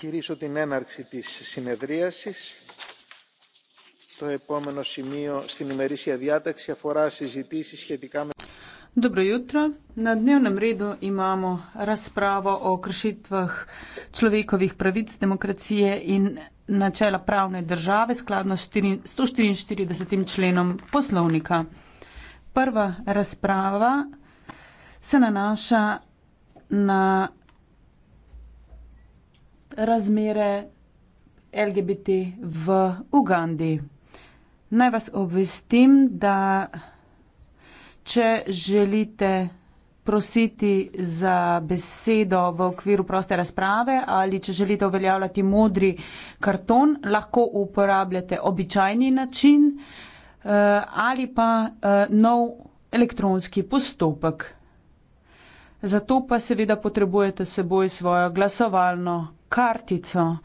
κηρύσω την έναρξη της συνεδρίασης. Το επόμενο σημείο στην ημερήσια διάταξη αφορά συζητήσεις σχετικά με... Dobro jutro. Na dnevnem redu imamo razpravo o kršitvah človekovih pravic, demokracije in načela pravne države skladno s 144. členom poslovnika. Prva razprava se nanaša na razmere LGBT v Ugandi. Naj vas obvestim, da če želite prositi za besedo v okviru proste razprave ali če želite uveljavljati modri karton, lahko uporabljate običajni način eh, ali pa eh, nov elektronski postopek. Zato pa seveda potrebujete seboj svojo glasovalno kartico.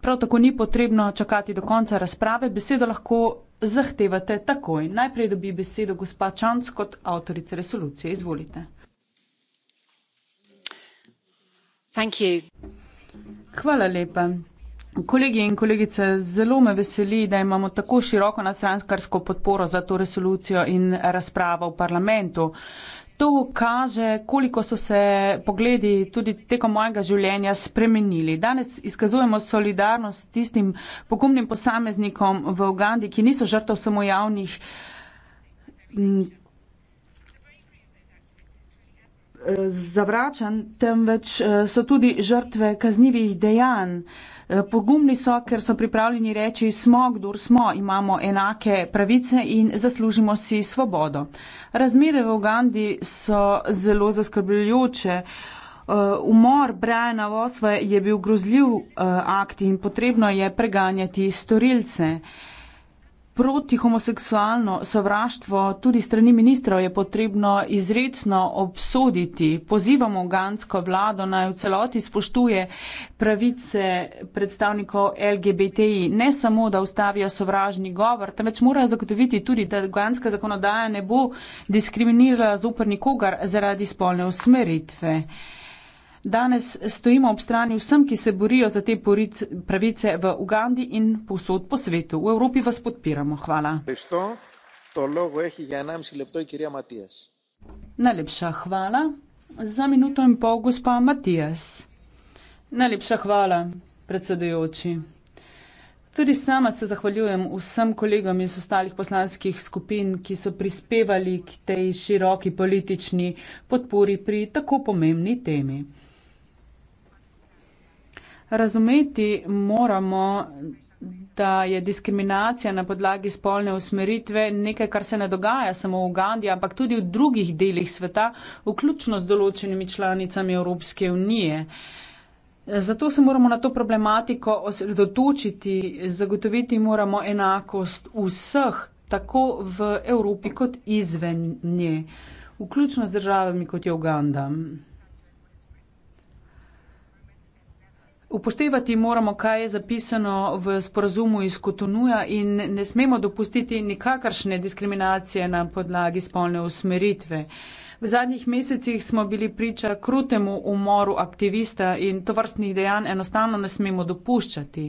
Prav tako ni potrebno čakati do konca razprave, besedo lahko zahtevate takoj. Najprej dobi besedo gospa Čanc kot avtorica resolucije. Izvolite. Hvala lepa. Kolegi in kolegice, zelo me veseli, da imamo tako široko nastranskarsko podporo za to resolucijo in razpravo v parlamentu. To kaže, koliko so se pogledi tudi tekom mojega življenja spremenili. Danes izkazujemo solidarnost tistim pogumnim posameznikom v Ugandi, ki niso žrtov samo javnih zavračanj, temveč eh, so tudi žrtve kaznivih dejanj. Eh, pogumni so, ker so pripravljeni reči, smo, kdor smo, imamo enake pravice in zaslužimo si svobodo. Razmere v Ugandi so zelo zaskrbljujoče. Eh, umor Brajana Vosva je bil grozljiv eh, akt in potrebno je preganjati storilce protihomoseksualno sovraštvo tudi strani ministrov je potrebno izredno obsoditi. Pozivamo gansko vlado naj v celoti spoštuje pravice predstavnikov LGBTI. Ne samo, da ustavijo sovražni govor, temveč mora zagotoviti tudi, da ganska zakonodaja ne bo diskriminirala zoper nikogar zaradi spolne usmeritve. Danes stojimo ob strani vsem, ki se borijo za te pravice v Ugandi in posod po svetu. V Evropi vas podpiramo. Hvala. Najlepša hvala. Za minuto in pol, gospa Matijas. Najlepša hvala, predsedujoči. Tudi sama se zahvaljujem vsem kolegom iz ostalih poslanskih skupin, ki so prispevali k tej široki politični podpori pri tako pomembni temi. Razumeti moramo, da je diskriminacija na podlagi spolne usmeritve nekaj, kar se ne dogaja samo v Ugandiji, ampak tudi v drugih delih sveta, vključno z določenimi članicami Evropske unije. Zato se moramo na to problematiko osredotočiti, zagotoviti moramo enakost vseh, tako v Evropi kot izven nje, vključno z državami kot je Uganda. Upoštevati moramo, kaj je zapisano v sporazumu iz Kotonuja in ne smemo dopustiti nikakršne diskriminacije na podlagi spolne usmeritve. V zadnjih mesecih smo bili priča krutemu umoru aktivista in tovrstnih dejanj enostavno ne smemo dopuščati.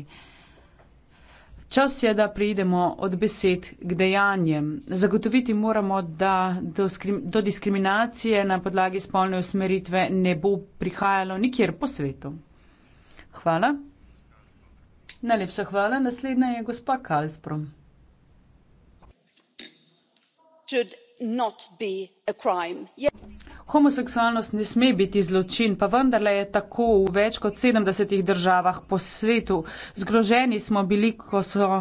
Čas je, da pridemo od besed k dejanjem. Zagotoviti moramo, da do, skrim, do diskriminacije na podlagi spolne usmeritve ne bo prihajalo nikjer po svetu. Hvala. Najlepša hvala. Naslednja je gospa Karlsprom. Homoseksualnost ne sme biti zločin, pa vendarle je tako v več kot 70 državah po svetu. Zgroženi smo bili, ko so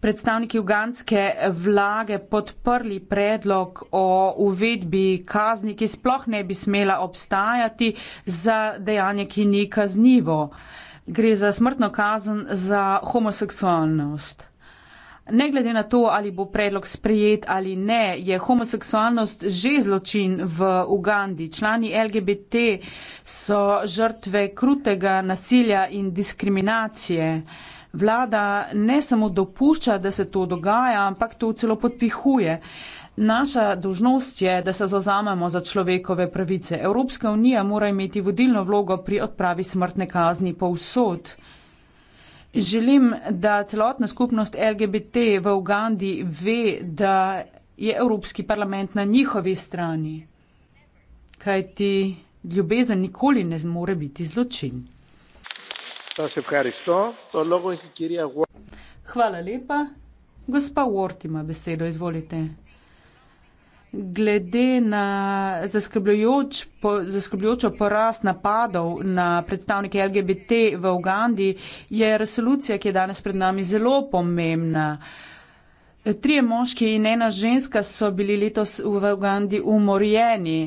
predstavniki uganske vlage podprli predlog o uvedbi kazni, ki sploh ne bi smela obstajati za dejanje, ki ni kaznivo. Gre za smrtno kazen za homoseksualnost. Ne glede na to, ali bo predlog sprejet ali ne, je homoseksualnost že zločin v Ugandi. Člani LGBT so žrtve krutega nasilja in diskriminacije vlada ne samo dopušča, da se to dogaja, ampak to celo podpihuje. Naša dožnost je, da se zazamemo za človekove pravice. Evropska unija mora imeti vodilno vlogo pri odpravi smrtne kazni po vsod. Želim, da celotna skupnost LGBT v Ugandi ve, da je Evropski parlament na njihovi strani, kajti ljubezen nikoli ne more biti zločin. Hvala lepa. Gospa Ward ima besedo, izvolite. Glede na zaskrbljujoč, po, zaskrbljujočo porast napadov na predstavnike LGBT v Ugandi, je resolucija, ki je danes pred nami, zelo pomembna. Trije moški in ena ženska so bili letos v Ugandi umorjeni.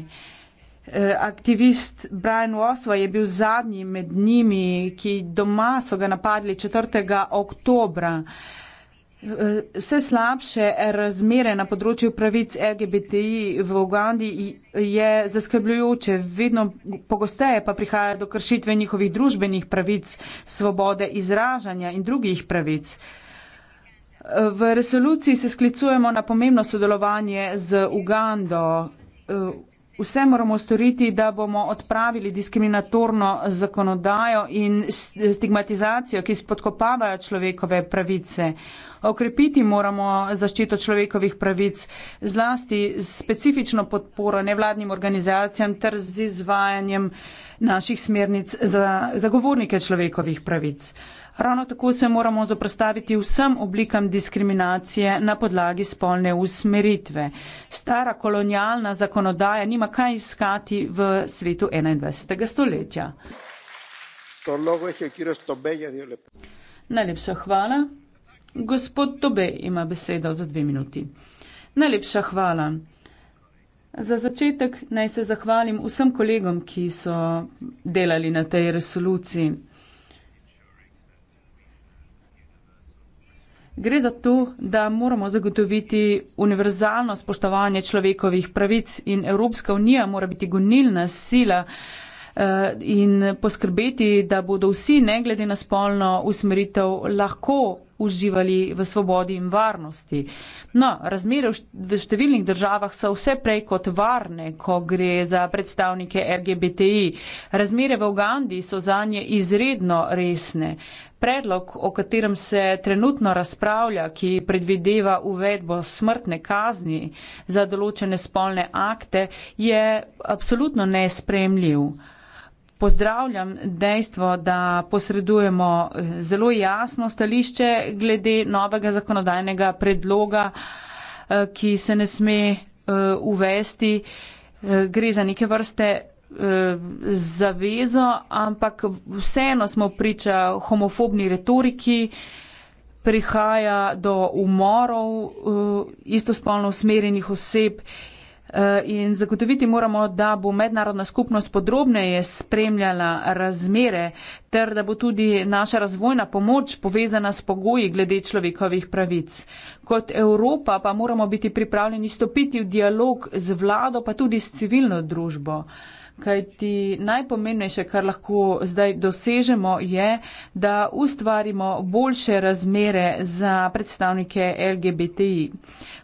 Eh, aktivist Brian Wasva je bil zadnji med njimi, ki doma so ga napadli 4. oktobra. Eh, vse slabše razmere na področju pravic LGBTI v Ugandi je zaskrbljujoče, vedno pogosteje pa prihaja do kršitve njihovih družbenih pravic, svobode izražanja in drugih pravic. Eh, v resoluciji se sklicujemo na pomembno sodelovanje z Ugando. Vse moramo storiti, da bomo odpravili diskriminatorno zakonodajo in stigmatizacijo, ki spodkopavajo človekove pravice. Okrepiti moramo zaščito človekovih pravic zlasti s specifično podporo nevladnim organizacijam ter z izvajanjem naših smernic za zagovornike človekovih pravic. Ravno tako se moramo zaprstaviti vsem oblikam diskriminacije na podlagi spolne usmeritve. Stara kolonialna zakonodaja nima kaj iskati v svetu 21. stoletja. Najlepša hvala. Gospod Tobe ima besedo za dve minuti. Najlepša hvala. Za začetek naj se zahvalim vsem kolegom, ki so delali na tej resoluciji. Gre za to, da moramo zagotoviti univerzalno spoštovanje človekovih pravic in Evropska unija mora biti gonilna sila eh, in poskrbeti, da bodo vsi, ne glede na spolno usmeritev, lahko uživali v svobodi in varnosti. No, razmere v številnih državah so vse prej kot varne, ko gre za predstavnike LGBTI. Razmere v Ugandi so za nje izredno resne. Predlog, o katerem se trenutno razpravlja, ki predvideva uvedbo smrtne kazni za določene spolne akte, je absolutno nespremljiv. Pozdravljam dejstvo, da posredujemo eh, zelo jasno stališče glede novega zakonodajnega predloga, eh, ki se ne sme eh, uvesti. Gre za neke vrste zavezo, ampak vseeno smo priča homofobni retoriki, prihaja do umorov istospolno usmerjenih oseb Eh, in zagotoviti moramo, da bo mednarodna skupnost podrobneje spremljala razmere ter da bo tudi naša razvojna pomoč povezana s pogoji glede človekovih pravic. Kot Evropa pa moramo biti pripravljeni stopiti v dialog z vlado, pa tudi s civilno družbo kajti najpomembnejše, kar lahko zdaj dosežemo, je, da ustvarimo boljše razmere za predstavnike LGBTI.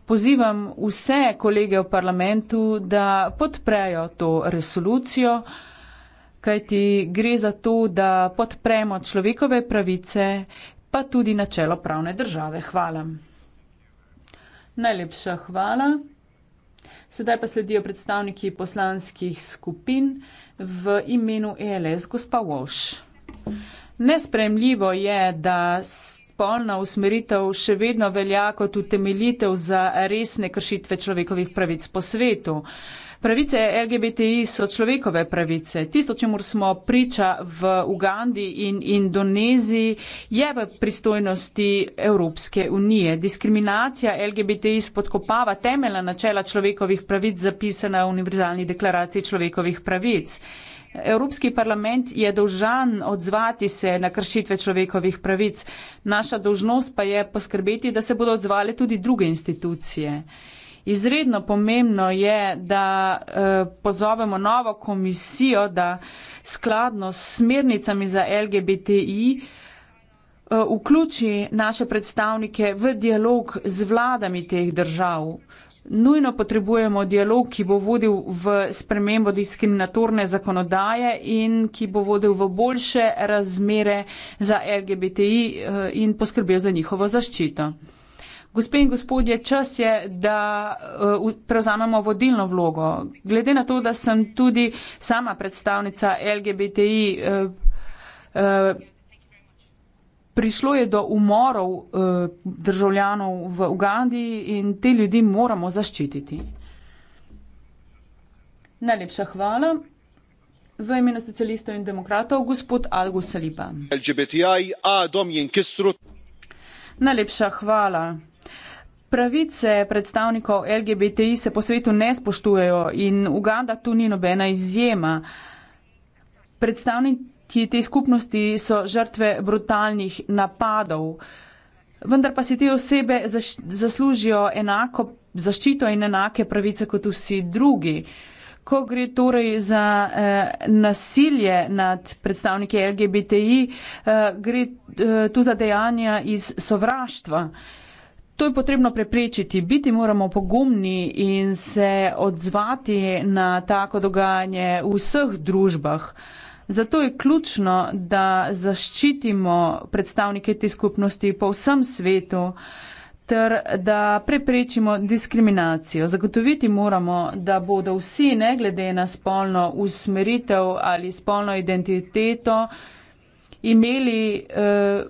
Pozivam vse kolege v parlamentu, da podprejo to resolucijo, kajti gre za to, da podpremo človekove pravice, pa tudi načelo pravne države. Hvala. Najlepša hvala. Sedaj pa sledijo predstavniki poslanskih skupin v imenu ELS gospa Walsh. Nespremljivo je, da spolna usmeritev še vedno velja kot utemeljitev za resne kršitve človekovih pravic po svetu. Pravice LGBTI so človekove pravice. Tisto, čemu smo priča v Ugandi in Indoneziji, je v pristojnosti Evropske unije. Diskriminacija LGBTI spodkopava temeljna načela človekovih pravic zapisana v univerzalni deklaraciji človekovih pravic. Evropski parlament je dolžan odzvati se na kršitve človekovih pravic. Naša dolžnost pa je poskrbeti, da se bodo odzvali tudi druge institucije izredno pomembno je, da eh, pozovemo novo komisijo, da skladno s smernicami za LGBTI eh, vključi naše predstavnike v dialog z vladami teh držav. Nujno potrebujemo dialog, ki bo vodil v spremembo diskriminatorne zakonodaje in ki bo vodil v boljše razmere za LGBTI eh, in poskrbel za njihovo zaščito. Gospe in gospodje, čas je, da uh, prevzamemo vodilno vlogo. Glede na to, da sem tudi sama predstavnica LGBTI, uh, uh, prišlo je do umorov državljanov v Ugandi in te ljudi moramo zaščititi. Najlepša hvala. V imenu socialistov in demokratov, gospod Algo Saliba. LGBTI, Adom in Kistrut. Najlepša hvala. Pravice predstavnikov LGBTI se po svetu ne spoštujejo in Uganda tu ni nobena izjema. Predstavniki te skupnosti so žrtve brutalnih napadov, vendar pa si te osebe zaš zaslužijo enako zaščito in enake pravice kot vsi drugi. Ko gre torej za eh, nasilje nad predstavniki LGBTI, eh, gre eh, tu za dejanja iz sovraštva. Eh, To je potrebno preprečiti, biti moramo pogumni in se odzvati na tako dogajanje v vseh družbah. Zato je ključno, da zaščitimo predstavnike te skupnosti po vsem svetu ter da preprečimo diskriminacijo. Zagotoviti moramo, da bodo vsi, ne glede na spolno usmeritev ali spolno identiteto, imeli eh,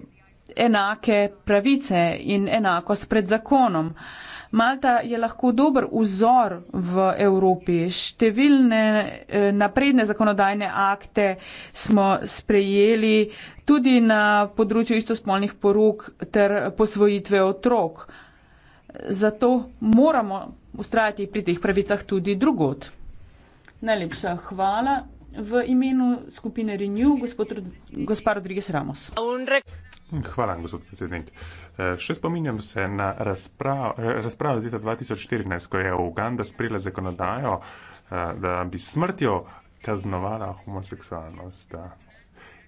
enake pravice in enakost pred zakonom. Malta je lahko dober vzor v Evropi. Številne eh, napredne zakonodajne akte smo sprejeli tudi na področju istospolnih porok ter posvojitve otrok. Zato moramo ustrajati pri teh pravicah tudi drugot. Najlepša hvala v imenu skupine Renew, gospod, gospod Rodriguez Ramos. Hvala, gospod predsednik. Eh, še spominjam se na razpravo, eh, razpravo z leta 2014, ko je Uganda sprejela zakonodajo, eh, da bi smrtjo kaznovala homoseksualnost.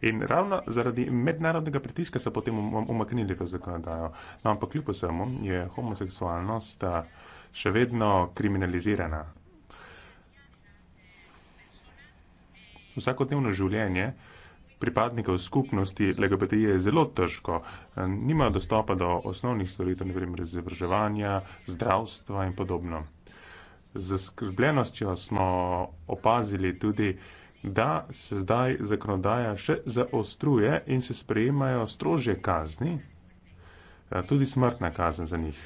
In ravno zaradi mednarodnega pritiska so potem um, um, umaknili to zakonodajo. No, ampak kljub vsemu je homoseksualnost še vedno kriminalizirana. Vsakodnevno življenje uh, pripadnikov skupnosti LGBT je zelo težko. Nimajo dostopa do osnovnih storitev, naprimer izobraževanja, zdravstva in podobno. Zaskrbljenostjo smo opazili tudi, da se zdaj zakonodaja še zaostruje in se sprejemajo strožje kazni, tudi smrtna kazen za njih.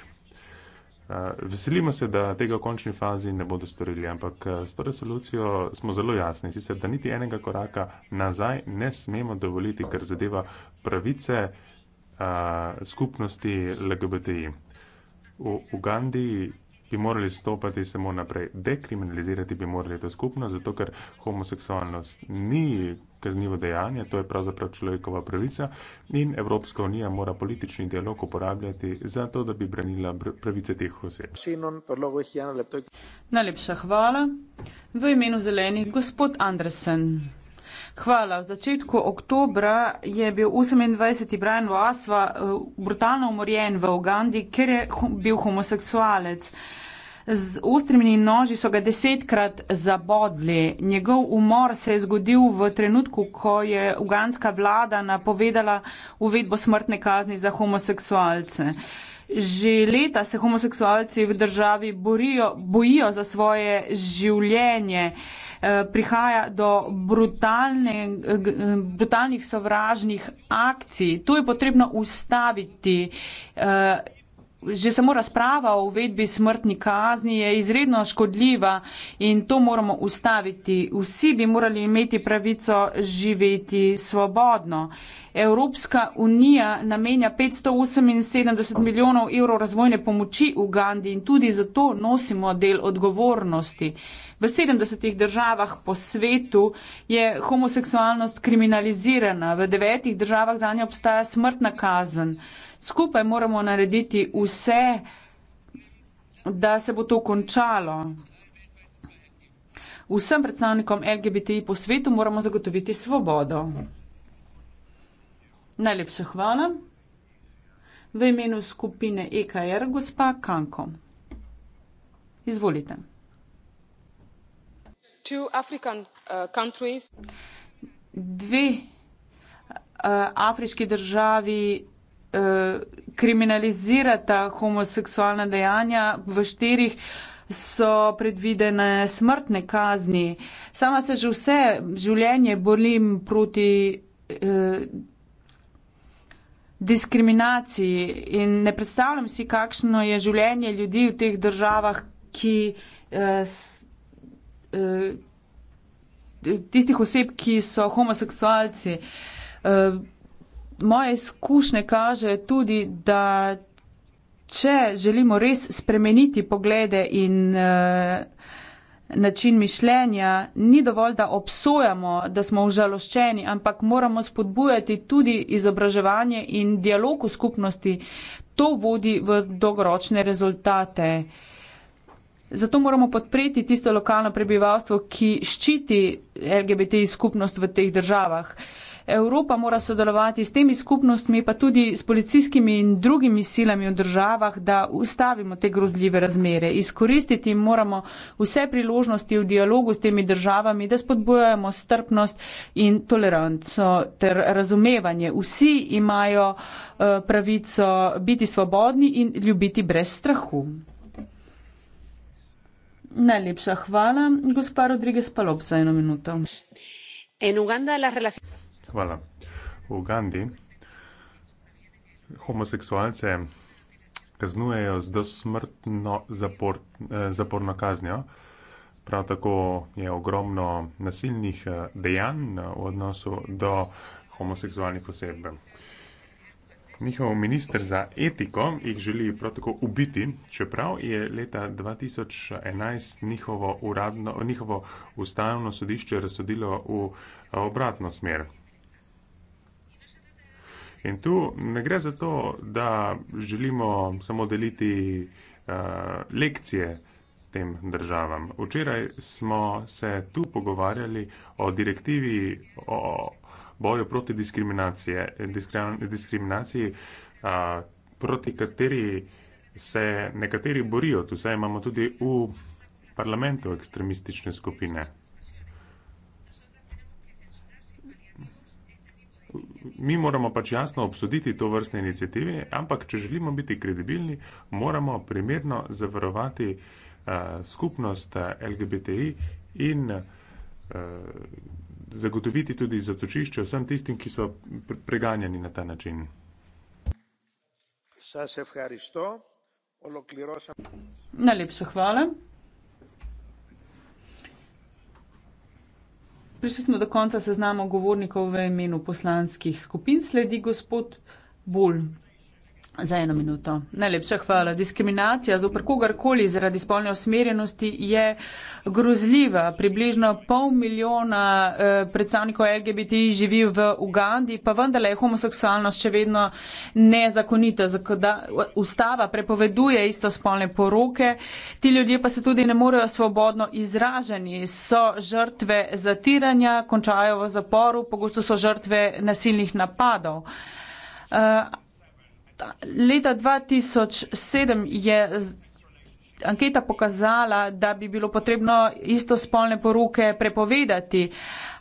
Veselimo se, da tega v končni fazi ne bodo storili, ampak s to resolucijo smo zelo jasni, sicer da niti enega koraka nazaj ne smemo dovoliti, ker zadeva pravice a, skupnosti LGBTI. V Ugandi bi morali stopati samo naprej, dekriminalizirati bi morali to skupnost, zato ker homoseksualnost ni kaznivo dejanje, to je pravzaprav človekova pravica in Evropska unija mora politični dialog uporabljati za to, da bi branila pravice teh oseb. Najlepša hvala. V imenu zelenih gospod Andresen. Hvala. V začetku oktobra je bil 28. Brian Vasva eh, brutalno umorjen v Ugandi, ker je bil homoseksualec. Z ostrimi noži so ga desetkrat zabodli. Njegov umor se je zgodil v trenutku, ko je uganska vlada napovedala uvedbo smrtne kazni za homoseksualce. Že leta se homoseksualci v državi borijo, bojijo za svoje življenje. E, prihaja do brutalne, brutalnih sovražnih akcij. To je potrebno ustaviti. E, že samo razprava o uvedbi smrtni kazni je izredno škodljiva in to moramo ustaviti. Vsi bi morali imeti pravico živeti svobodno. Evropska unija namenja 578 milijonov evrov razvojne pomoči Ugandi in tudi zato nosimo del odgovornosti. V 70 državah po svetu je homoseksualnost kriminalizirana, v devetih državah za njo obstaja smrtna kazen skupaj moramo narediti vse, da se bo to končalo. Vsem predstavnikom LGBTI po svetu moramo zagotoviti svobodo. Najlepša hvala. V imenu skupine EKR, gospa Kanko. Izvolite. Uh, Dve uh, afriški državi Eh, kriminalizirata homoseksualna dejanja v štirih so predvidene smrtne kazni. Sama se že vse življenje bolim proti eh, diskriminaciji in ne predstavljam si, kakšno je življenje ljudi v teh državah, ki, eh, s, eh, tistih oseb, ki so homoseksualci. Eh, moje izkušnje kaže tudi, da če želimo res spremeniti poglede in e, način mišljenja, ni dovolj, da obsojamo, da smo užaloščeni, ampak moramo spodbujati tudi izobraževanje in dialog v skupnosti. To vodi v dolgoročne rezultate. Zato moramo podpreti tisto lokalno prebivalstvo, ki ščiti LGBTI skupnost v teh državah. Evropa mora sodelovati s temi skupnostmi, pa tudi s policijskimi in drugimi silami v državah, da ustavimo te grozljive razmere. Izkoristiti moramo vse priložnosti v dialogu s temi državami, da spodbujamo strpnost in toleranco ter razumevanje. Vsi imajo eh, pravico biti svobodni in ljubiti brez strahu. Najlepša hvala, gospa Rodriguez Palop, za eno minuto. En Uganda, la relacion... Hvala. V Ugandi homoseksualce kaznujejo z dosmrtno zapor, eh, zaporno kaznjo. Prav tako je ogromno nasilnih eh, dejanj eh, v odnosu do homoseksualnih oseb. Njihov minister za etiko jih želi prav tako ubiti, čeprav je leta 2011 njihovo, uradno, njihovo ustavno sodišče razsodilo v obratno smer. In tu ne gre za to, da želimo samo deliti uh, lekcije tem državam. Včeraj smo se tu pogovarjali o direktivi o boju proti diskriminaciji, uh, proti kateri se nekateri borijo. Tu imamo tudi v parlamentu ekstremistične skupine. mi moramo pač jasno obsoditi to vrstne inicijative, ampak če želimo biti kredibilni, moramo primerno zavarovati uh, skupnost eh, LGBTI in uh, zagotoviti tudi zatočišče vsem tistim, ki so preganjani na ta način. Najlepša hvala. Prišli smo do konca seznama govornikov v imenu poslanskih skupin, sledi gospod Bolj. Za eno minuto. Najlepša hvala. Diskriminacija zoper kogarkoli zaradi spolne osmerjenosti je grozljiva. Približno pol milijona eh, predstavnikov LGBT živi v Ugandi, pa vendarle je homoseksualnost še vedno nezakonita. Zakoda, ustava prepoveduje isto spolne poroke, ti ljudje pa se tudi ne morejo svobodno izražati. So žrtve zatiranja, končajo v zaporu, pogosto so žrtve nasilnih napadov. Eh, leta 2007 je anketa pokazala, da bi bilo potrebno istospolne poruke prepovedati.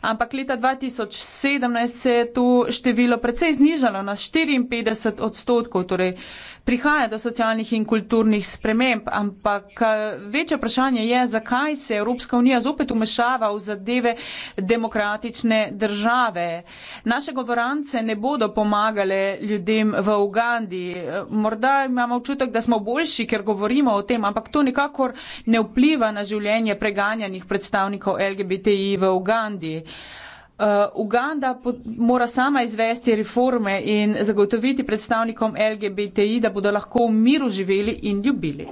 Ampak leta 2017 se je to število precej znižalo na 54 odstotkov, torej prihaja do socialnih in kulturnih sprememb, ampak eh, večje vprašanje je, zakaj se Evropska unija zopet umešava v zadeve demokratične države. Naše govorance ne bodo pomagale ljudem v Ugandi. Eh, morda imamo občutek, da smo boljši, ker govorimo o tem, ampak to nikakor ne vpliva na življenje preganjanih predstavnikov LGBTI v Ugandi. Uh, Uganda pod, mora sama izvesti reforme in zagotoviti predstavnikom LGBTI, da bodo lahko v miru živeli in ljubili.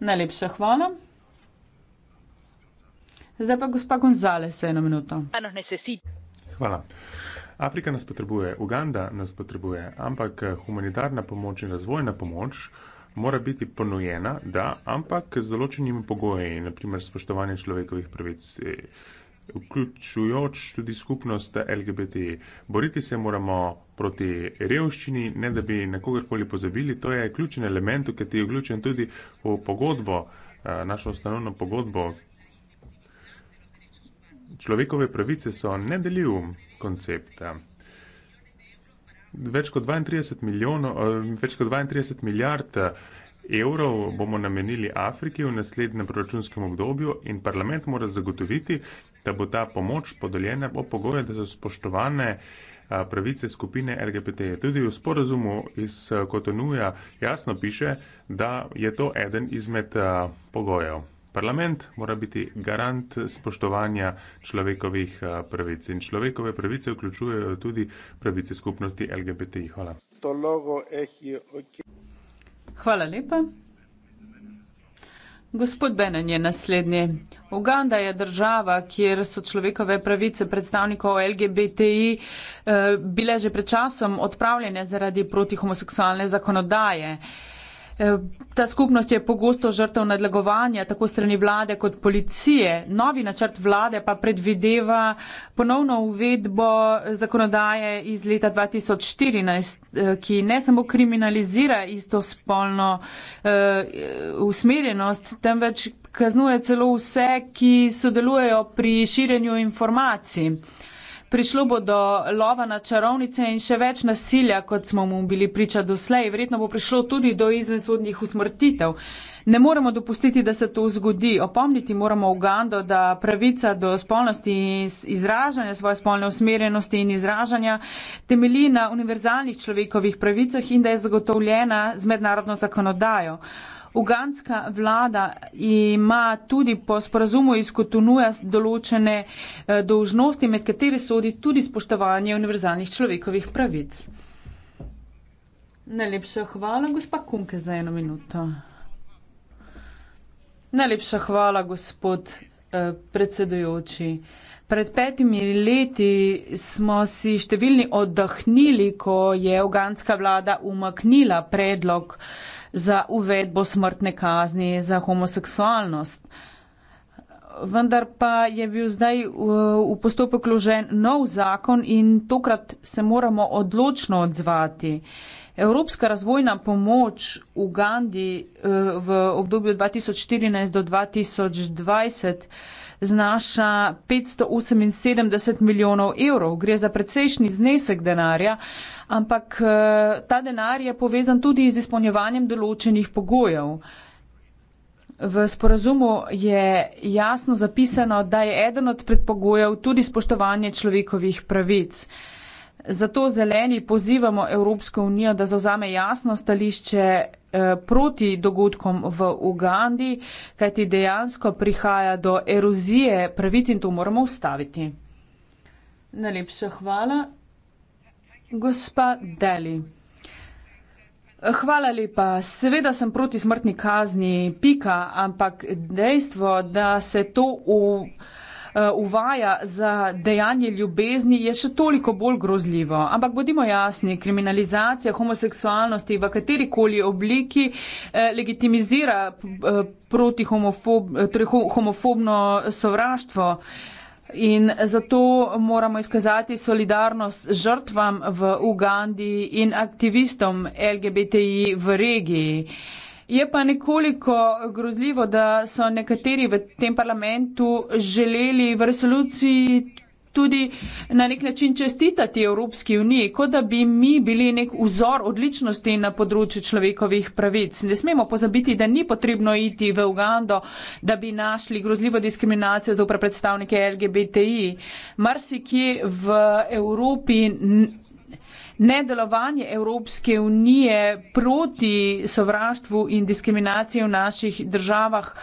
Najlepša hvala. Zdaj pa gospa Gonzales, eno minuto. Hvala. Afrika nas potrebuje, Uganda nas potrebuje, ampak humanitarna pomoč in razvojna pomoč mora biti ponujena, da, ampak z določenimi pogoji, naprimer spoštovanje človekovih pravic, eh, vključujoč tudi skupnost LGBT. Boriti se moramo proti revščini, ne da bi na kogarkoli pozabili. To je ključen element, ki je vključen tudi v pogodbo, eh, našo ustanovno pogodbo. Človekove pravice so nedeljiv koncept več kot 32 milijonov, eh, več kot 32 milijard eh, evrov bomo namenili Afriki v naslednjem proračunskem obdobju in parlament mora zagotoviti, da bo ta pomoč podeljena po pogoju, da so spoštovane eh, pravice skupine LGBT. Tudi v sporazumu iz Kotonuja jasno piše, da je to eden izmed pogojev parlament mora biti garant spoštovanja človekovih eh, pravic in človekove pravice vključujejo tudi pravice skupnosti LGBTI. Hvala. Eh Hvala lepa. Gospod Benen je naslednji. Uganda je država, kjer so človekove pravice predstavnikov LGBTI eh, bile že pred časom odpravljene zaradi protihomoseksualne zakonodaje. Eh, Eh, ta skupnost je pogosto žrtev nadlegovanja, tako strani vlade kot policije. Novi načrt vlade pa predvideva ponovno uvedbo zakonodaje iz leta 2014, eh, ki ne samo kriminalizira isto spolno eh, usmerjenost, temveč kaznuje celo vse, ki sodelujejo pri širjenju informacij prišlo bo do lova na čarovnice in še več nasilja, kot smo mu bili priča doslej. Verjetno bo prišlo tudi do izvensodnih usmrtitev. Ne moramo dopustiti, da se to zgodi. Opomniti moramo Ugando, da pravica do spolnosti in izražanja svoje spolne usmerjenosti in izražanja temelji na univerzalnih človekovih pravicah in da je zagotovljena z mednarodno zakonodajo. Uganska vlada ima tudi po sporazumu iz Kotonuja določene eh, dolžnosti, med kateri sodi tudi spoštovanje univerzalnih človekovih pravic. Najlepša hvala, gospa Kunke, za eno minuto. Najlepša hvala, gospod eh, predsedujoči. Pred petimi leti smo si številni oddahnili, ko je uganska vlada umaknila predlog uh, za uvedbo smrtne kazni za homoseksualnost. Vendar pa je bil zdaj uh, v postopek vložen nov zakon in tokrat se moramo odločno odzvati. Evropska razvojna pomoč v Gandhi uh, v obdobju 2014 do 2020 znaša 578 milijonov evrov. Gre za precejšnji znesek denarja, ampak eh, ta denar je povezan tudi z izpolnjevanjem določenih pogojev. V sporazumu je jasno zapisano, da je eden od predpogojev tudi spoštovanje človekovih pravic. Zato zeleni pozivamo Evropsko unijo, da zauzame jasno stališče eh, proti dogodkom v Ugandi, kajti dejansko prihaja do erozije pravic in to moramo ustaviti. Najlepša hvala. Gospa Deli. Hvala lepa. Seveda sem proti smrtni kazni, pika, ampak dejstvo, da se to v eh, uvaja za dejanje ljubezni, je še toliko bolj grozljivo. Ampak bodimo jasni, kriminalizacija homoseksualnosti v kateri koli obliki eh, legitimizira eh, proti homofob, torej homofobno sovraštvo in zato moramo izkazati solidarnost žrtvam v Ugandi in aktivistom LGBTI v regiji. Je pa nekoliko grozljivo, da so nekateri v tem parlamentu želeli v resoluciji tudi na nek način čestitati Evropski uniji, kot da bi mi bili nek vzor odličnosti na področju človekovih pravic. Ne smemo pozabiti, da ni potrebno iti v Ugando, da bi našli grozljivo diskriminacijo zopra predstavnike LGBTI. Marsikje v Evropi. Nedelovanje Evropske unije proti sovraštvu in diskriminaciji v naših državah uh,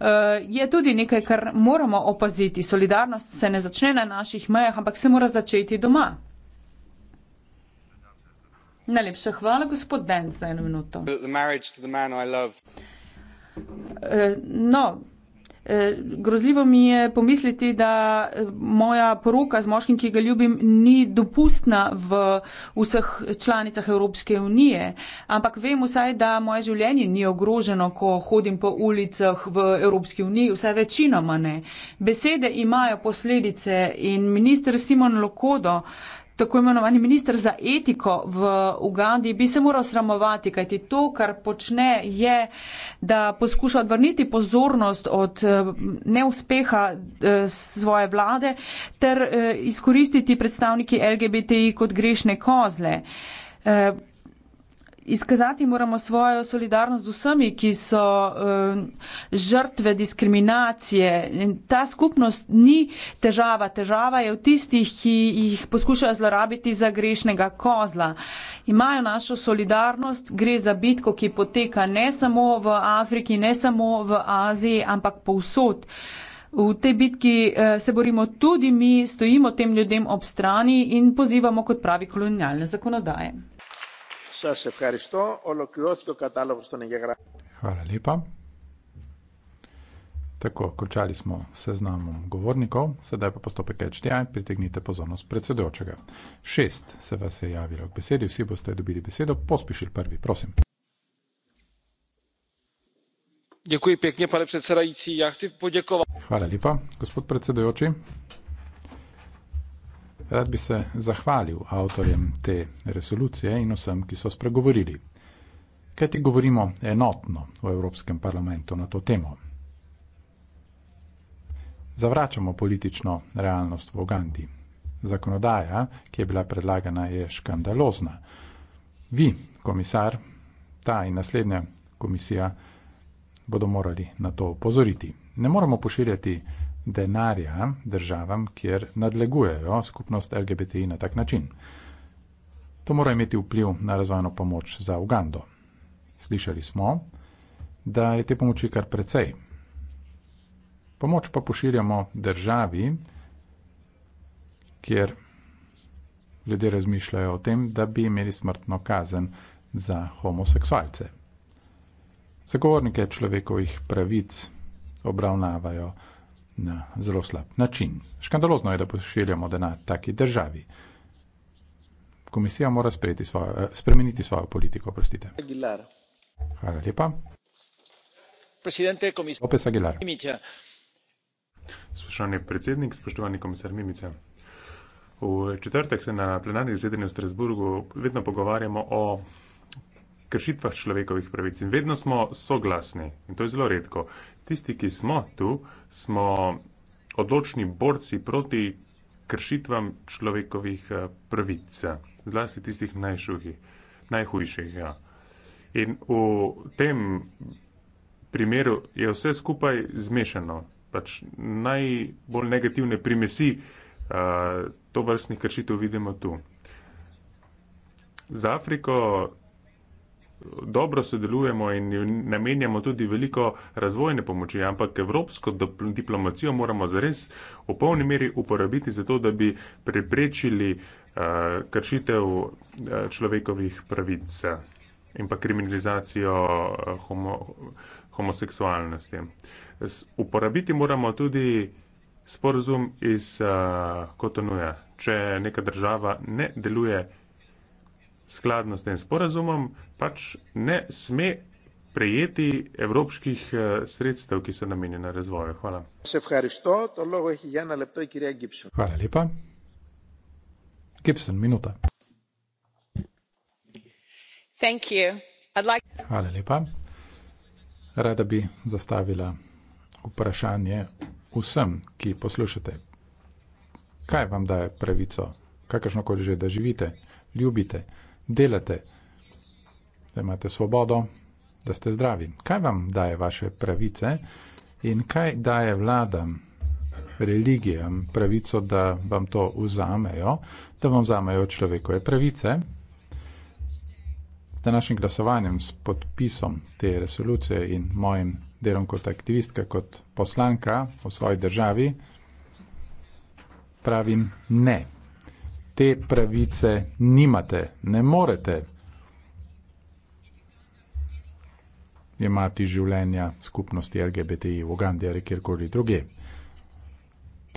Eh, je tudi nekaj, kar moramo opaziti. Solidarnost se ne začne na naših mejah, ampak se mora začeti doma. Najlepša hvala, gospod Denz, za eno minuto. Eh, no, grozljivo mi je pomisliti, da eh, moja poroka z moškim, ki ga ljubim, ni dopustna v vseh članicah Evropske unije. Ampak vem vsaj, da moje življenje ni ogroženo, ko hodim po ulicah v Evropski uniji, vsaj večinoma ne. Besede imajo posledice in minister Simon Lokodo tako imenovani minister za etiko v Ugandi bi se moral sramovati, kajti to, kar počne, je, da poskuša odvrniti pozornost od eh, neuspeha eh, svoje vlade ter eh, izkoristiti predstavniki LGBTI kot grešne kozle. Izkazati moramo svojo solidarnost z vsemi, ki so uh, žrtve diskriminacije. In ta skupnost ni težava. Težava je v tistih, ki jih poskušajo zlorabiti za grešnega kozla. Imajo našo solidarnost, gre za bitko, ki poteka ne samo v Afriki, ne samo v Aziji, ampak povsod. V tej bitki eh, se borimo tudi mi, stojimo tem ljudem ob strani in pozivamo kot pravi kolonialne zakonodaje. Σας ευχαριστώ. Ολοκληρώθηκε ο κατάλογος των εγγεγραμμών. Χαρά λίπα. Tako, končali smo seznamom govornikov, sedaj pa postopek HDA, pritegnite pozornost predsedojočega. Šest se vas je javilo k besedi, vsi boste dobili besedo, pospišili prvi, prosim. Děkuji pěkně, pane předsedající, já chci poděkovat. Hvala lepa, gospod predsedojoči. Rad bi se zahvalil avtorjem te resolucije in vsem, ki so spregovorili. Kaj ti govorimo enotno v Evropskem parlamentu na to temo? Zavračamo politično realnost v Ugandi. Zakonodaja, ki je bila predlagana, je škandalozna. Vi, komisar, ta in naslednja komisija bodo morali na to upozoriti. Ne moramo pošiljati denarja državam, kjer nadlegujejo skupnost LGBTI na tak način. To mora imeti vpliv na razvojno pomoč za Ugando. Slišali smo, da je te pomoči kar precej. Pomoč pa poširjamo državi, kjer ljudje razmišljajo o tem, da bi imeli smrtno kazen za homoseksualce. Zagovornike človekovih pravic obravnavajo na zelo slab način. Škandalozno je, da pošiljamo denar taki državi. Komisija mora svojo, eh, spremeniti svojo politiko, oprostite. Hvala lepa. Opes Aguilar. Spoštovani predsednik, spoštovani komisar Mimica. V četrtek se na plenarni zasedanju v Strasburgu vedno pogovarjamo o kršitvah človekovih pravic in vedno smo soglasni in to je zelo redko. Tisti, ki smo tu, smo odločni borci proti kršitvam človekovih eh, pravic, zlasti tistih najšuhih, najhujših. Ja. In v tem primeru je vse skupaj zmešano. Pač najbolj negativne primesi eh, to vrstnih kršitev vidimo tu. Za Afriko dobro sodelujemo in namenjamo tudi veliko razvojne pomoči, ampak evropsko diplomacijo moramo zares v polni meri uporabiti za to, da bi preprečili uh, kršitev eh, človekovih pravic in pa kriminalizacijo eh, homo, homoseksualnosti. Uporabiti moramo tudi sporozum iz uh, Kotonuja. Če neka država ne deluje skladno s tem sporazumom, pač ne sme prejeti evropskih eh, sredstev, ki so namenjena razvoju. Hvala. Hvala lepa. Gibson, minuta. Hvala lepa. Rada bi zastavila vprašanje vsem, ki poslušate. Kaj vam daje pravico, kakršno koli že, da živite, ljubite? delate, da imate svobodo, da ste zdravi. Kaj vam daje vaše pravice in kaj daje vladam, religijam pravico, da vam to vzamejo, da vam vzamejo človekove pravice? Z današnjim glasovanjem, s podpisom te resolucije in mojim delom kot aktivistka, kot poslanka v svoji državi, pravim ne te pravice nimate, ne morete imati življenja skupnosti LGBTI v Ugandiji ali kjerkoli druge.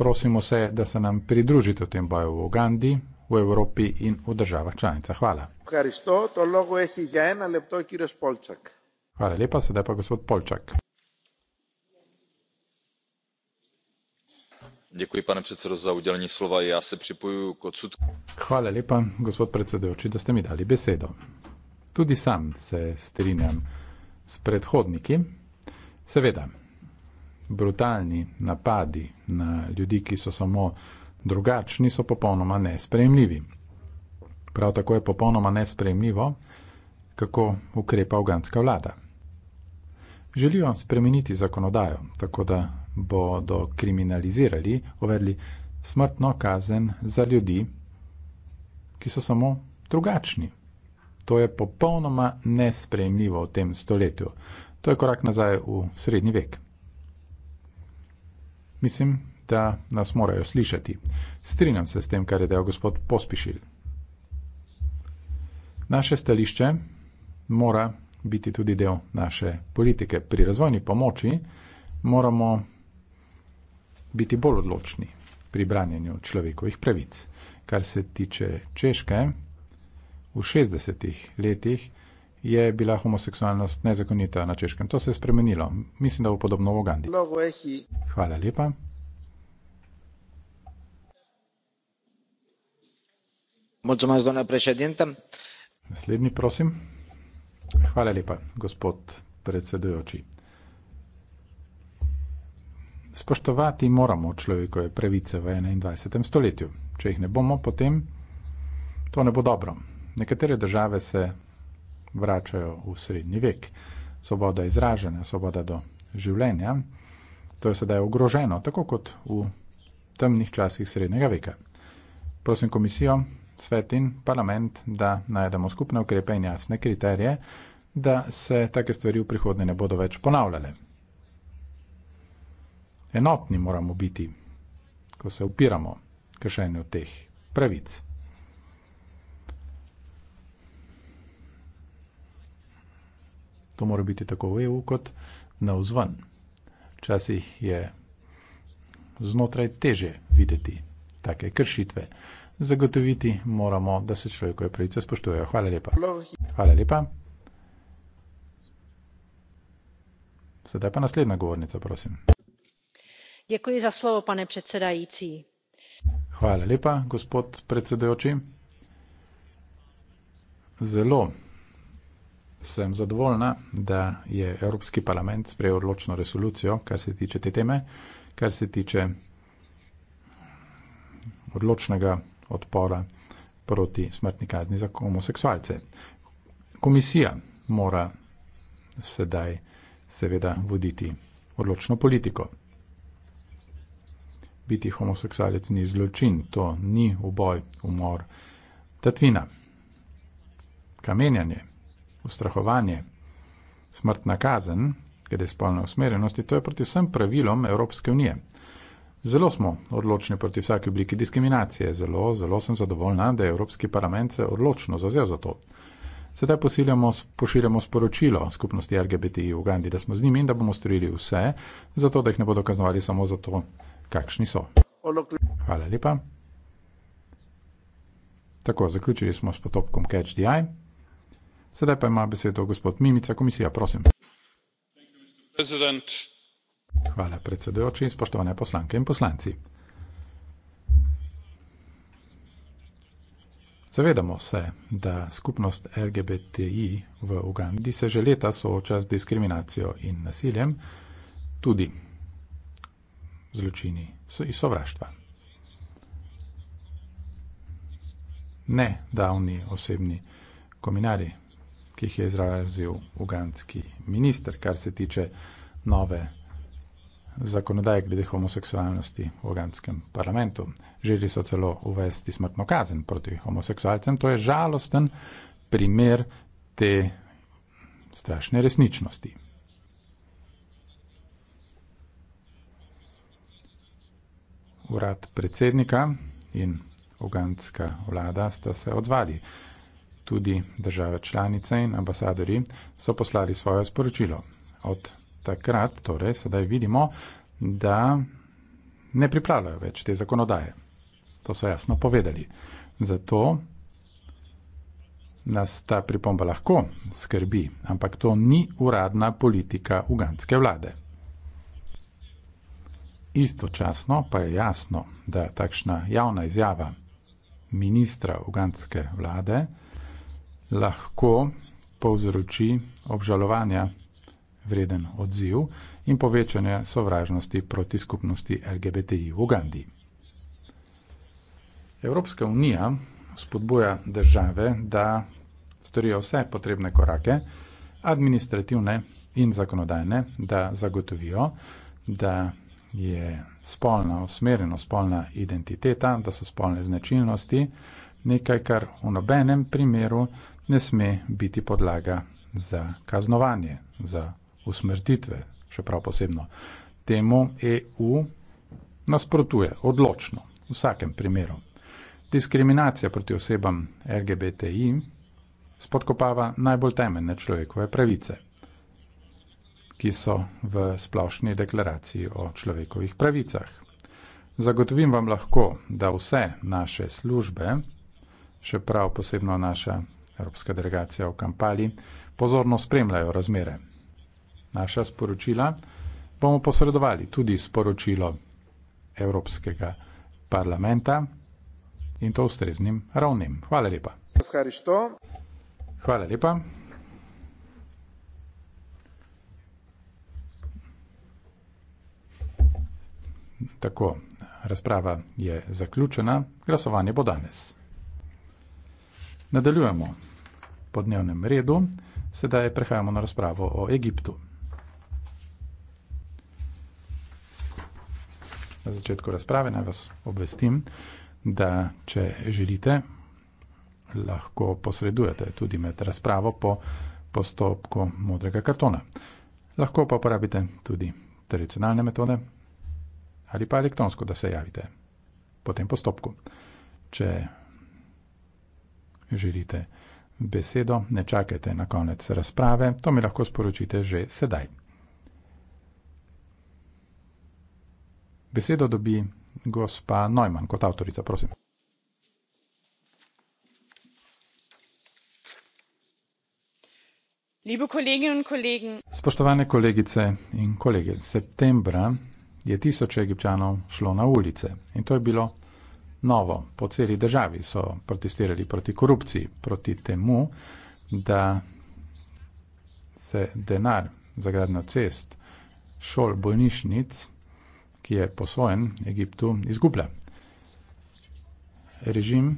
Prosimo se, da se nam pridružite v tem boju v Ugandiji, v Evropi in v državah članica. Hvala. Hvala lepa, sedaj pa gospod Polčak. pane predsedujoči i ja se pripojujem k odsotku. hvala lepa gospod predsedujoči da ste mi dali besedo tudi sam se strinjam s predhodniki seveda brutalni napadi na ljudi ki so samo drugačni so popolnoma nesprejemljivi prav tako je popolnoma nesprejemljivo kako ukrepa uganska vlada želijo spremeniti zakonodajo tako da bodo kriminalizirali, uvedli smrtno kazen za ljudi, ki so samo drugačni. To je popolnoma nespremljivo v tem stoletju. To je korak nazaj v srednji vek. Mislim, da nas morajo slišati. Strinjam se s tem, kar je dejal gospod Pospišil. Naše stališče mora biti tudi del naše politike. Pri razvojni pomoči moramo biti bolj odločni pri branjenju človekovih pravic. Kar se tiče Češke, v 60-ih letih je bila homoseksualnost nezakonita na Češkem. To se je spremenilo. Mislim, da bo podobno v Ugandi. Hvala lepa. Naslednji, prosim. Hvala lepa, gospod predsedujoči. Spoštovati moramo človekove pravice v 21. stoletju. Če jih ne bomo, potem to ne bo dobro. Nekatere države se vračajo v srednji vek. Svoboda izražanja, svoboda do življenja, to je sedaj ogroženo, tako kot v temnih časih srednjega veka. Prosim komisijo, svet in parlament, da najdemo skupne ukrepe in jasne kriterije, da se take stvari v prihodnje ne bodo več ponavljale. Enotni moramo biti, ko se upiramo k šenju teh pravic. To mora biti tako v EU kot na vzven. Včasih je znotraj teže videti take kršitve. Zagotoviti moramo, da se človekove pravice spoštujejo. Hvala lepa. Hvala lepa. Sedaj pa naslednja govornica, prosim. Děkuji za slovo, pane předsedající. Hvala lepa, gospod predsedujoči. Zelo sem zadovoljna, da je Evropski parlament sprejel odločno resolucijo, kar se tiče te teme, kar se tiče odločnega odpora proti smrtni kazni za homoseksualce. Komisija mora sedaj seveda voditi odločno politiko biti homoseksualec ni zločin, to ni uboj, umor. Tatvina, kamenjanje, ustrahovanje, smrtna kazen, glede spolne usmerjenosti, to je proti vsem pravilom Evropske unije. Zelo smo odločni proti vsaki obliki diskriminacije, zelo, zelo sem zadovoljna, da je Evropski parlament se odločno zavzel za to. Sedaj pošiljamo sporočilo skupnosti LGBTI v Ugandi, da smo z njimi in da bomo storili vse, zato da jih ne bodo kaznovali samo zato, kakšni so. Hvala lepa. Tako, zaključili smo s potopkom Catch the Eye. Sedaj pa ima besedo gospod Mimica, komisija, prosim. Hvala predsedujoči, spoštovane poslanke in poslanci. Zavedamo se, da skupnost LGBTI v Ugandi se že leta sooča z diskriminacijo in nasiljem, tudi zločini in sovraštva. Ne davni osebni kominari, ki jih je izrazil ugandski minister, kar se tiče nove zakonodaje glede homoseksualnosti v ugandskem parlamentu. Želi so celo uvesti smrtno kazen proti homoseksualcem. To je žalosten primer te strašne resničnosti. urad predsednika in uganska vlada sta se odzvali. Tudi države članice in ambasadori so poslali svoje sporočilo. Od takrat torej sedaj vidimo, da ne pripravljajo več te zakonodaje. To so jasno povedali. Zato nas ta pripomba lahko skrbi, ampak to ni uradna politika uganske vlade. Istočasno pa je jasno, da takšna javna izjava ministra ugandske vlade lahko povzroči obžalovanja vreden odziv in povečanje sovražnosti proti skupnosti LGBTI v Ugandi. Evropska unija spodbuja države, da storijo vse potrebne korake, administrativne in zakonodajne, da zagotovijo, da je spolna usmerjenost, spolna identiteta, da so spolne značilnosti nekaj, kar v nobenem primeru ne sme biti podlaga za kaznovanje, za usmrtitve, še prav posebno. Temu EU nasprotuje odločno v vsakem primeru. Diskriminacija proti osebam LGBTI spodkopava najbolj temeljne človekove pravice ki so v splošni deklaraciji o človekovih pravicah. Zagotovim vam lahko, da vse naše službe, še prav posebno naša Evropska delegacija v Kampali, pozorno spremljajo razmere. Naša sporočila bomo posredovali tudi sporočilo Evropskega parlamenta in to ustreznim ravnem. Hvala lepa. Hvala lepa. Tako, razprava je zaključena, glasovanje bo danes. Nadaljujemo po dnevnem redu, sedaj prehajamo na razpravo o Egiptu. Na začetku razprave naj vas obvestim, da če želite, lahko posredujete tudi med razpravo po postopku modrega kartona. Lahko pa uporabite tudi tradicionalne metode ali pa elektronsko, da se javite po tem postopku. Če želite besedo, ne čakajte na konec razprave, to mi lahko sporočite že sedaj. Besedo dobi gospa Neumann kot avtorica, prosim. Spoštovane kolegice in kolegi, septembra je tisoče egipčanov šlo na ulice in to je bilo novo. Po celi državi so protestirali proti korupciji, proti temu, da se denar za gradno cest, šol, bolnišnic, ki je posvojen Egiptu, izgublja. Režim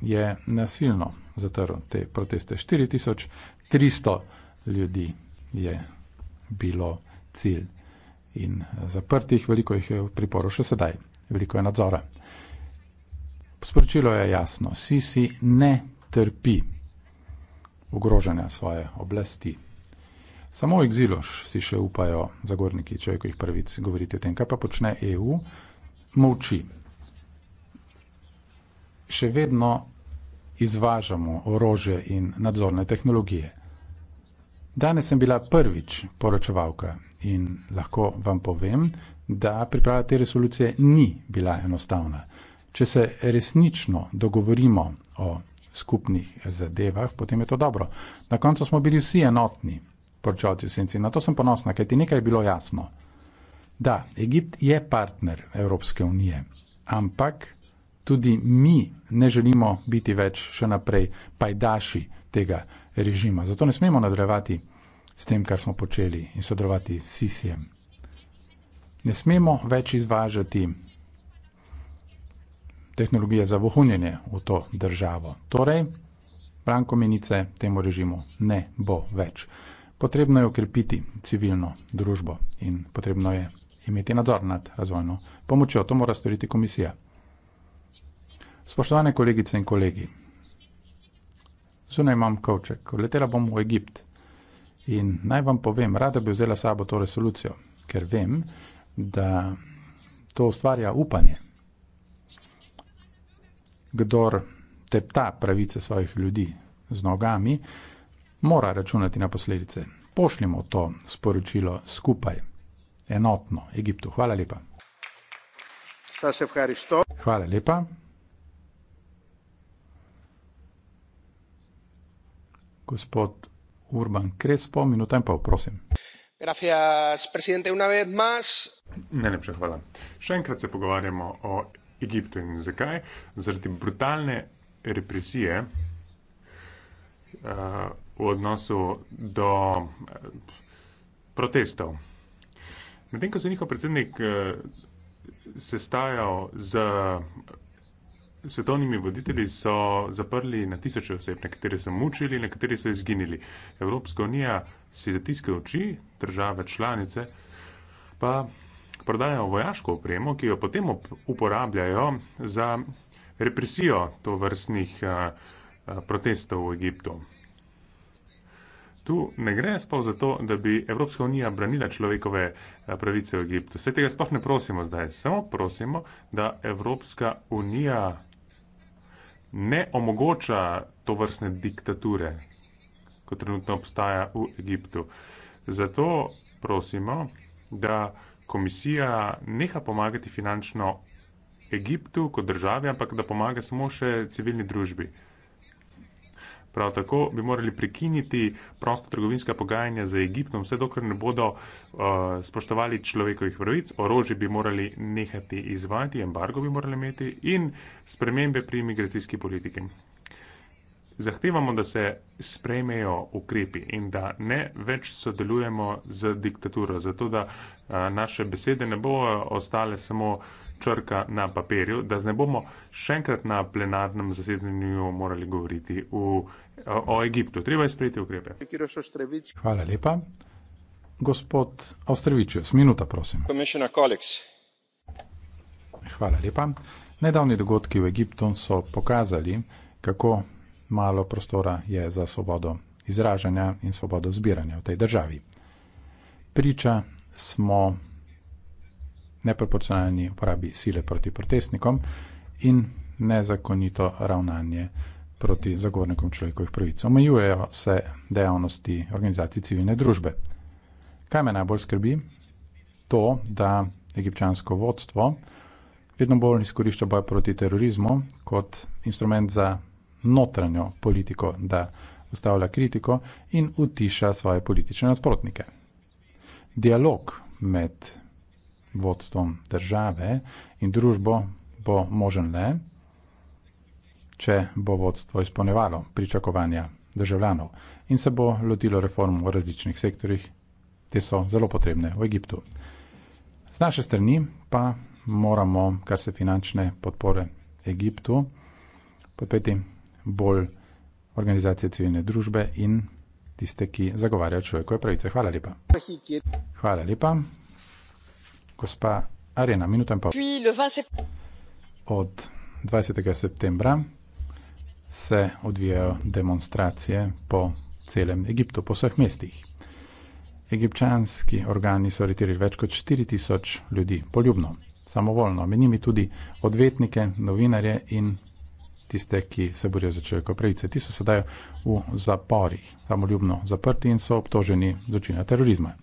je nasilno zatrl te proteste. 4300 ljudi je bilo cilj in eh, zaprtih, veliko jih je v priporu še sedaj, veliko je nadzora. Sporočilo je jasno, Sisi ne trpi ogrožanja svoje oblasti. Samo v egzilu si še upajo zagorniki človekovih prvic govoriti o tem, kaj pa počne EU, molči. Še vedno izvažamo orože in nadzorne tehnologije. Danes sem bila prvič poročevalka in lahko vam povem, da priprava te resolucije ni bila enostavna. Če se resnično dogovorimo o skupnih zadevah, potem je to dobro. Na koncu smo bili vsi enotni, porčoci v senci. Na to sem ponosna, ker ti nekaj je bilo jasno. Da, Egipt je partner Evropske unije, ampak tudi mi ne želimo biti več še naprej pajdaši tega režima. Zato ne smemo nadrevati s tem, kar smo počeli, in sodelovati s Sisijem. Ne smemo več izvažati tehnologije za vohunjenje v to državo. Torej, Branko Menice temu režimu ne bo več. Potrebno je okrepiti civilno družbo in potrebno je imeti nadzor nad razvojno pomočjo. To mora storiti komisija. Spoštovane kolegice in kolegi, zunaj imam kavček, letela bom v Egipt. In naj vam povem, rada bi vzela sabo to resolucijo, ker vem, da to ustvarja upanje. Kdor tepta pravice svojih ljudi z nogami, mora računati na posledice. Pošljimo to sporočilo skupaj, enotno, Egiptu. Hvala lepa. Hvala lepa. Gospod Urban Crespo, minuta in pol, prosim. Gracias, presidente, una vez más. Najlepša hvala. Še enkrat se pogovarjamo o Egiptu in zakaj. Zaradi brutalne represije uh, v odnosu do uh, protestov. Medtem ko se njihov predsednik uh, sestajal z. Uh, svetovnimi voditelji so zaprli na tisoče oseb, nekateri so mučili, nekateri so izginili. Evropska unija si zatiska oči, države članice pa prodajajo vojaško opremo, ki jo potem uporabljajo za represijo to vrstnih eh, eh, protestov v Egiptu. Tu ne gre sploh za to, da bi Evropska unija branila človekove eh, pravice v Egiptu. Vse tega sploh ne prosimo zdaj, samo prosimo, da Evropska unija ne omogoča to vrstne diktature, kot trenutno obstaja v Egiptu. Zato prosimo, da komisija neha pomagati finančno Egiptu kot državi, ampak da pomaga samo še civilni družbi. Prav tako bi morali prekiniti prostotrgovinska pogajanja z Egiptom, vse dokler ne bodo uh, spoštovali človekovih pravic, orožje bi morali nehati izvajati, embargo bi morali imeti in spremembe pri imigracijski politiki. Zahtevamo, da se sprejmejo ukrepi in da ne več sodelujemo z diktaturo, zato da a, uh, naše besede ne bojo ostale samo črka na papirju, da ne bomo še enkrat na plenarnem zasedanju morali govoriti v o Egiptu. Treba je sprejeti ukrepe. Hvala lepa. Gospod Ostrevičus, minuta prosim. Hvala lepa. Nedavni dogodki v Egiptu so pokazali, kako malo prostora je za svobodo izražanja in svobodo zbiranja v tej državi. Priča smo neproporcionalni uporabi sile proti protestnikom in nezakonito ravnanje proti zagovornikom človekovih pravic. Omejujejo se dejavnosti organizacij civilne družbe. Kaj me najbolj skrbi? To, da egipčansko vodstvo vedno bolj izkorišča boj proti terorizmu kot instrument za notranjo politiko, da ustavlja kritiko in utiša svoje politične nasprotnike. Dialog med vodstvom države in družbo bo možen le, če bo vodstvo izpolnevalo pričakovanja državljanov in se bo lotilo reform v različnih sektorjih, te so zelo potrebne v Egiptu. Z naše strani pa moramo, kar se finančne podpore Egiptu, podpeti bolj organizacije civilne družbe in tiste, ki zagovarjajo človekove pravice. Hvala lepa. Hvala lepa. Gospa Arena, minuta in pol. Od 20. septembra se odvijajo demonstracije po celem Egiptu, po vseh mestih. Egipčanski organi so aretirali več kot 4000 ljudi, poljubno, samovoljno, med njimi tudi odvetnike, novinarje in tiste, ki se borijo za človekove pravice. Ti so sedaj v zaporih, samoljubno zaprti in so obtoženi zločina terorizma.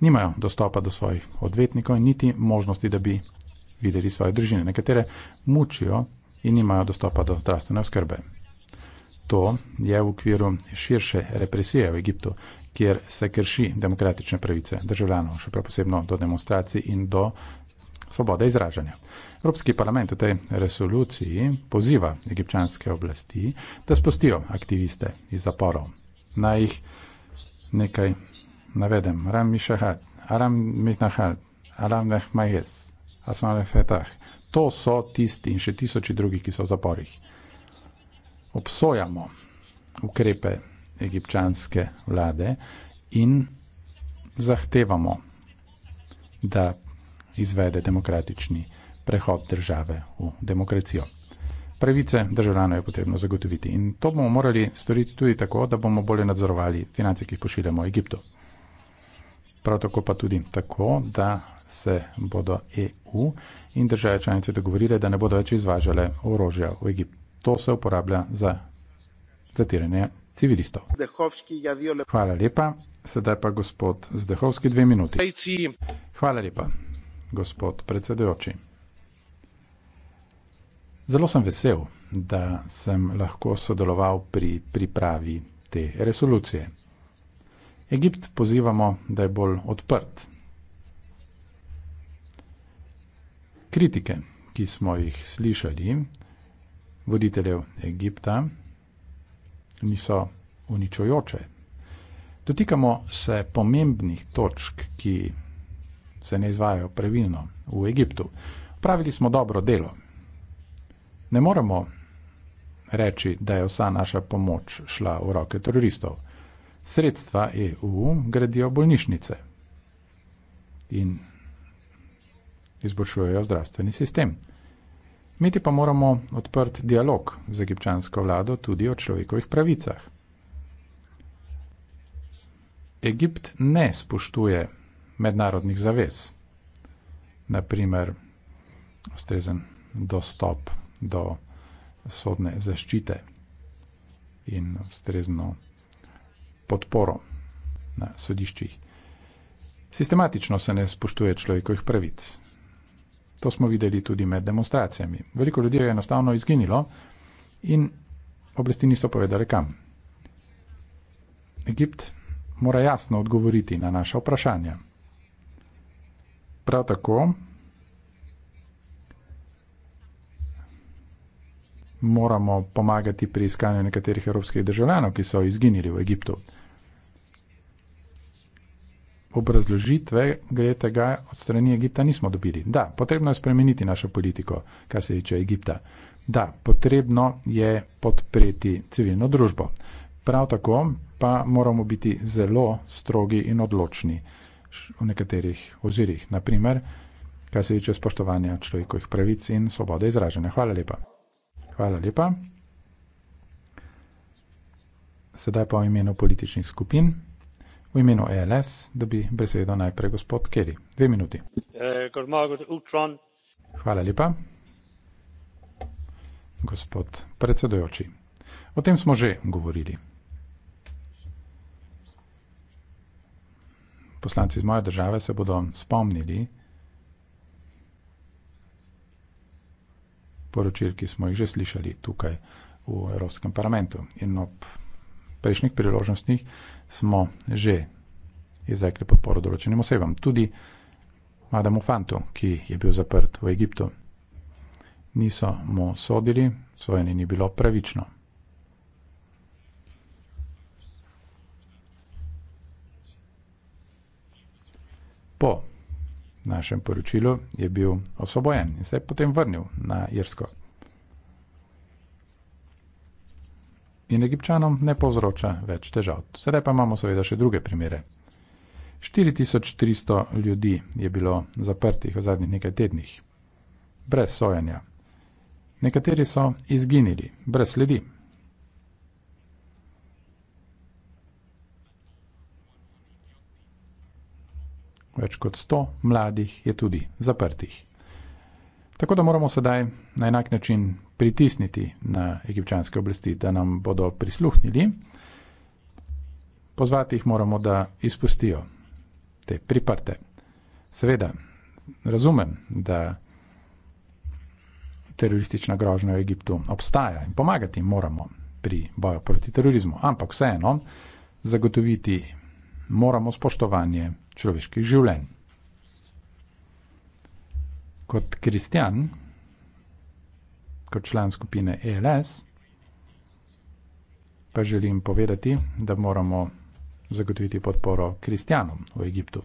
Nimajo dostopa do svojih odvetnikov in niti možnosti, da bi videli svoje družine. Nekatere mučijo in imajo dostopa do zdravstvene oskrbe. To je v okviru širše represije v Egiptu, kjer se krši demokratične pravice državljanov, še posebno do demonstracij in do svobode izražanja. Evropski parlament v tej resoluciji poziva egipčanske oblasti, da spustijo aktiviste iz zaporov. Naj jih nekaj navedem. Ram Mishahad, Aram Mitnahad, Aram Nehmajes, Asan Fetah, to so tisti in še tisoči drugih, ki so v zaporih. Obsojamo ukrepe egipčanske vlade in zahtevamo, da izvede demokratični prehod države v demokracijo. Pravice državljanov je potrebno zagotoviti in to bomo morali storiti tudi tako, da bomo bolje nadzorovali finance, ki jih pošiljamo v Egiptu. Prav tako pa tudi tako, da se bodo EU in države članice dogovorile, da ne bodo več izvažale orožja v Egipt. To se uporablja za zatiranje civilistov. Ja, Hvala lepa. Sedaj pa gospod Zdehovski, dve minuti. Hvala lepa, gospod predsedujoči. Zelo sem vesel, da sem lahko sodeloval pri pripravi te resolucije. Egipt pozivamo, da je bolj odprt Kritike, ki smo jih slišali, voditeljev Egipta, niso uničujoče. Dotikamo se pomembnih točk, ki se ne izvajajo pravilno v Egiptu. Pravili smo dobro delo. Ne moremo reči, da je vsa naša pomoč šla v roke teroristov. Sredstva EU gradijo bolnišnice. In izboljšujejo zdravstveni sistem. Imeti pa moramo odprt dialog z egipčansko vlado tudi o človekovih pravicah. Egipt ne spoštuje mednarodnih zavez, naprimer ustrezen dostop do sodne zaščite in ustrezno podporo na sodiščih. Sistematično se ne spoštuje človekovih pravic, To smo videli tudi med demonstracijami. Veliko ljudi je enostavno izginilo in oblasti niso povedali kam. Egipt mora jasno odgovoriti na naša vprašanja. Prav tako moramo pomagati pri iskanju nekaterih evropskih državljanov, ki so izginili v Egiptu obrazložitve gre tega od strani Egipta nismo dobili. Da, potrebno je spremeniti našo politiko, kar se tiče Egipta. Da, potrebno je podpreti civilno družbo. Prav tako pa moramo biti zelo strogi in odločni v nekaterih ozirih. Naprimer, kar se tiče spoštovanja človekovih pravic in svobode izražanja. Hvala lepa. Hvala lepa. Sedaj pa v imenu političnih skupin. V imenu ELS dobi besedo najprej gospod Keri. Dve minuti. Hvala lepa. Gospod predsedujoči. O tem smo že govorili. Poslanci iz moje države se bodo spomnili poročil, ki smo jih že slišali tukaj v Evropskem parlamentu in ob prejšnjih priložnostih smo že izrekli podporo določenim osebam, tudi Adamu Fantu, ki je bil zaprt v Egiptu. Niso mu sodili, sojenje ni bilo pravično. Po našem poročilu je bil osvobojen in se je potem vrnil na Irsko. in egipčanom ne povzroča več težav. Sedaj pa imamo seveda še druge primere. 4300 ljudi je bilo zaprtih v zadnjih nekaj tednih, brez sojanja. Nekateri so izginili, brez sledi. Več kot 100 mladih je tudi zaprtih. Tako da moramo sedaj na enak način pritisniti na egipčanske oblasti, da nam bodo prisluhnili, pozvati jih moramo, da izpustijo te priprte. Seveda, razumem, da teroristična grožnja v Egiptu obstaja in pomagati moramo pri boju proti terorizmu, ampak vseeno zagotoviti moramo spoštovanje človeških življenj. Kot kristjan kot član skupine ELS, pa želim povedati, da moramo zagotoviti podporo kristjanom v Egiptu.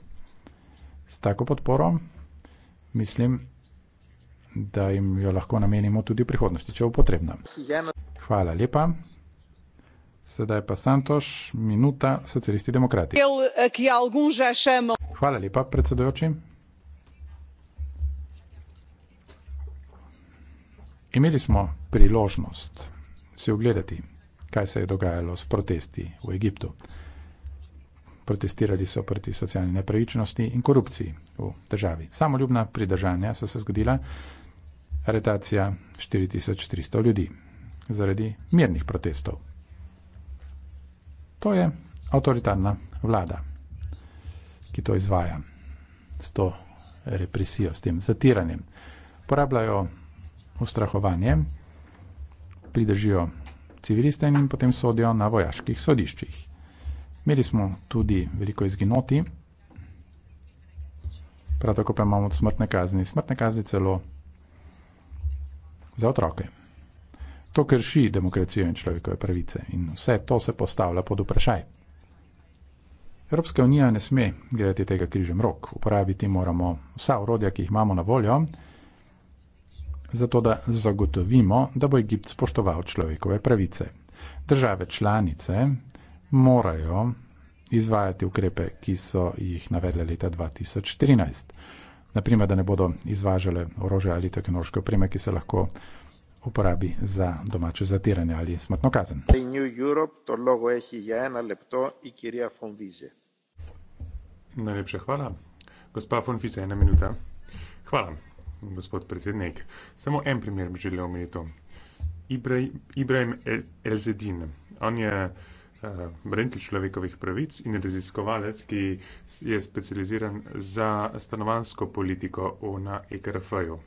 S tako podporo mislim, da jim jo lahko namenimo tudi v prihodnosti, če bo potrebna. Hvala lepa. Sedaj pa Santoš, minuta socialisti demokrati. Hvala lepa, predsedojoči. Imeli smo priložnost si ogledati, kaj se je dogajalo s protesti v Egiptu. Protestirali so proti socialni nepravičnosti in korupciji v državi. Samoljubna pridržanja so se zgodila, aretacija 4300 ljudi zaradi mirnih protestov. To je avtoritarna vlada, ki to izvaja s to represijo, s tem zatiranjem. Porabljajo ustrahovanje, pridržijo civiliste in potem sodijo na vojaških sodiščih. Imeli smo tudi veliko izginoti, prav tako pa imamo smrtne kazni. Smrtne kazni celo za otroke. To krši demokracijo in človekove pravice in vse to se postavlja pod vprašaj. Evropska unija ne sme gledati tega križem rok. Uporabiti moramo vsa urodja, ki jih imamo na voljo, zato da zagotovimo, da bo Egipt spoštoval človekove pravice. Države članice morajo izvajati ukrepe, ki so jih navedle leta 2013. Naprimer, da ne bodo izvažale orožja ali tehnološke opreme, ki se lahko uporabi za domače zatiranje ali smrtno kazen. Najlepša hvala. Gospa von Fise, ena minuta. Hvala gospod predsednik. Samo en primer bi želel omeniti. Ibrahim El Elzedin. On je uh, eh, brentelj človekovih pravic in raziskovalec, ki je specializiran za stanovansko politiko na EKRF-ju.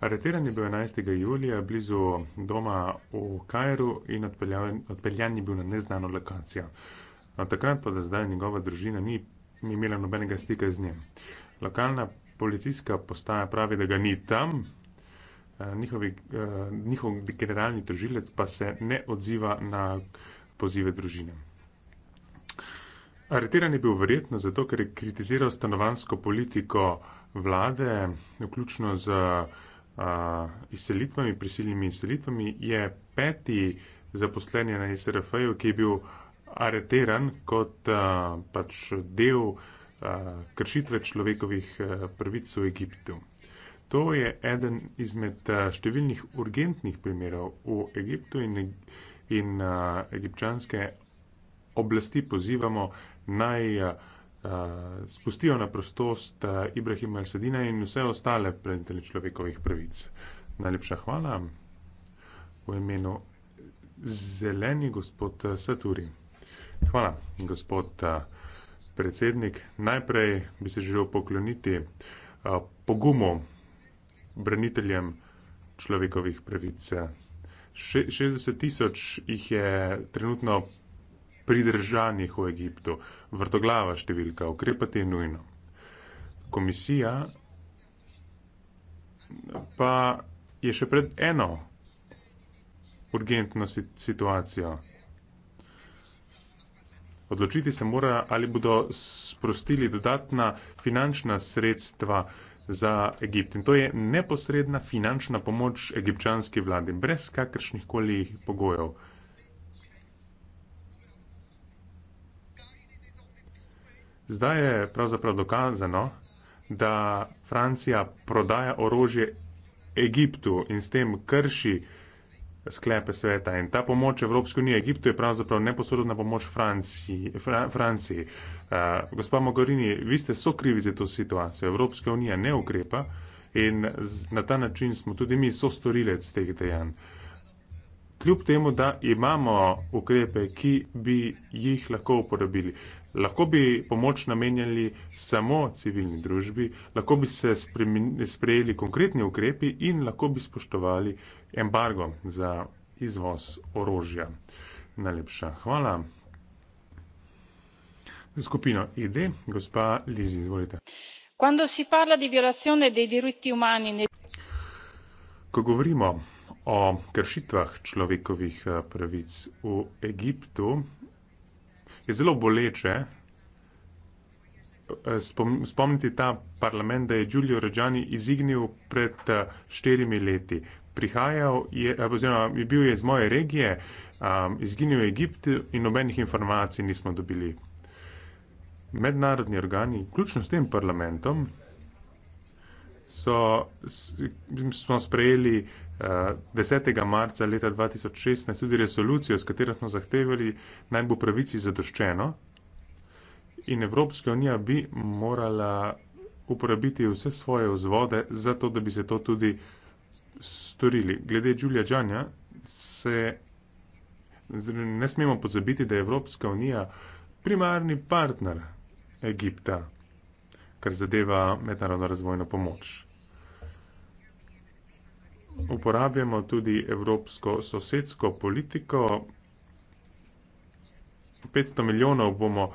Areteran je bil 11. julija blizu doma v Kajru in odpeljan, odpeljan je bil na neznano lokacijo. Od takrat pa do zdaj njegova družina ni, ni imela nobenega stika z njim. Lokalna policijska postaja pravi, da ga ni tam, eh, Njihovi, eh, njihov generalni tožilec pa se ne odziva na pozive družine. Aretiran je bil verjetno zato, ker je kritiziral stanovansko politiko vlade, vključno z a, eh, izselitvami, prisiljnimi izselitvami. Je peti zaposlenje na SRF-ju, ki je bil aretiran kot a, pač del a, kršitve človekovih pravic v Egiptu. To je eden izmed številnih urgentnih primerov v Egiptu in, in egipčanske oblasti pozivamo naj spustijo na prostost Ibrahima Elsedina in vse ostale prejitele človekovih pravic. Najlepša hvala v imenu zeleni gospod Saturi. Hvala, gospod predsednik. Najprej bi se želel pokloniti a, pogumu braniteljem človekovih pravic. Še, 60 tisoč jih je trenutno pridržanih v Egiptu. Vrtoglava številka, ukrepati je nujno. Komisija pa je še pred eno urgentno situacijo. Odločiti se mora, ali bodo sprostili dodatna finančna sredstva za Egipt. In to je neposredna finančna pomoč egipčanski vladi, brez kakršnih koli pogojev. Zdaj je pravzaprav dokazano, da Francija prodaja orožje Egiptu in s tem krši uh, sklepe sveta. In ta pomoč Evropske unije Egiptu je pravzaprav neposredna pomoč Franciji. Fra, Franciji. Uh, gospa Mogorini, vi ste so krivi za to situacijo. Evropska unija ne ukrepa in z, na ta način smo tudi mi so storilec teh dejanj. Kljub temu, da imamo ukrepe, ki bi jih lahko uporabili. Lahko bi pomoč namenjali samo civilni družbi, lahko bi se spremen, sprejeli konkretni ukrepi in lahko bi spoštovali embargo za izvoz orožja. Najlepša hvala. Za skupino ID, gospa Lizi, izvolite. Quando si parla di violazione dei diritti umani ne... Ko govorimo o kršitvah človekovih eh, pravic v Egiptu, je zelo boleče eh, spomniti ta parlament, da je Giulio Reggiani izignil pred eh, štirimi leti prihajal, je, eh, oziroma je bil je iz moje regije, um, izginil je Egipt in nobenih informacij nismo dobili. Mednarodni organi, vključno s tem parlamentom, so, s, smo sprejeli uh, eh, 10. marca leta 2016 tudi resolucijo, s katero smo zahtevali naj bo pravici zadoščeno in Evropska unija bi morala uporabiti vse svoje vzvode za to, da bi se to tudi uh, storili. Glede Giulia Džanja, se ne smemo pozabiti, da je Evropska unija primarni partner Egipta, kar zadeva mednarodno razvojno pomoč. Uporabljamo tudi evropsko sosedsko politiko. 500 milijonov bomo uh,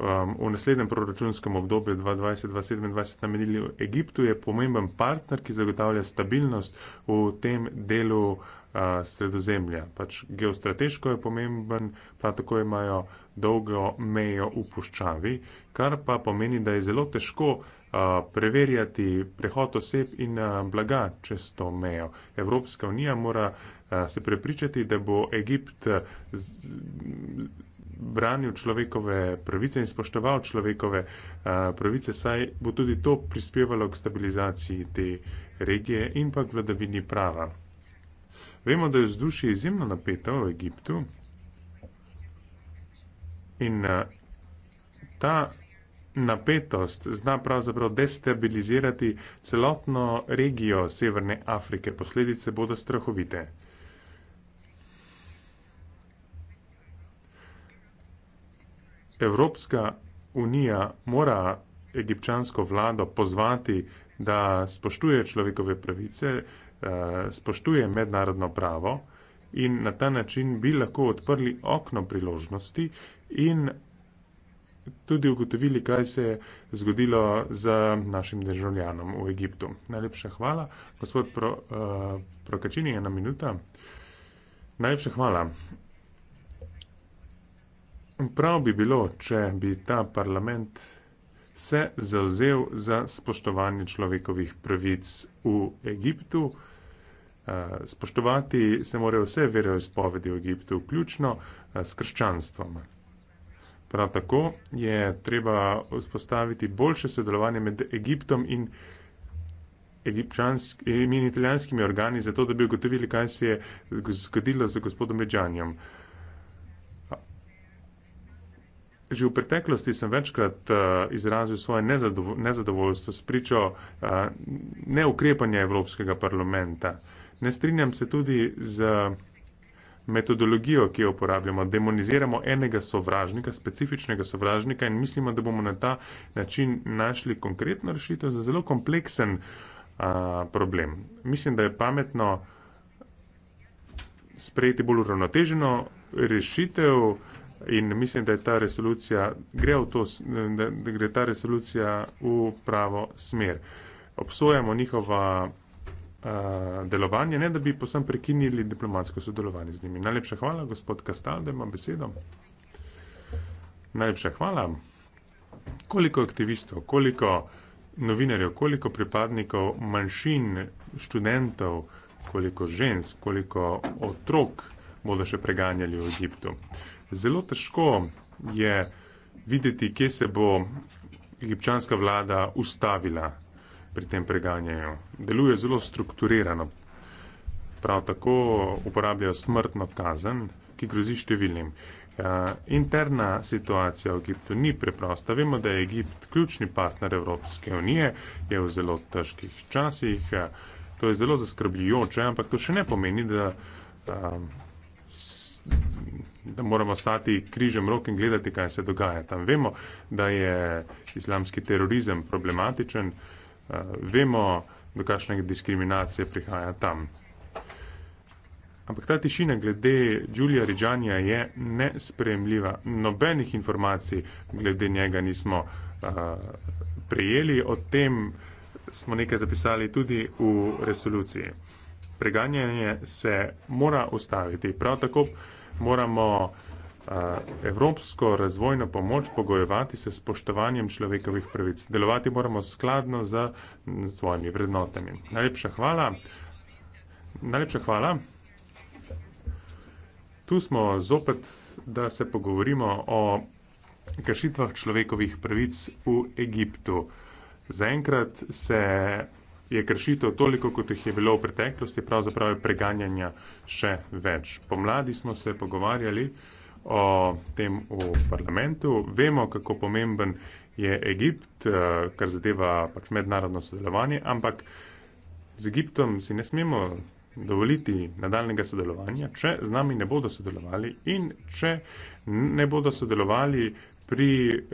um, v naslednjem proračunskem obdobju 2020-2027 namenili v Egiptu, je pomemben partner, ki zagotavlja stabilnost v tem delu uh, sredozemlja. Pač geostrateško je pomemben, prav tako imajo dolgo mejo v puščavi, kar pa pomeni, da je zelo težko uh, preverjati prehod oseb in uh, blaga čez to mejo. Evropska unija mora uh, se prepričati, da bo Egipt. Uh, z, z, branil človekove pravice in spoštoval človekove eh, pravice, saj bo tudi to prispevalo k stabilizaciji te regije in pa k vladavini prava. Vemo, da je vzdušje izjemno napeto v Egiptu in eh, ta napetost zna pravzaprav destabilizirati celotno regijo Severne Afrike. Posledice bodo strahovite. Evropska unija mora egipčansko vlado pozvati, da spoštuje človekove pravice, eh, spoštuje mednarodno pravo in na ta način bi lahko odprli okno priložnosti in tudi ugotovili, kaj se je zgodilo z našim državljanom v Egiptu. Najlepša hvala, gospod Pro, uh, Prokačini, ena minuta. Najlepša hvala. Prav bi bilo, če bi ta parlament se zauzel za spoštovanje človekovih pravic v Egiptu. Eh, spoštovati se morajo vse veroizpovedi v Egiptu, vključno eh, s krščanstvom. Prav tako je treba vzpostaviti boljše sodelovanje med Egiptom in, in italijanskimi organi, zato da bi ugotovili, kaj se je zgodilo z gospodom Medžanjem. Že v preteklosti sem večkrat uh, izrazil svoje nezadovo nezadovoljstvo s pričo uh, neukrepanja Evropskega parlamenta. Ne strinjam se tudi z metodologijo, ki jo uporabljamo. Demoniziramo enega sovražnika, specifičnega sovražnika in mislimo, da bomo na ta način našli konkretno rešitev za zelo kompleksen uh, problem. Mislim, da je pametno sprejeti bolj uravnoteženo rešitev. In mislim, da, ta resolucija, to, da, da gre ta resolucija v pravo smer. Obsojamo njihova uh, eh, delovanja, ne da bi posem prekinili diplomatsko sodelovanje z njimi. Najlepša hvala, gospod Kastal, da ima besedo. Najlepša hvala. Koliko aktivistov, koliko novinarjev, koliko pripadnikov manjšin, študentov, koliko žensk, koliko otrok bodo še preganjali v Egiptu. Zelo težko je videti, kje se bo egipčanska vlada ustavila pri tem preganjanju. Deluje zelo strukturirano. Prav tako uporabljajo smrtno kazen, ki grozi številnim. Uh, interna situacija v Egiptu ni preprosta. Vemo, da je Egipt ključni partner Evropske unije, je v zelo težkih časih. Uh, to je zelo zaskrbljujoče, ampak to še ne pomeni, da uh, da moramo stati križem rok in gledati, kaj se dogaja tam. Vemo, da je islamski terorizem problematičen, eh, vemo, do kakšnega diskriminacije prihaja tam. Ampak ta tišina glede Đulija Riđanja je nespremljiva. Nobenih informacij glede njega nismo uh, prejeli, o tem smo nekaj zapisali tudi v resoluciji. Preganjanje se mora ustaviti. Prav tako uh, moramo eh, evropsko razvojno pomoč pogojevati se spoštovanjem človekovih pravic. Delovati moramo skladno z svojimi vrednotami. Najlepša hvala. Najlepša hvala. Tu smo zopet, da se pogovorimo o kršitvah človekovih pravic v Egiptu. Zaenkrat se je kršitev toliko, kot jih je bilo v preteklosti, pravzaprav je preganjanja še več. Pomladi smo se pogovarjali o tem v parlamentu. Vemo, kako pomemben je Egipt, eh, kar zadeva pač mednarodno sodelovanje, ampak z Egiptom si ne smemo dovoliti nadaljnega sodelovanja, če z nami ne bodo sodelovali in če ne bodo sodelovali pri uh,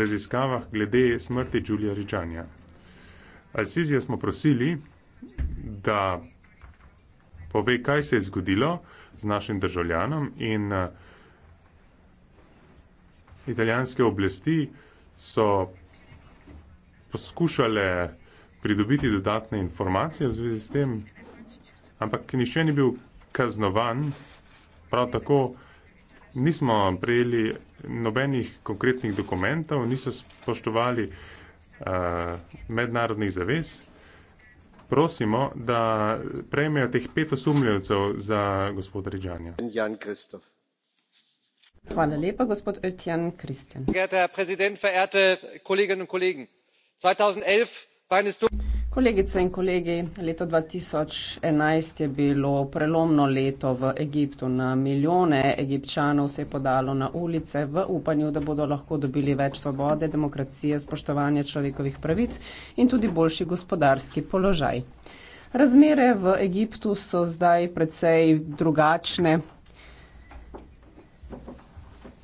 raziskavah glede smrti Julija Ričanja. Al-Sizija smo prosili, da pove, kaj se je zgodilo z našim državljanom in eh, italijanske oblasti so poskušale pridobiti dodatne informacije v zvezi s tem, ampak nišče ni bil kaznovan, prav tako nismo prejeli nobenih konkretnih dokumentov, niso spoštovali uh, mednarodnih zavez, prosimo, da prejmejo teh pet osumljivcev za gospoda Ridžanja. Hvala lepa, gospod Etjan Kristjan. 2011 Kolegice in kolegi, leto 2011 je bilo prelomno leto v Egiptu. Na milijone egipčanov se je podalo na ulice v upanju, da bodo lahko dobili več svobode, demokracije, spoštovanja človekovih pravic in tudi boljši gospodarski položaj. Razmere v Egiptu so zdaj precej drugačne.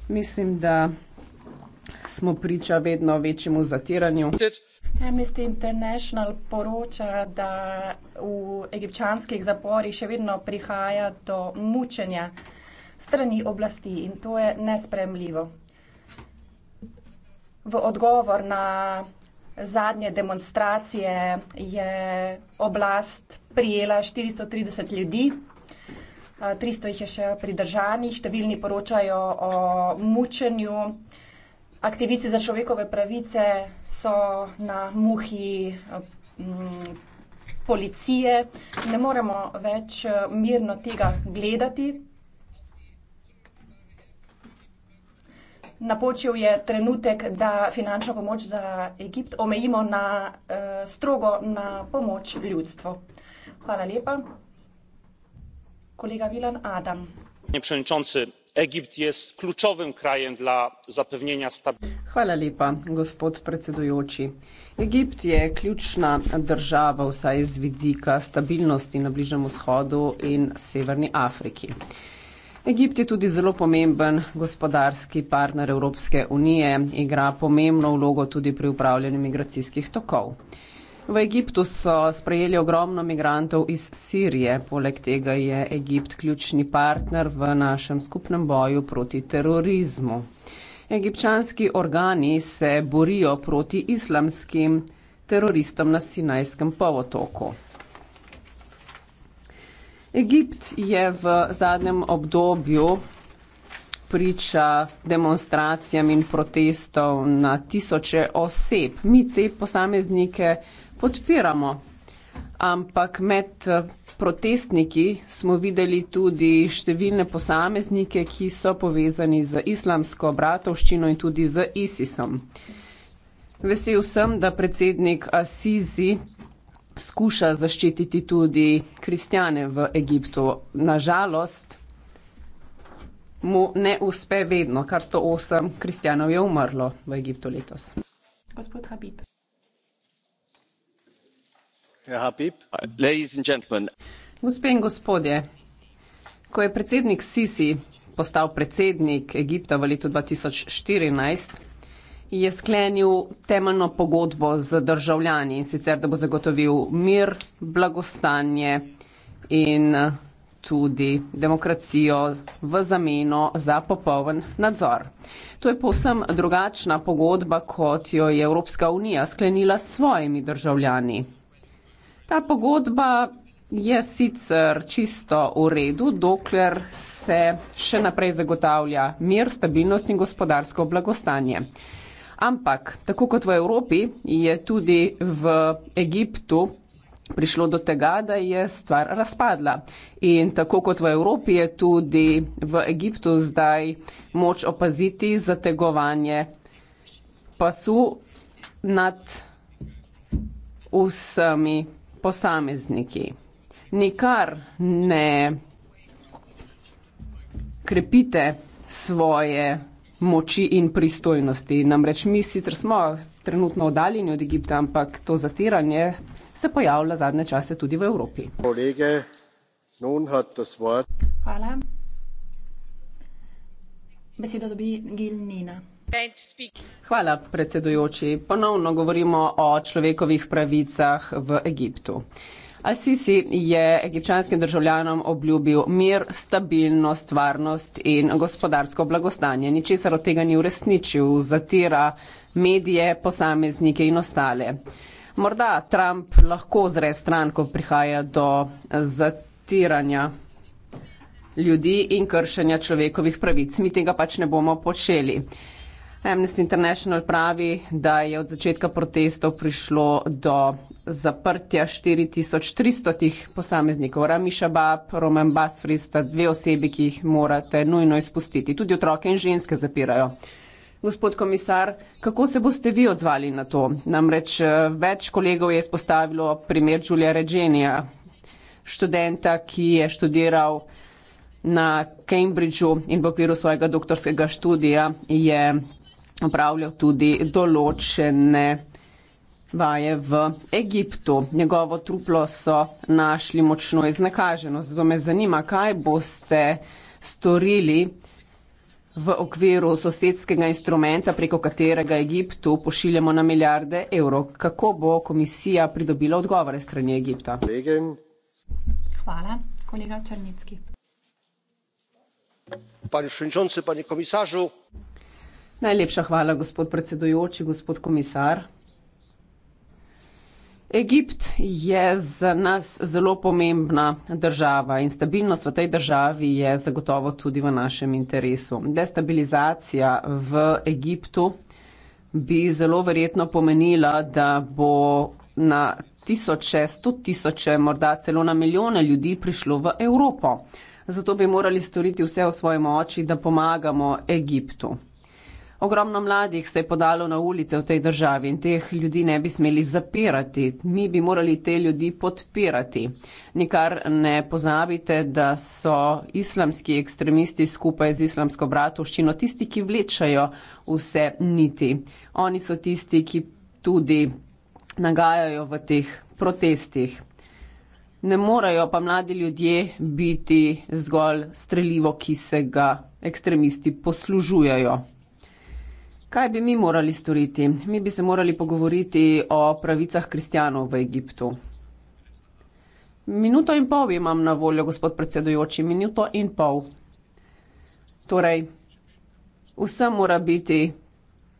Mislim, da smo priča vedno večjemu zatiranju. Amnesty International poroča, da v egipčanskih zaporih še vedno prihaja do mučenja strani oblasti in to je nespremljivo. V odgovor na zadnje demonstracije je oblast prijela 430 ljudi, 300 jih je še pridržanih, številni poročajo o mučenju. Aktivisti za človekove pravice so na muhi eh, policije. Ne moremo več eh, mirno tega gledati. Napočil je trenutek, da finančno pomoč za Egipt omejimo na eh, strogo na pomoč ljudstvu. Hvala lepa. Kolega Milan Adam. Panie przewodniczący! egipt jest kluczowym krajem dla zapewnienia stabilności. Egipt je ključna država vsaj z vidika stabilnosti na Bližnem vzhodu in Severni Afriki. Egipt je tudi zelo pomemben gospodarski partner Evropske unije, igra pomembno vlogo tudi pri upravljanju migracijskih tokov. V Egiptu so sprejeli ogromno migrantov iz Sirije. Poleg tega je Egipt ključni partner v našem skupnem boju proti terorizmu. Egipčanski organi se borijo proti islamskim teroristom na Sinajskem polotoku. Egipt je v zadnjem obdobju priča demonstracijam in protestom na tisoče oseb. Mi te posameznike podpiramo, ampak med eh, protestniki smo videli tudi številne posameznike, ki so povezani z islamsko bratovščino in tudi z ISISom. Vesel sem, da predsednik Asizi skuša zaščititi tudi kristjane v Egiptu. Nažalost, mu ne uspe vedno, kar 108 kristjanov je umrlo v Egiptu letos. Gospod Habib. Ja, Habib. Uh, Gospe in gospodje, ko je predsednik Sisi postal predsednik Egipta v letu 2014, je sklenil temeljno pogodbo z državljani in sicer, da bo zagotovil mir, blagostanje in tudi demokracijo v zameno za popoln nadzor. To je povsem drugačna pogodba, kot jo je Evropska unija sklenila s svojimi državljani. Ta pogodba je sicer čisto v redu, dokler se še naprej zagotavlja mir, stabilnost in gospodarsko blagostanje. Ampak, tako kot v Evropi, je tudi v Egiptu prišlo do tega, da je stvar razpadla. In tako kot v Evropi je tudi v Egiptu zdaj moč opaziti zategovanje pasu nad vsemi posamezniki. Nikar ne krepite svoje moči in pristojnosti. Namreč mi sicer smo trenutno oddaljeni od Egipta, ampak to zatiranje se pojavlja zadnje čase tudi v Evropi. Hvala. Besedo dobi Gil Nina. Hvala, predsedujoči. Ponovno govorimo o človekovih pravicah v Egiptu. Al-Sisi je egipčanskim državljanom obljubil mir, stabilnost, varnost in gospodarsko blagostanje. Ničesar od tega ni uresničil, zatira medije, posameznike in ostale morda Trump lahko zre stran, ko prihaja do zatiranja ljudi in kršenja človekovih pravic. Mi tega pač ne bomo počeli. Amnesty International pravi, da je od začetka protestov prišlo do zaprtja 4300 tih posameznikov. Rami Shabab, Roman Basfri sta dve osebi, ki jih morate nujno izpustiti. Tudi otroke in ženske zapirajo. Gospod komisar, kako se boste vi odzvali na to? Namreč eh, več kolegov je izpostavilo primer Đulja Ređenija, študenta, ki je študiral na Cambridgeu in v okviru svojega doktorskega študija je opravljal tudi določene vaje v Egiptu. Njegovo truplo so našli močno iznakaženo. Zato me zanima, kaj boste storili v okviru sosedskega instrumenta, preko katerega Egiptu pošiljamo na milijarde evrov. Kako bo komisija pridobila odgovore strani Egipta? Legen. Hvala, kolega Črnitski. Pani Šenčonce, pani komisaržu. Najlepša hvala, gospod predsedujoči, gospod komisar. Egipt je za nas zelo pomembna država in stabilnost v tej državi je zagotovo tudi v našem interesu. Destabilizacija v Egiptu bi zelo verjetno pomenila, da bo na tisoče, sto tisoče, morda celo na milijone ljudi prišlo v Evropo. Zato bi morali storiti vse v svoji moči, da pomagamo Egiptu. Ogromno mladih se je podalo na ulice v tej državi in teh ljudi ne bi smeli zapirati, mi bi morali te ljudi podpirati. Nikar ne pozabite, da so islamski ekstremisti skupaj z islamsko bratovščino tisti, ki vlečajo vse niti. Oni so tisti, ki tudi nagajajo v teh protestih. Ne morajo pa mladi ljudje biti zgolj streljivo, ki se ga ekstremisti poslužujajo. Kaj bi mi morali storiti? Mi bi se morali pogovoriti o pravicah kristjanov v Egiptu. Minuto in pol imam na voljo, gospod predsedujoči, minuto in pol. Torej, vsem mora biti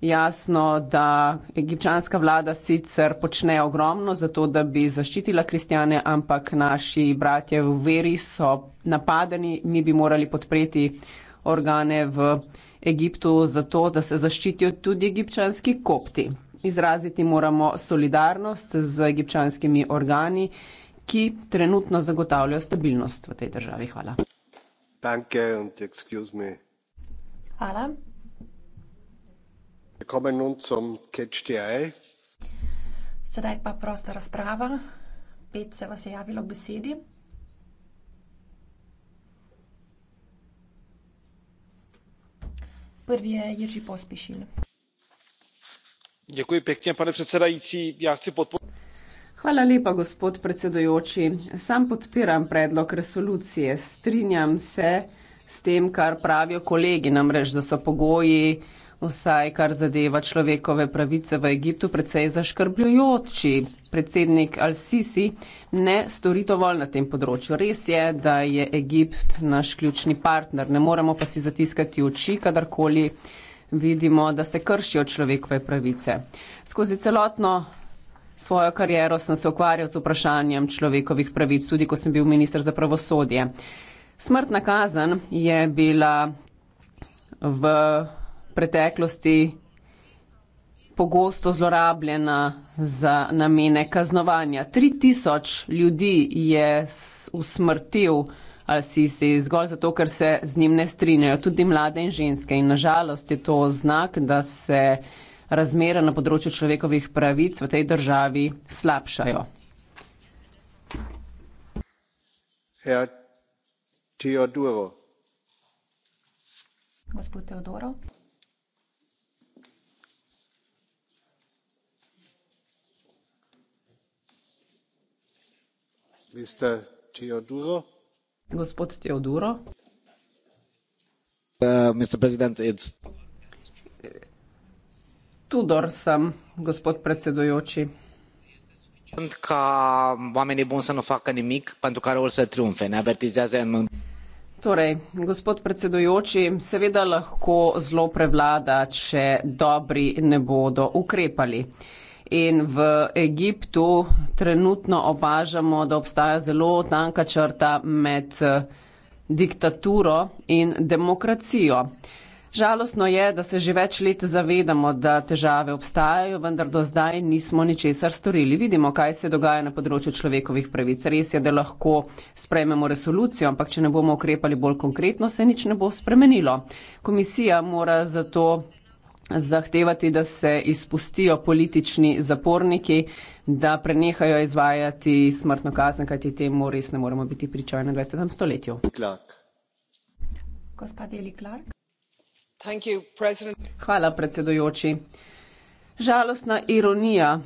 jasno, da egipčanska vlada sicer počne ogromno za to, da bi zaščitila kristjane, ampak naši bratje v veri so napadeni, mi bi morali podpreti organe v Egiptu. Egiptu zato, da se zaščitijo tudi egipčanski kopti. Izraziti moramo solidarnost z egipčanskimi organi, ki trenutno zagotavljajo stabilnost v tej državi. Hvala. Hvala. Sedaj pa prosta razprava. Pet se vas je javilo besedi. pane predsedající sam podpiram predlog resolucije strinjam se s tem kar pravijo kolegi namreč da so pogoji za napredek v makedoniji izjemno težki vsaj kar zadeva človekove pravice v Egiptu, precej zaškrbljujoči. Predsednik Al-Sisi ne stori dovolj na tem področju. Res je, da je Egipt naš ključni partner. Ne moremo pa si zatiskati oči, kadarkoli vidimo, da se kršijo človekove pravice. Skozi celotno svojo kariero sem se ukvarjal z vprašanjem človekovih pravic, tudi ko sem bil minister za pravosodje. Smrtna kazen je bila v preteklosti pogosto zlorabljena za namene kaznovanja. 3000 ljudi je usmrtil ali si si zgolj zato, ker se z njim ne strinjajo, tudi mlade in ženske. In nažalost je to znak, da se razmere na področju človekovih pravic v tej državi slabšajo. Herr Teodoro. Gospod Teodoro. mr uh, president it's. tudor sem gospod predsedujoči. sunt ca oamenii buni să nu facă nimic pentru ca răul să triumfe ne avertizează în. Torej, gospod predsedujoči, seveda lahko zlo prevlada, če dobri ne bodo ukrepali. In v Egiptu trenutno opažamo, da obstaja zelo tanka črta med eh, diktaturo in demokracijo. Žalostno je, da se že več let zavedamo, da težave obstajajo, vendar do zdaj nismo ničesar storili. Vidimo, kaj se dogaja na področju človekovih pravic. Res je, da lahko sprejmemo resolucijo, ampak če ne bomo ukrepali bolj konkretno, se nič ne bo spremenilo. Komisija mora zato zahtevati, da se izpustijo politični zaporniki, da prenehajo izvajati smrtno kazen, kajti temu res ne moremo biti priča v 21. stoletju. Hvala, predsedujoči. Žalostna ironija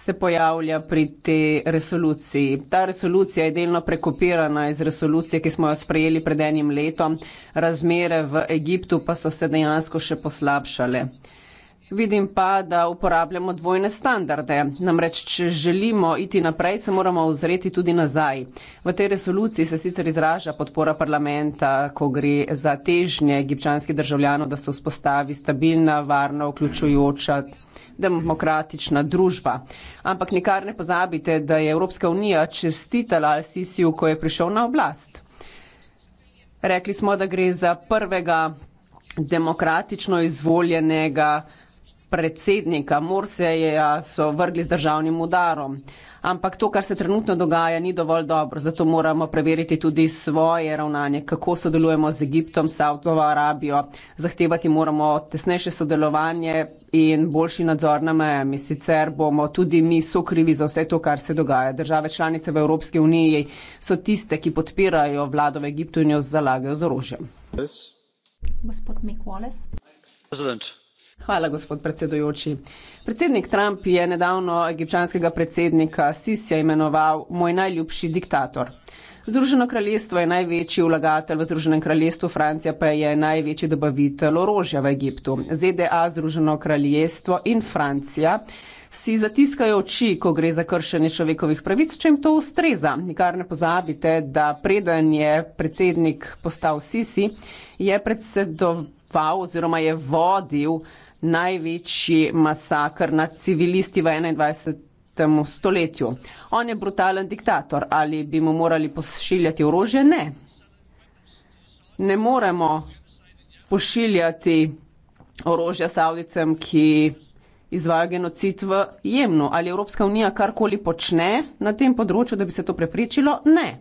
se pojavlja pri tej resoluciji. Ta resolucija je delno prekopirana iz resolucije, ki smo jo sprejeli pred enim letom. Razmere v Egiptu pa so se dejansko še poslabšale. Vidim pa, da uporabljamo dvojne standarde. Namreč, če želimo iti naprej, se moramo ozreti tudi nazaj. V tej resoluciji se sicer izraža podpora parlamenta, ko gre za težnje egipčanskih državljanov, da se vzpostavi stabilna, varna, vključujoča demokratična družba. Ampak nikar ne pozabite, da je Evropska unija čestitala Al-Sisiju, ko je prišel na oblast. Rekli smo, da gre za prvega demokratično izvoljenega predsednika Morseja so vrgli z državnim udarom. Ampak to, kar se trenutno dogaja, ni dovolj dobro, zato moramo preveriti tudi svoje ravnanje, kako sodelujemo z Egiptom, Saudovo Arabijo. Zahtevati moramo tesnejše sodelovanje in boljši nadzor na mejami, sicer bomo tudi mi sokrivi za vse to, kar se dogaja. Države članice v Evropski uniji so tiste, ki podpirajo vlado v Egiptu in jo zalagajo z orožjem. Gospod Mick Wallace. President. Hvala, gospod predsedujoči. Predsednik Trump je nedavno egipčanskega predsednika Sisija imenoval moj najljubši diktator. Združeno kraljestvo je največji vlagatelj v Združenem kraljestvu, Francija pa je največji dobavitelj orožja v Egiptu. ZDA, Združeno kraljestvo in Francija si zatiskajo oči, ko gre za kršenje človekovih pravic, če jim to ustreza. Nikar ne pozabite, da preden je predsednik postal Sisi, je predsedoval oziroma je vodil največji masakr nad civilisti v 21. stoletju. On je brutalen diktator. Ali bi mu morali pošiljati orožje? Ne. Ne moremo pošiljati orožja Saudicem, ki izvaja genocid v Jemnu. Ali Evropska unija karkoli počne na tem področju, da bi se to prepričilo? Ne.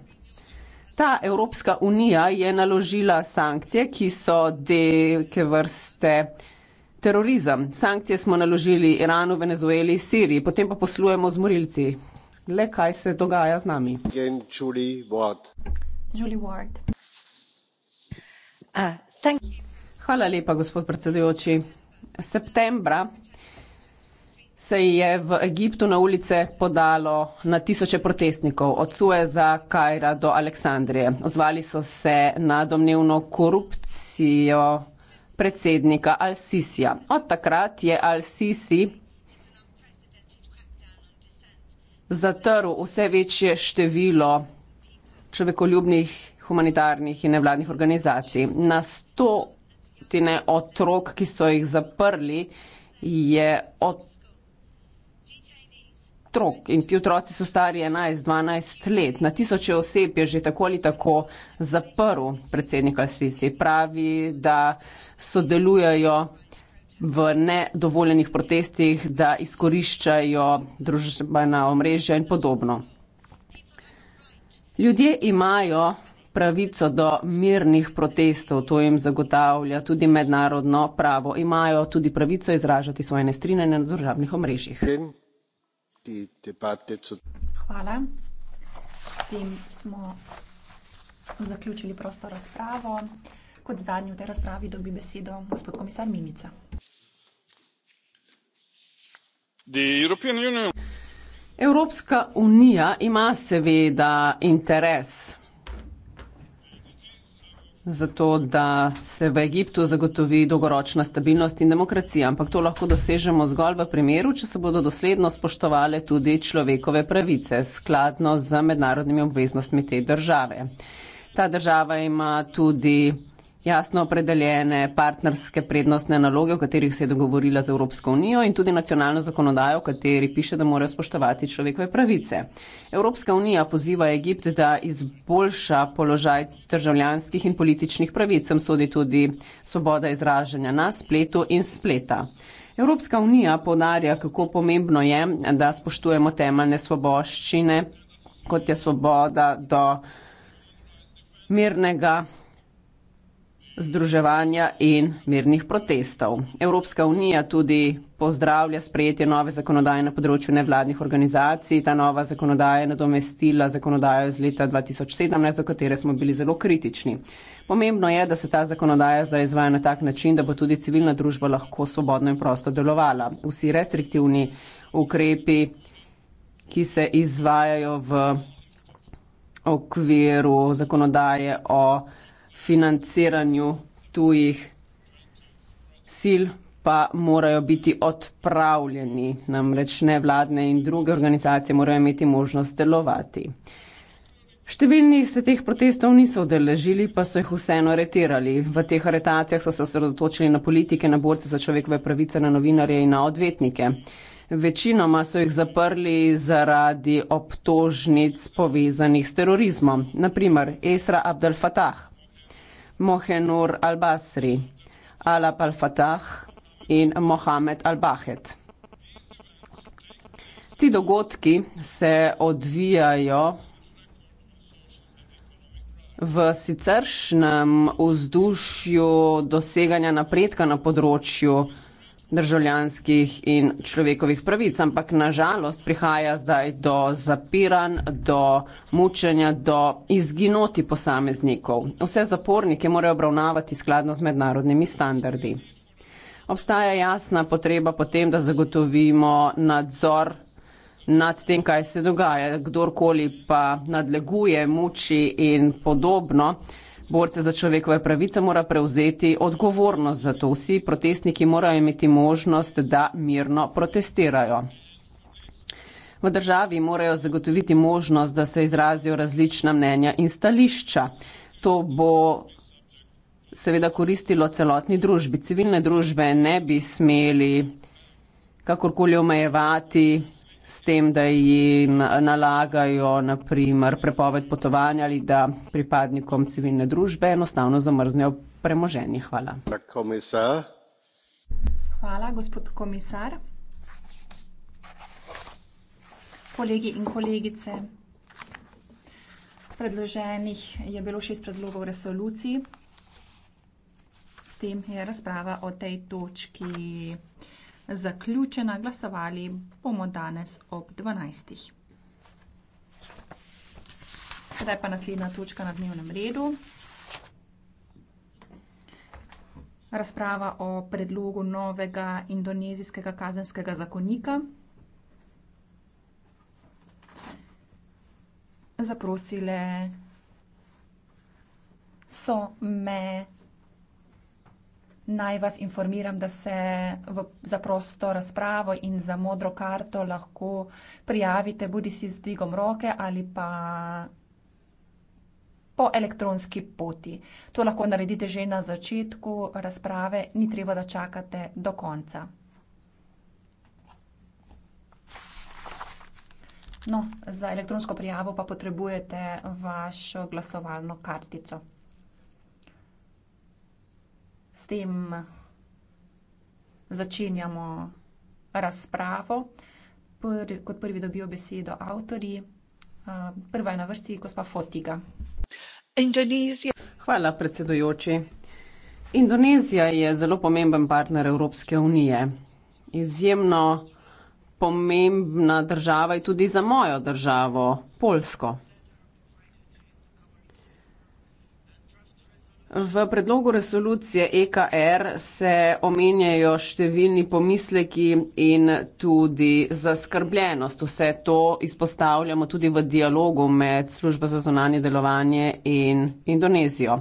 Ta Evropska unija je naložila sankcije, ki so neke vrste uh, terorizem. Sankcije smo naložili Iranu, Venezueli, Siriji, potem pa poslujemo z morilci. Le kaj se dogaja z nami? Uh, Hvala lepa, gospod predsedujoči. Septembra se je v Egiptu na ulice podalo na tisoče protestnikov od Sueza, Kajra do Aleksandrije. Ozvali so se na domnevno korupcijo predsednika Al-Sisija. Od takrat je Al-Sisi zatrl vse večje število človekoljubnih, humanitarnih in nevladnih organizacij. Na stotine otrok, ki so jih zaprli, je otrok otrok in ti otroci so stari 11-12 let. Na tisoče oseb je že tako ali tako zaprl predsednik Al-Sisi. Pravi, da sodelujejo v nedovoljenih protestih, da izkoriščajo družbena omrežja in podobno. Ljudje imajo pravico do mirnih protestov, to jim zagotavlja tudi mednarodno pravo. Imajo tudi pravico izražati svoje nestrinjene na državnih omrežjih. In? ki debate... Hvala. S tem smo zaključili prosto razpravo. Kot zadnji v tej razpravi dobi besedo gospod komisar Mimica. Evropska unija ima seveda interes, zato da se v Egiptu zagotovi dolgoročna stabilnost in demokracija, ampak to lahko dosežemo zgolj v primeru, če se bodo dosledno spoštovale tudi človekove pravice, skladno z mednarodnimi obveznostmi te države. Ta država ima tudi jasno opredeljene partnerske prednostne naloge, o katerih se je dogovorila z Evropsko unijo in tudi nacionalno zakonodajo, v kateri piše, da morajo spoštovati človekove pravice. Evropska unija poziva Egipt, da izboljša položaj državljanskih in političnih pravic, sem sodi tudi svoboda izražanja na spletu in spleta. Evropska unija podarja, kako pomembno je, da spoštujemo temeljne svoboščine, kot je svoboda do mirnega združevanja in mirnih protestov. Evropska unija tudi pozdravlja sprejetje nove zakonodaje na področju nevladnih organizacij. Ta nova zakonodaja je nadomestila zakonodajo iz leta 2017, do katere smo bili zelo kritični. Pomembno je, da se ta zakonodaja zdaj izvaja na tak način, da bo tudi civilna družba lahko svobodno in prosto delovala. Vsi restriktivni ukrepi, ki se izvajajo v okviru zakonodaje o financiranju tujih sil pa morajo biti odpravljeni, namreč nevladne in druge organizacije morajo imeti možnost delovati. Številni se teh protestov niso odeležili, pa so jih vseeno aretirali. V teh aretacijah so se osredotočili na politike, na borce za človekove pravice, na novinarje in na odvetnike. Večinoma so jih zaprli zaradi obtožnic povezanih s terorizmom. Naprimer, Esra Abdel Fattah, Mohenur al-Basri, Alap al-Fatah in Mohamed al-Bahed. Ti dogodki se odvijajo v siceršnem vzdušju doseganja napredka na področju državljanskih in človekovih pravic, ampak nažalost prihaja zdaj do zapiranj, do mučenja, do izginoti posameznikov. Vse zapornike morajo obravnavati skladno z mednarodnimi standardi. Obstaja jasna potreba potem, da zagotovimo nadzor nad tem, kaj se dogaja, kdorkoli pa nadleguje, muči in podobno borce za človekove pravice mora prevzeti odgovornost za to. Vsi protestniki morajo imeti možnost, da mirno protestirajo. V državi morajo zagotoviti možnost, da se izrazijo različna mnenja in stališča. To bo seveda koristilo celotni družbi. Civilne družbe ne bi smeli kakorkoli omejevati s tem, da jim nalagajo naprimer prepoved potovanja ali da pripadnikom civilne družbe enostavno zamrznejo premoženje. Hvala. Komisar. Hvala, gospod komisar. Kolegi in kolegice. Predloženih je bilo šest predlogov resolucij. S tem je razprava o tej točki zaključena. Glasovali bomo danes ob 12. Sedaj pa naslednja točka na dnevnem redu. Razprava o predlogu novega indonezijskega kazenskega zakonika. Zaprosile so me Naj vas informiram, da se v, za prosto razpravo in za modro karto lahko prijavite bodi si z dvigom roke ali pa po elektronski poti. To lahko naredite že na začetku razprave, ni treba, da čakate do konca. No, za elektronsko prijavo pa potrebujete vašo glasovalno kartico. S tem začenjamo razpravo. Pr, kot prvi dobijo besedo avtorji. Prva je na vrsti gospa Fotiga. Hvala, predsedujoči. Indonezija je zelo pomemben partner Evropske unije. Izjemno pomembna država je tudi za mojo državo, Poljsko. V predlogu resolucije EKR se omenjajo številni pomisleki in tudi zaskrbljenost. Vse to izpostavljamo tudi v dialogu med službo za zonanje delovanje in Indonezijo.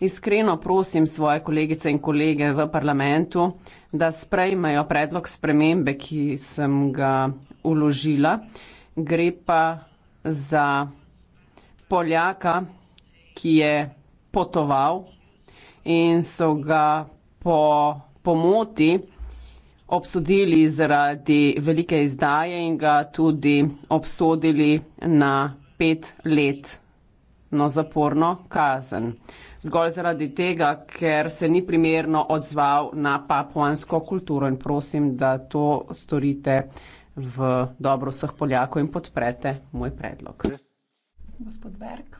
Iskreno prosim svoje kolegice in kolege v parlamentu, da sprejmajo predlog spremembe, ki sem ga uložila. Gre pa za Poljaka, ki je potoval in so ga po pomoti obsodili zaradi velike izdaje in ga tudi obsodili na pet let no zaporno kazen. Zgolj zaradi tega, ker se ni primerno odzval na papuansko kulturo in prosim, da to storite v dobro vseh Poljakov in podprete moj predlog. Gospod Berg.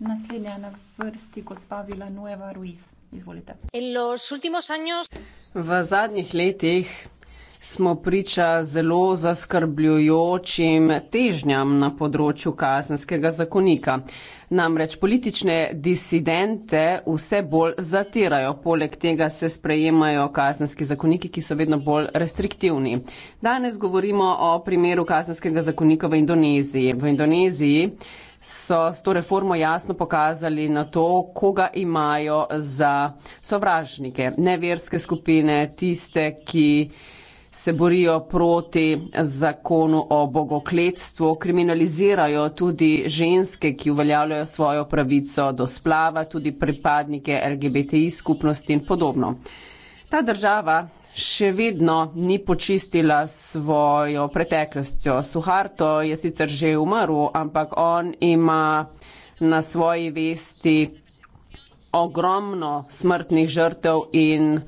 Naslednja na vrsti gospa Vila Nueva Ruiz. Izvolite. Años... V zadnjih letih smo priča zelo zaskrbljujočim težnjam na področju kazenskega zakonika. Namreč politične disidente vse bolj zatirajo, poleg tega se sprejemajo kazenski zakoniki, ki so vedno bolj restriktivni. Danes govorimo o primeru kazenskega zakonika v Indoneziji. V Indoneziji so s to reformo jasno pokazali na to, koga imajo za sovražnike, neverske skupine, tiste, ki se borijo proti zakonu o bogokletstvu, kriminalizirajo tudi ženske, ki uveljavljajo svojo pravico do splava, tudi pripadnike LGBTI skupnosti in podobno. Ta država še vedno ni počistila svojo preteklostjo. Suharto je sicer že umrl, ampak on ima na svoji vesti ogromno smrtnih žrtev in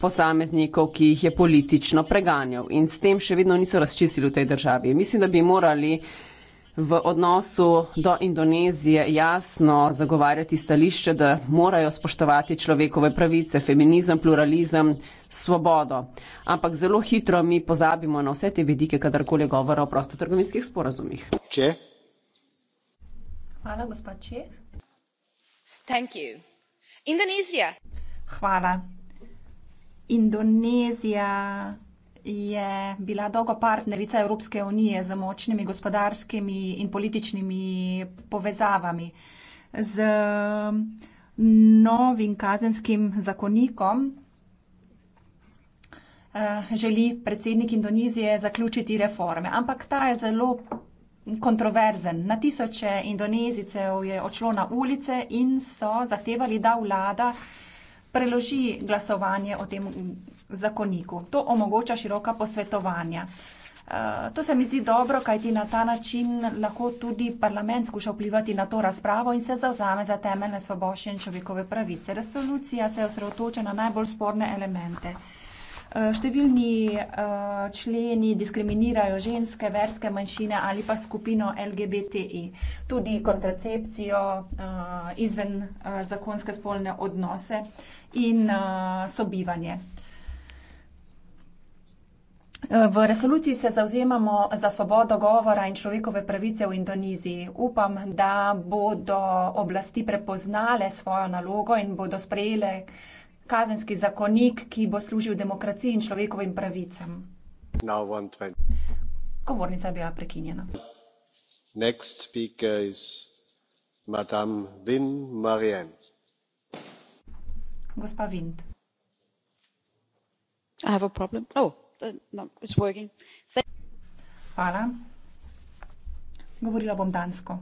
posameznikov, ki jih je politično preganjal. In s tem še vedno niso razčistili v tej državi. Mislim, da bi morali uh, v odnosu do Indonezije jasno zagovarjati stališče, da morajo spoštovati človekove pravice, feminizem, pluralizem, svobodo. Ampak zelo hitro mi pozabimo na vse te vidike, kadarkoli govora o prostotrgovinskih sporazumih. Če. Hvala, gospod Čeh. Thank you. Indonezija. Hvala. Indonezija je bila dolgo partnerica Evropske unije z močnimi gospodarskimi in političnimi povezavami. Z novim kazenskim zakonikom eh, želi predsednik Indonizije zaključiti reforme, ampak ta je zelo kontroverzen. Na tisoče Indonezijcev je odšlo na ulice in so zahtevali, da vlada preloži glasovanje o tem zakoniku. To omogoča široka posvetovanja. Eh, to se mi zdi dobro, kajti na ta način lahko tudi parlament skuša vplivati na to razpravo in se zauzame za temeljne svoboščine in človekove pravice. Resolucija se osredotoča na najbolj sporne elemente. Eh, številni eh, členi diskriminirajo ženske, verske manjšine ali pa skupino LGBTI, tudi kontracepcijo, izven zakonske spolne odnose in sobivanje. V resoluciji se zauzemamo za svobodo govora in človekove pravice v Indoneziji. Upam, da bodo oblasti prepoznale svojo nalogo in bodo sprejele kazenski zakonik, ki bo služil demokraciji in človekovim pravicam. Govornica je bila prekinjena. Next speaker is madame Vin Marien. Gospa Vind. I have a problem. Oh. No, Hvala. Govorila bom dansko.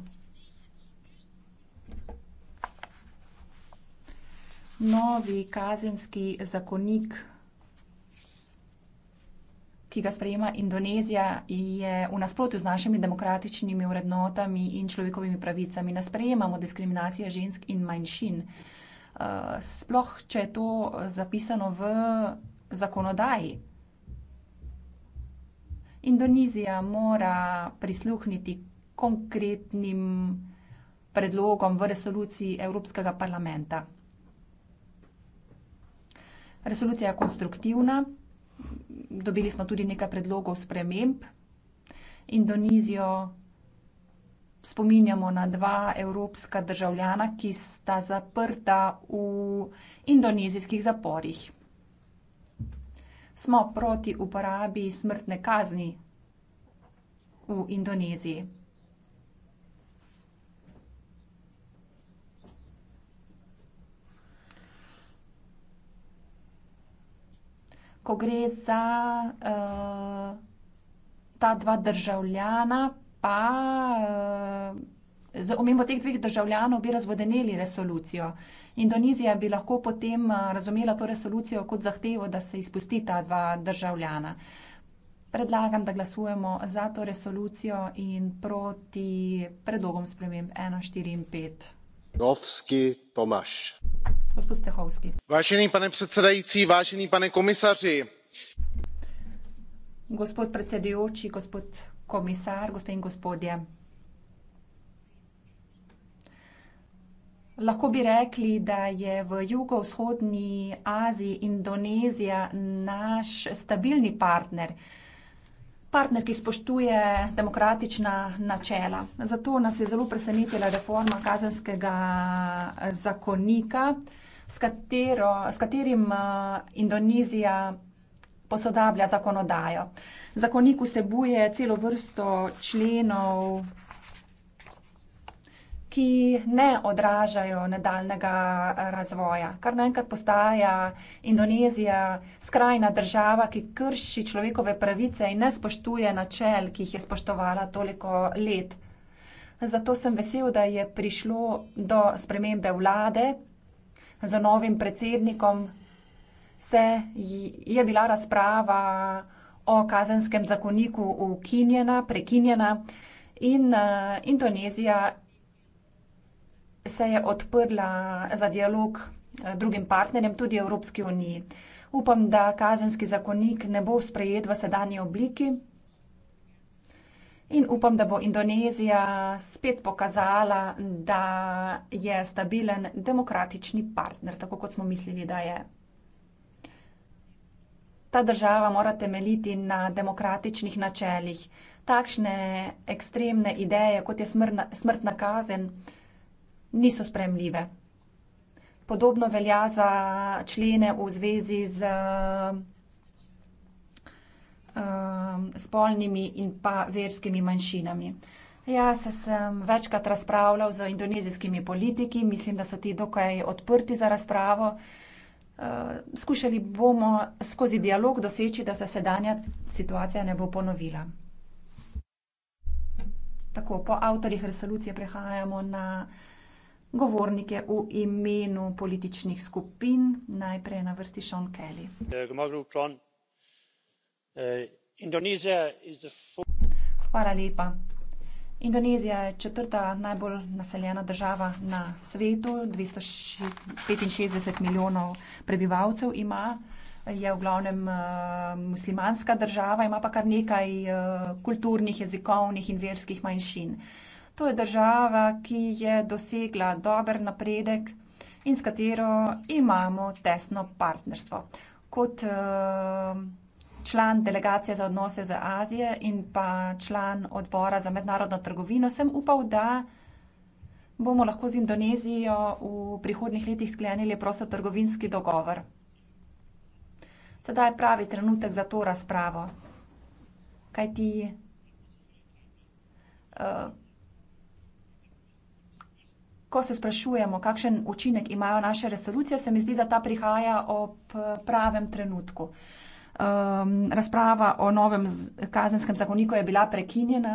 Novi kazenski zakonik, ki ga sprejema Indonezija, je v nasprotju z našimi demokratičnimi vrednotami in človekovimi pravicami. Ne sprejemamo diskriminacije žensk in manjšin. Eh, sploh če je to zapisano v zakonodaji. Indonezija mora prisluhniti konkretnim predlogom v resoluciji Evropskega parlamenta. Resolucija je konstruktivna, dobili smo tudi nekaj predlogov sprememb. Indonezijo spominjamo na dva evropska državljana, ki sta zaprta v indonezijskih zaporih smo proti uporabi smrtne kazni v Indoneziji. Ko gre za eh, ta dva državljana, pa eh, z omembo teh dveh državljanov bi razvodeneli resolucijo. Indonezija bi lahko potem razumela to resolucijo kot zahtevo, da se izpusti ta dva državljana. Predlagam, da glasujemo za to resolucijo in proti predlogom sprememb 1, 4 in 5. Dovski Tomaš. Gospod Stehovski. Vážený pane predsedajúci, vážený pane komisaři. Gospod predsedujoči, gospod komisar, gospe in gospodje. Lahko bi rekli, da je v jugovzhodni Aziji Indonezija naš stabilni partner. Partner, ki spoštuje demokratična načela. Zato nas je zelo presenetila reforma kazenskega eh, zakonika, s, katero, s katerim eh, Indonezija posodablja zakonodajo. Zakonik vsebuje celo vrsto členov, ki ne odražajo nadaljnega eh, razvoja. Kar naenkrat postaja Indonezija skrajna država, ki krši človekove pravice in ne spoštuje načel, ki jih je spoštovala toliko let. Zato sem vesel, da je prišlo do spremembe vlade z novim predsednikom. Se je bila razprava o kazenskem zakoniku ukinjena, prekinjena in uh, Indonezija se je odprla za dialog eh, drugim partnerjem, tudi Evropski uniji. Upam, da kazenski zakonik ne bo sprejet v sedanji obliki in upam, da bo Indonezija spet pokazala, da je stabilen demokratični partner, tako kot smo mislili, da je. Ta država mora temeljiti na demokratičnih načeljih. Takšne ekstremne ideje, kot je smrna, smrtna kazen, niso spremljive. Podobno velja za člene v zvezi z um, spolnimi in pa verskimi manjšinami. Ja, se sem večkrat razpravljal z indonezijskimi politiki, mislim, da so ti dokaj odprti za razpravo. Uh, skušali bomo skozi dialog doseči, da se sedanja situacija ne bo ponovila. Tako, po avtorjih resolucije prehajamo na govornike v imenu političnih skupin. Najprej je na vrsti Sean Kelly. Hvala lepa. Indonezija je četrta najbolj naseljena država na svetu, dvesto petinšestdeset milijonov prebivalcev ima, je v glavnem eh, muslimanska država, ima pa kar nekaj eh, kulturnih, jezikovnih in verskih manjšin. To je država, ki je dosegla dober napredek in s katero imamo tesno partnerstvo. Kot uh, član delegacije za odnose z Azijo in pa član odbora za mednarodno trgovino, sem upal, da bomo lahko z Indonezijo v prihodnih letih sklenili prostotrgovinski dogovor. Sedaj je pravi trenutek za to razpravo. Kaj ti? Uh, eh, Ko se sprašujemo, kakšen učinek imajo naše resolucije, se mi zdi, da ta prihaja ob pravem trenutku. Um, razprava o novem kazenskem zakoniku je bila prekinjena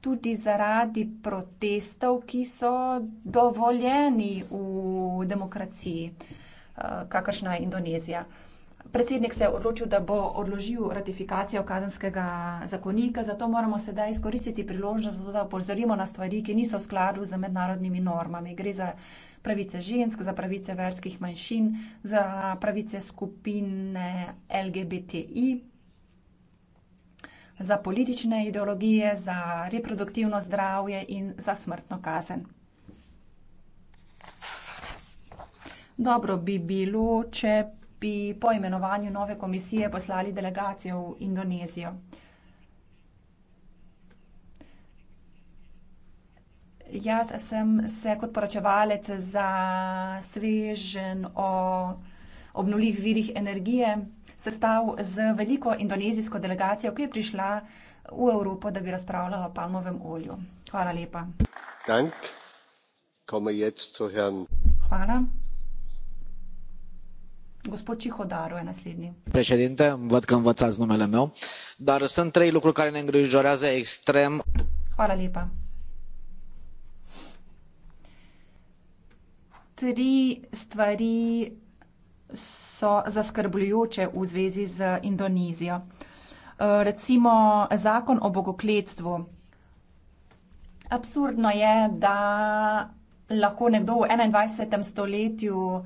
tudi zaradi protestov, ki so dovoljeni v demokraciji, uh, kakršna je Indonezija. Uh, Predsednik se je odločil, da bo odložil ratifikacijo kazenskega zakonika, zato moramo sedaj izkoristiti priložnost, da opozorimo na stvari, ki niso v skladu z mednarodnimi normami. Gre za pravice žensk, za pravice verskih manjšin, za pravice skupine LGBTI, za politične ideologije, za reproduktivno zdravje in za smrtno kazen. Dobro bi bilo, če bi po imenovanju nove komisije poslali delegacijo v Indonezijo. Jaz sem se kot poročevalec za svežen o obnovljih virih energije sestav z veliko indonezijsko delegacijo, ki je prišla v Evropo, da bi razpravljala o palmovem olju. Hvala lepa. Dank. Komme jetzt zu Herrn. Hvala. Gospod Cihodaru e naslednji. Președinte, văd că învățați numele meu, dar sunt trei lucruri care ne îngrijorează extrem. Hvala lepa. Tri stvari so zaskrbljujoče v zvezi z Indonezijo. Eh, recimo zakon o bogokletstvu. Absurdno je, da lahko nekdo v 21. stoletju uh,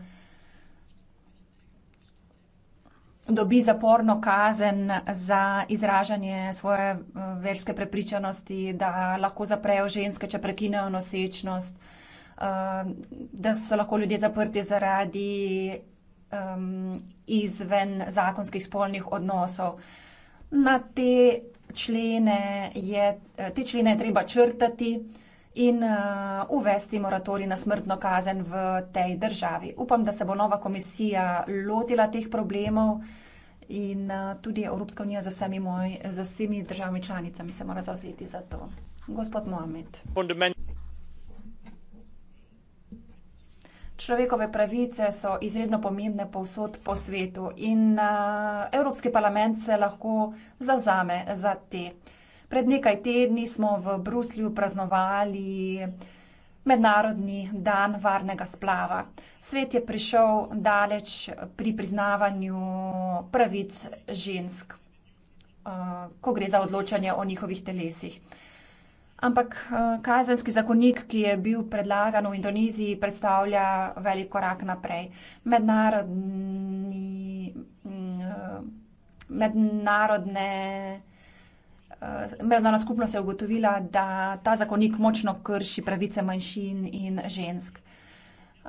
dobi zaporno kazen za izražanje svoje eh, verske prepričanosti, da lahko zaprejo ženske, če prekinejo nosečnost, eh, da so lahko ljudje zaprti zaradi izven zakonskih spolnih odnosov. Na te člene je, eh, te člene je treba črtati in uh, uvesti moratori na smrtno kazen v tej državi. Upam, da se bo nova komisija lotila teh problemov in uh, tudi Evropska unija za vsemi, moj, za vsemi državami članicami se mora zauzeti za to. Gospod Mohamed. Človekove pravice so izredno pomembne povsod po svetu in uh, Evropski parlament se lahko zauzame za te. Uh, Pred nekaj tedni smo v Bruslju praznovali Mednarodni dan varnega splava. Svet je prišel daleč pri priznavanju pravic žensk, eh, ko gre za odločanje o njihovih telesih. Ampak eh, kazenski zakonik, ki je bil predlagan v Indoneziji, predstavlja velik korak naprej. Mednarodni, mm, eh, mednarodne Eh, mednarodna skupnost je ugotovila, da ta zakonik močno krši pravice manjšin in žensk.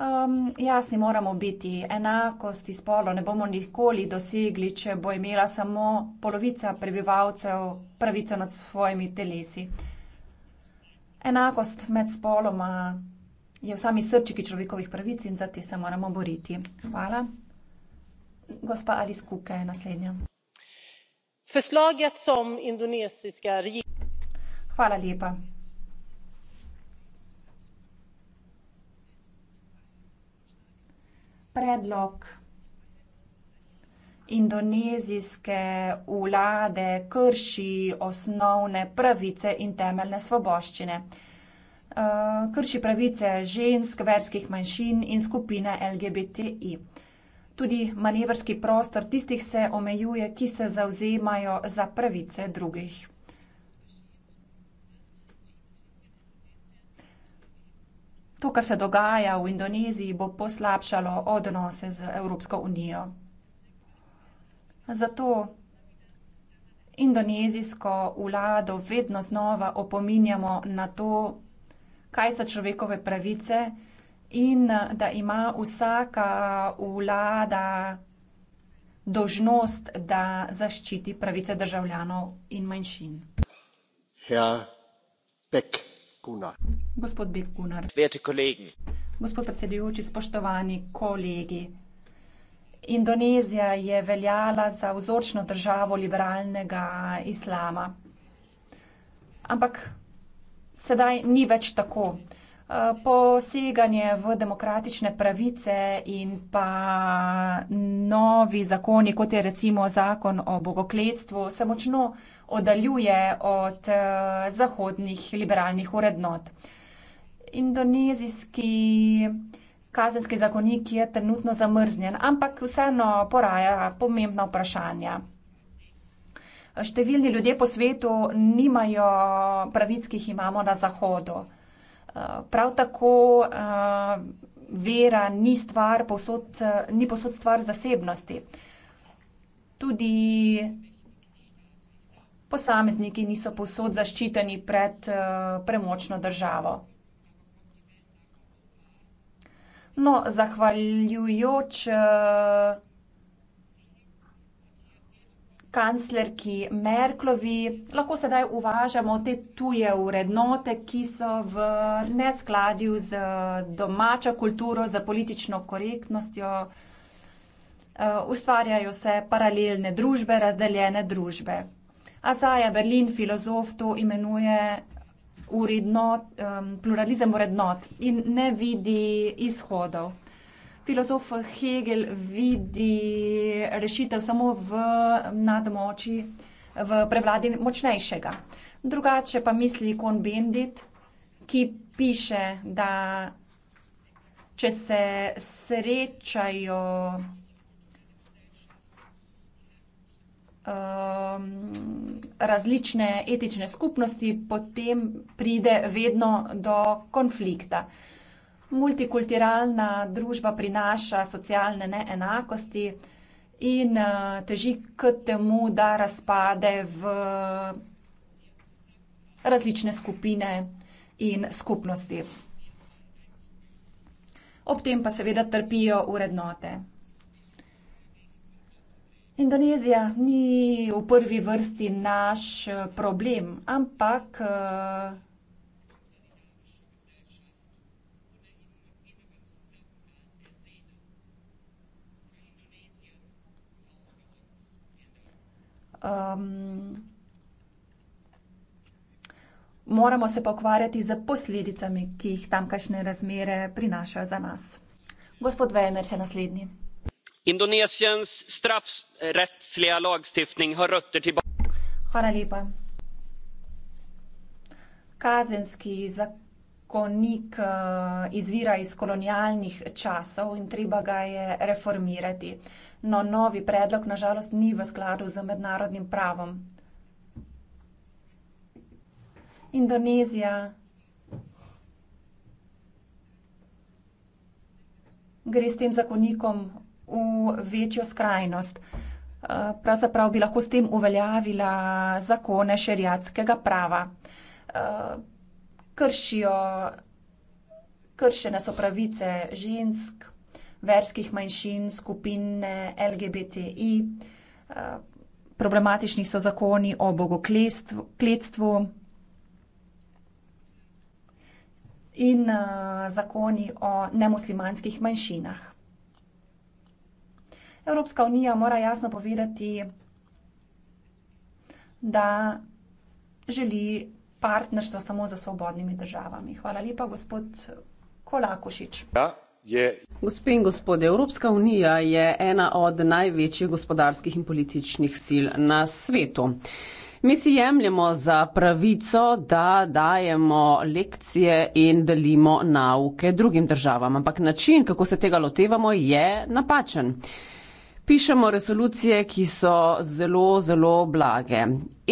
Um, jasni moramo biti, enakosti spolo ne bomo nikoli dosegli, če bo imela samo polovica prebivalcev pravico nad svojimi telesi. Enakost med spoloma je v sami srčiki človekovih pravic in za te se moramo boriti. Hvala. Gospa Alice Kuke je naslednja. Förslaget som indonesiska Hvala lepa. Predlog indonezijske vlade krši osnovne pravice in temeljne svoboščine. Eh, krši pravice žensk, verskih manjšin in skupine LGBTI. Tudi manevrski prostor tistih se omejuje, ki se zauzemajo za pravice drugih. To, kar se dogaja v Indoneziji, bo poslabšalo odnose z Evropsko unijo. Zato indonezijsko vlado vedno znova opominjamo na to, kaj so človekove pravice in eh, da ima vsaka eh, vlada dožnost, da zaščiti pravice državljanov in manjšin. Gospod Beg Gunnar. Gospod predsedujoči, spoštovani kolegi. Indonezija je veljala za vzorčno državo liberalnega islama. Ampak sedaj ni več tako. Eh, poseganje v demokratične pravice in pa novi zakoni, kot je recimo zakon o bogokletstvu, se močno oddaljuje od eh, zahodnih liberalnih urednot. Indonezijski kazenski zakonik je trenutno zamrznjen, ampak vseeno poraja pomembna vprašanja. Številni ljudje po svetu nimajo pravic, ki jih imamo na Zahodu prav tako uh, vera ni stvar posod, uh, ni posod stvar zasebnosti. Tudi posamezniki niso posod zaščiteni pred uh, premočno državo. No, zahvaljujoč uh, kanclerki Merklovi, lahko sedaj uvažamo te tuje vrednote, ki so v neskladju z eh, domačo kulturo, z politično korektnostjo. Eh, ustvarjajo se paralelne družbe, razdeljene družbe. Azaja Berlin, filozof, to imenuje urednot, um, eh, pluralizem vrednot in ne vidi izhodov filozof Hegel vidi rešitev samo v nadmoči, v prevladi močnejšega. Drugače pa misli Kon Bendit, ki piše, da če se srečajo um, različne etične skupnosti, potem pride vedno do konflikta multikulturalna družba prinaša socialne neenakosti in eh, teži k temu, da razpade v različne skupine in skupnosti. Ob tem pa seveda trpijo urednote. Indonezija ni v prvi vrsti naš eh, problem, ampak eh, um, moramo se pa ukvarjati z posledicami, ki jih tamkajšnje razmere prinašajo za nas. Gospod Vejmer, še naslednji. Indonezijans strafsretslija lagstiftning har rötter tilbake. Hvala lepa. Kazenski zakonik uh, izvira iz kolonialnih časov in treba ga je reformirati no novi predlog nažalost ni v skladu z mednarodnim pravom. Indonezija. Gre s tem zakonikom v večjo skrajnost. Eh, pravzaprav bi lahko s tem uveljavila zakone šerijatskega prava. Eh, kršijo, kršene so pravice žensk, verskih manjšin, skupine LGBTI, eh, problematični so zakoni o bogokletstvu in eh, zakoni o nemuslimanskih manjšinah. Evropska unija mora jasno povedati, da želi partnerstvo samo za svobodnimi državami. Hvala lepa, gospod Kolakušič. Ja je. Gospe in gospode, Evropska unija je ena od največjih gospodarskih in političnih sil na svetu. Mi si jemljemo za pravico, da dajemo lekcije in delimo nauke drugim državam, ampak način, kako se tega lotevamo, je napačen. Pišemo resolucije, ki so zelo, zelo blage.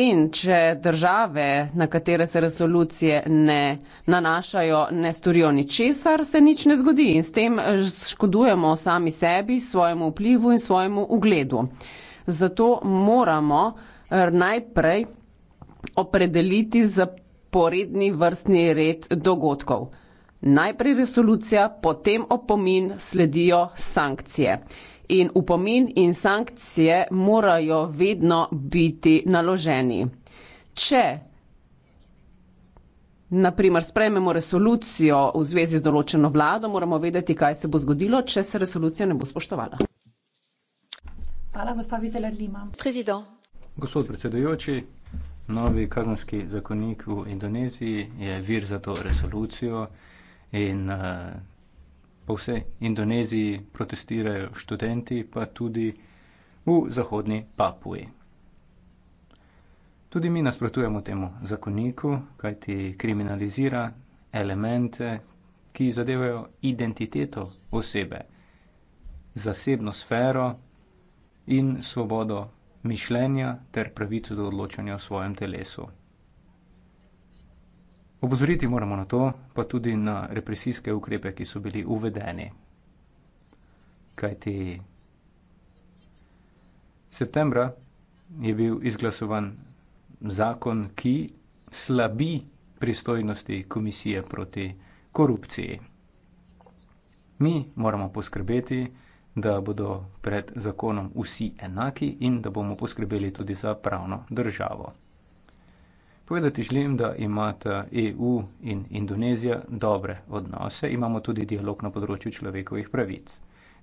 In če države, na katere se resolucije ne nanašajo, ne storijo ničesar, se nič ne zgodi in s tem eh, škodujemo sami sebi, svojemu vplivu in svojemu ugledu. Zato moramo eh, najprej opredeliti zaporedni vrstni red dogodkov. Najprej resolucija, potem opomin, sledijo sankcije in upomin in sankcije morajo vedno biti naloženi. Če naprimer sprejmemo resolucijo v zvezi z določeno vlado, moramo vedeti, kaj se bo zgodilo, če se resolucija ne bo spoštovala. Hvala, gospa Vizelar Lima. President. Gospod predsedujoči, novi kazenski zakonik v Indoneziji je vir za to resolucijo in, eh, po vsej Indoneziji protestirajo študenti, pa tudi v zahodni Papuji. Tudi mi nasprotujemo temu zakoniku, kajti kriminalizira elemente, ki zadevajo identiteto osebe, zasebno sfero in svobodo mišljenja ter pravico do odločanja o svojem telesu. Obozoriti moramo na to, pa tudi na represijske ukrepe, ki so bili uvedeni. Kaj ti? Septembra je bil izglasovan zakon, ki slabi pristojnosti komisije proti korupciji. Mi moramo poskrbeti, da bodo pred zakonom vsi enaki in da bomo poskrbeli tudi za pravno državo. Povedati želim, da imata EU in Indonezija dobre odnose, imamo tudi dialog na področju človekovih pravic.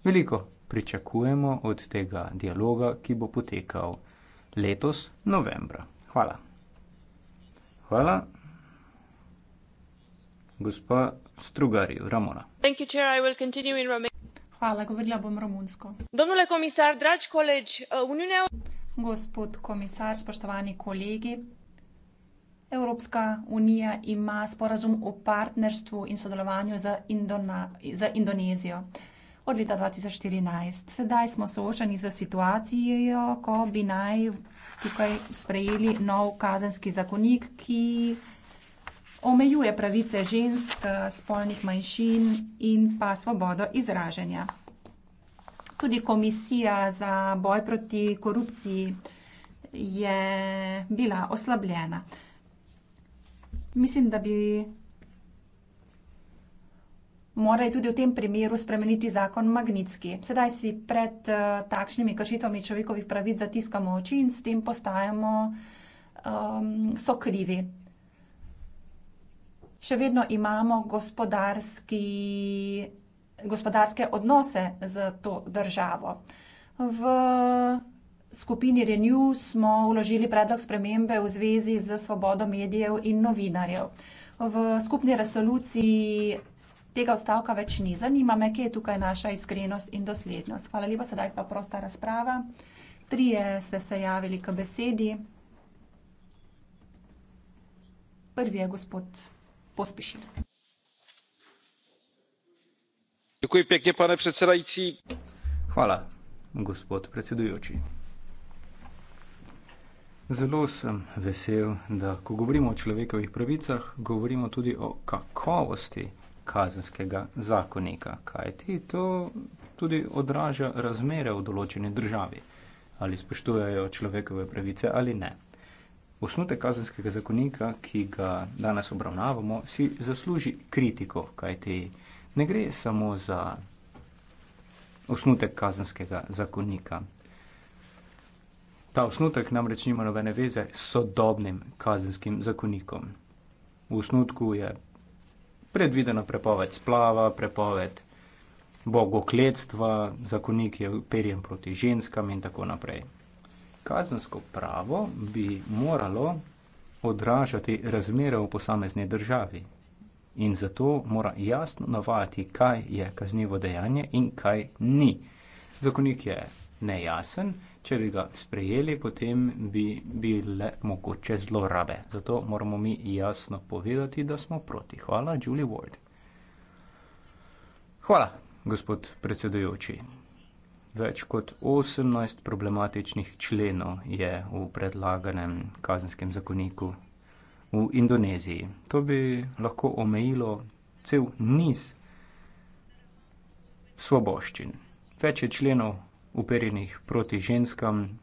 Veliko pričakujemo od tega dialoga, ki bo potekal letos novembra. Hvala. Hvala. Gospa Strugari, Ramona. Thank you, chair. I will continue in Hvala, govorila bom romunsko. Domnule komisar, drag koleg, uh, Unione... Gospod komisar, spoštovani kolegi, Evropska unija ima sporazum o partnerstvu in sodelovanju z, Indona, z Indonezijo od leta 2014. Sedaj smo soočeni z situacijo, ko bi naj tukaj sprejeli nov kazenski zakonik, ki omejuje pravice žensk, spolnih manjšin in pa svobodo izražanja. Tudi komisija za boj proti korupciji je bila oslabljena mislim, da bi morali tudi v tem primeru spremeniti zakon Magnitski. Sedaj si pred uh, takšnimi kršitvami človekovih pravic zatiskamo oči in s tem postajamo um, sokrivi. Še vedno imamo gospodarski, gospodarske odnose z to državo. V skupini Renew smo vložili predlog spremembe v zvezi z svobodo medijev in novinarjev. V skupni resoluciji tega odstavka več ni, zanima me, kje je tukaj naša iskrenost in doslednost. Hvala lepa, sedaj pa prosta razprava. Trije ste se javili k besedi. Prvi je gospod Pospišil. Hvala, gospod predsedujoči. Zelo sem vesel, da ko govorimo o človekovih pravicah, govorimo tudi o kakovosti kazenskega zakonika, kajti to tudi odraža razmere v določeni državi, ali spoštujejo človekove pravice ali ne. Osnutek kazenskega zakonika, ki ga danes obravnavamo, si zasluži kritiko, kajti ne gre samo za osnutek kazenskega zakonika. Ta osnutek namreč nima nobene veze s sodobnim kazenskim zakonikom. V osnutku je predvidena prepoved splava, prepoved bogokletstva, zakonik je uperjen proti ženskam in tako naprej. Kazensko pravo bi moralo odražati razmere v posamezni državi in zato mora jasno navajati, kaj je kaznivo dejanje in kaj ni. Zakonik je nejasen Če bi ga sprejeli, potem bi bile mogoče zlorabe. Zato moramo mi jasno povedati, da smo proti. Hvala, Julie Ward. Hvala, gospod predsedujoči. Več kot 18 problematičnih členov je v predlaganem kazenskem zakoniku v Indoneziji. To bi lahko omejilo cel niz svoboščin. Več je členov uperjenih proti ženskam,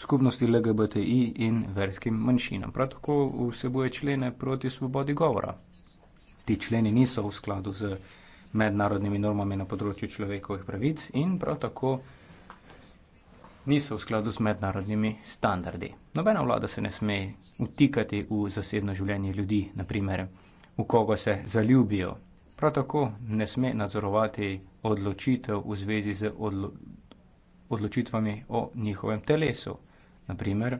skupnosti LGBTI in verskim manjšinam. Prav tako vsebuje člene proti svobodi govora. Ti členi niso v skladu z mednarodnimi normami na področju človekovih pravic in prav tako niso v skladu z mednarodnimi standardi. Nobena vlada se ne sme utikati v zasebno življenje ljudi, naprimer, v koga se zaljubijo. Prav tako ne sme nadzorovati odločitev v zvezi z odločitvijo odločitvami o njihovem telesu, naprimer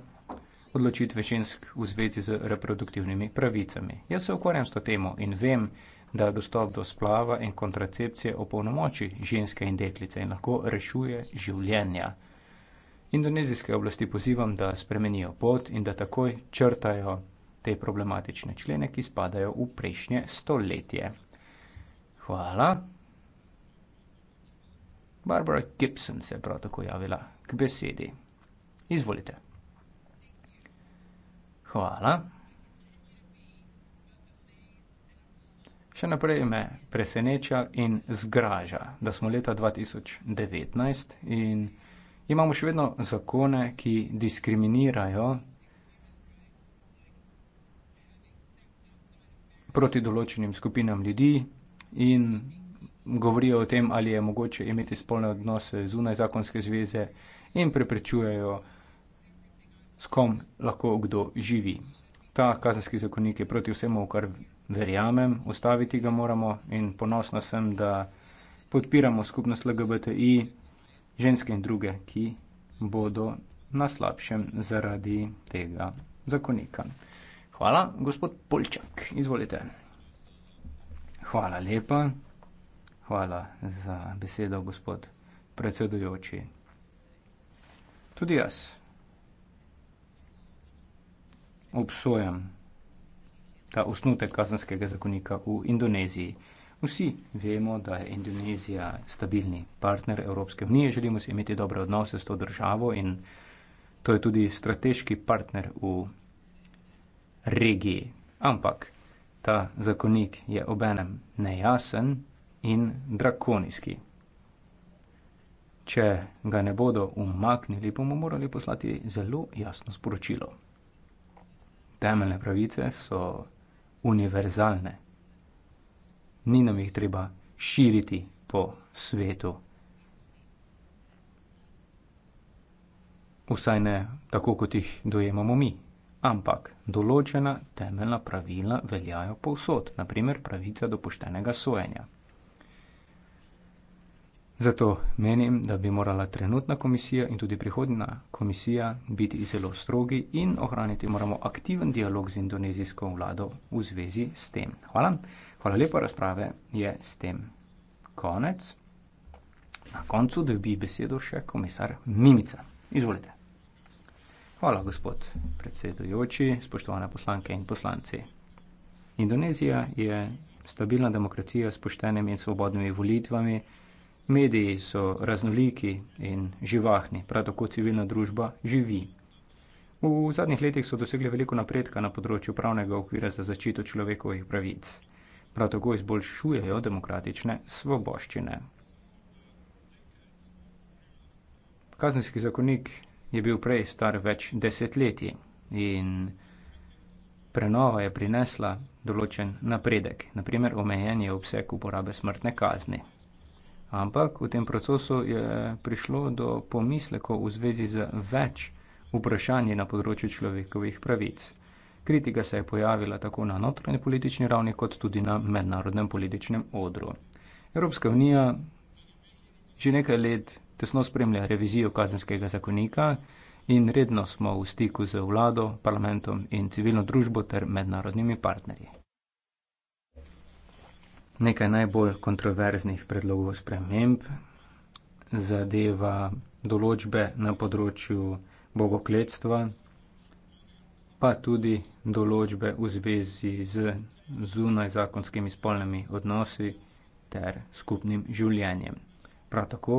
odločitve žensk v zvezi z reproduktivnimi pravicami. Jaz se ukvarjam s to temo in vem, da dostop do splava in kontracepcije opolnomoči ženske in deklice in lahko rešuje življenja. Indonezijske oblasti pozivam, da spremenijo pot in da takoj črtajo te problematične člene, ki spadajo v prejšnje stoletje. Hvala. Barbara Gibson se je prav tako javila k besedi. Izvolite. Hvala. Še naprej me preseneča in zgraža, da smo leta 2019 in imamo še vedno zakone, ki diskriminirajo proti določenim skupinam ljudi in govorijo o tem, ali je mogoče imeti spolne odnose zunaj zakonske zveze in preprečujejo, s kom lahko kdo živi. Ta kazenski zakonik je proti vsemu, v kar verjamem, ustaviti ga moramo in ponosna sem, da podpiramo skupnost LGBTI, ženske in druge, ki bodo na slabšem zaradi tega zakonika. Hvala, gospod Polčak, izvolite. Hvala lepa. Hvala za besedo, gospod predsedujoči. Tudi jaz obsojam ta osnutek kazenskega zakonika v Indoneziji. Vsi vemo, da je Indonezija stabilni partner Evropske unije, želimo si imeti dobre odnose s to državo in to je tudi strateški partner v regiji. Ampak ta zakonik je obenem nejasen, in drakonijski. Če ga ne bodo umaknili, bomo morali poslati zelo jasno sporočilo. Temeljne pravice so univerzalne. Ni nam jih treba širiti po svetu. Vsaj ne tako, kot jih dojemamo mi, ampak določena temeljna pravila veljajo povsod, naprimer pravica do poštenega sojenja. Zato menim, da bi morala trenutna komisija in tudi prihodnja komisija biti zelo strogi in ohraniti moramo aktiven dialog z indonezijsko vlado v zvezi s tem. Hvala. Hvala lepa, razprave je s tem konec. Na koncu dobi besedo še komisar Mimica. Izvolite. Hvala, gospod predsedujoči, spoštovane poslanke in poslanci. Indonezija je stabilna demokracija s poštenimi in svobodnimi volitvami. Mediji so raznoliki in živahni, prav tako civilna družba živi. V zadnjih letih so dosegli veliko napredka na področju pravnega okvira za zaščito človekovih pravic. Prav tako izboljšujejo demokratične svoboščine. Kazenski zakonik je bil prej star več desetletij in prenova je prinesla določen napredek, naprimer omejen je obseg uporabe smrtne kazni. Ampak v tem procesu je prišlo do pomislekov v zvezi z več vprašanji na področju človekovih pravic. Kritika se je pojavila tako na notranji politični ravni, kot tudi na mednarodnem političnem odru. Evropska unija že nekaj let tesno spremlja revizijo kazenskega zakonika in redno smo v stiku z vlado, parlamentom in civilno družbo ter mednarodnimi partnerji. Nekaj najbolj kontroverznih predlogov sprememb zadeva določbe na področju bogokletstva, pa tudi določbe v zvezi z zunaj zakonskimi spolnimi odnosi ter skupnim življenjem. Prav tako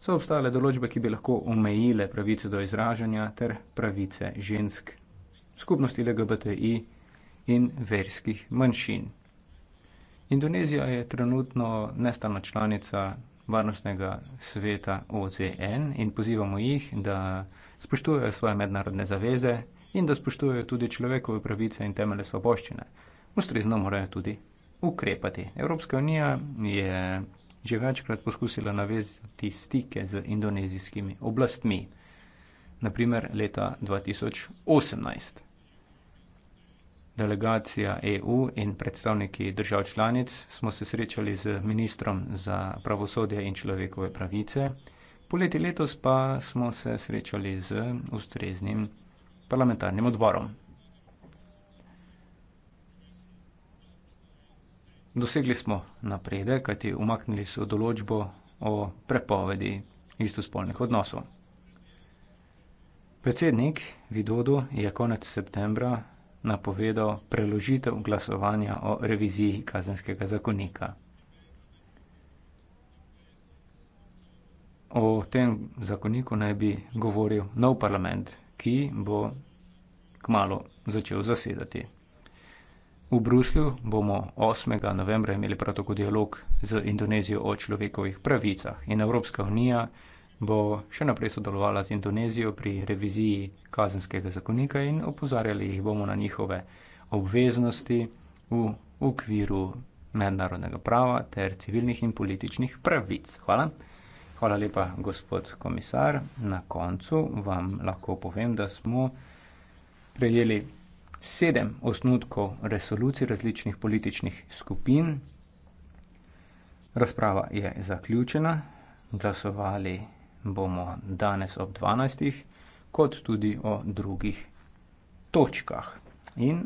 so obstale določbe, ki bi lahko omejile pravice do izražanja ter pravice žensk, skupnosti LGBTI in verskih manjšin. Indonezija je trenutno nestalna članica varnostnega sveta OZN in pozivamo jih, da spoštujejo svoje mednarodne zaveze in da spoštujejo tudi človekove pravice in temelje svoboščine. Ustrezno morajo tudi ukrepati. Evropska unija je že večkrat poskusila navezati stike z indonezijskimi oblastmi, naprimer leta 2018 delegacija EU in predstavniki držav članic smo se srečali z ministrom za pravosodje in človekove pravice, poleti letos pa smo se srečali z ustreznim parlamentarnim odborom. Dosegli smo napredek, kajti umaknili so določbo o prepovedi istospolnih odnosov. Predsednik Widodo je konec septembra napovedal preložitev glasovanja o reviziji kazenskega zakonika. O tem zakoniku naj bi govoril nov parlament, ki bo kmalo začel zasedati. V Bruslju bomo 8. novembra imeli prav tako dialog z Indonezijo o človekovih pravicah in Evropska unija bo še naprej sodelovala z Indonezijo pri reviziji kazenskega zakonika in opozarjali jih bomo na njihove obveznosti v okviru mednarodnega prava ter civilnih in političnih pravic. Hvala. Hvala lepa, gospod komisar. Na koncu vam lahko povem, da smo prejeli sedem osnutkov resolucij različnih političnih skupin. Razprava je zaključena. Glasovali bomo danes ob 12. kot tudi o drugih točkah. In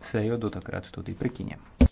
sejo do takrat tudi prekinjem.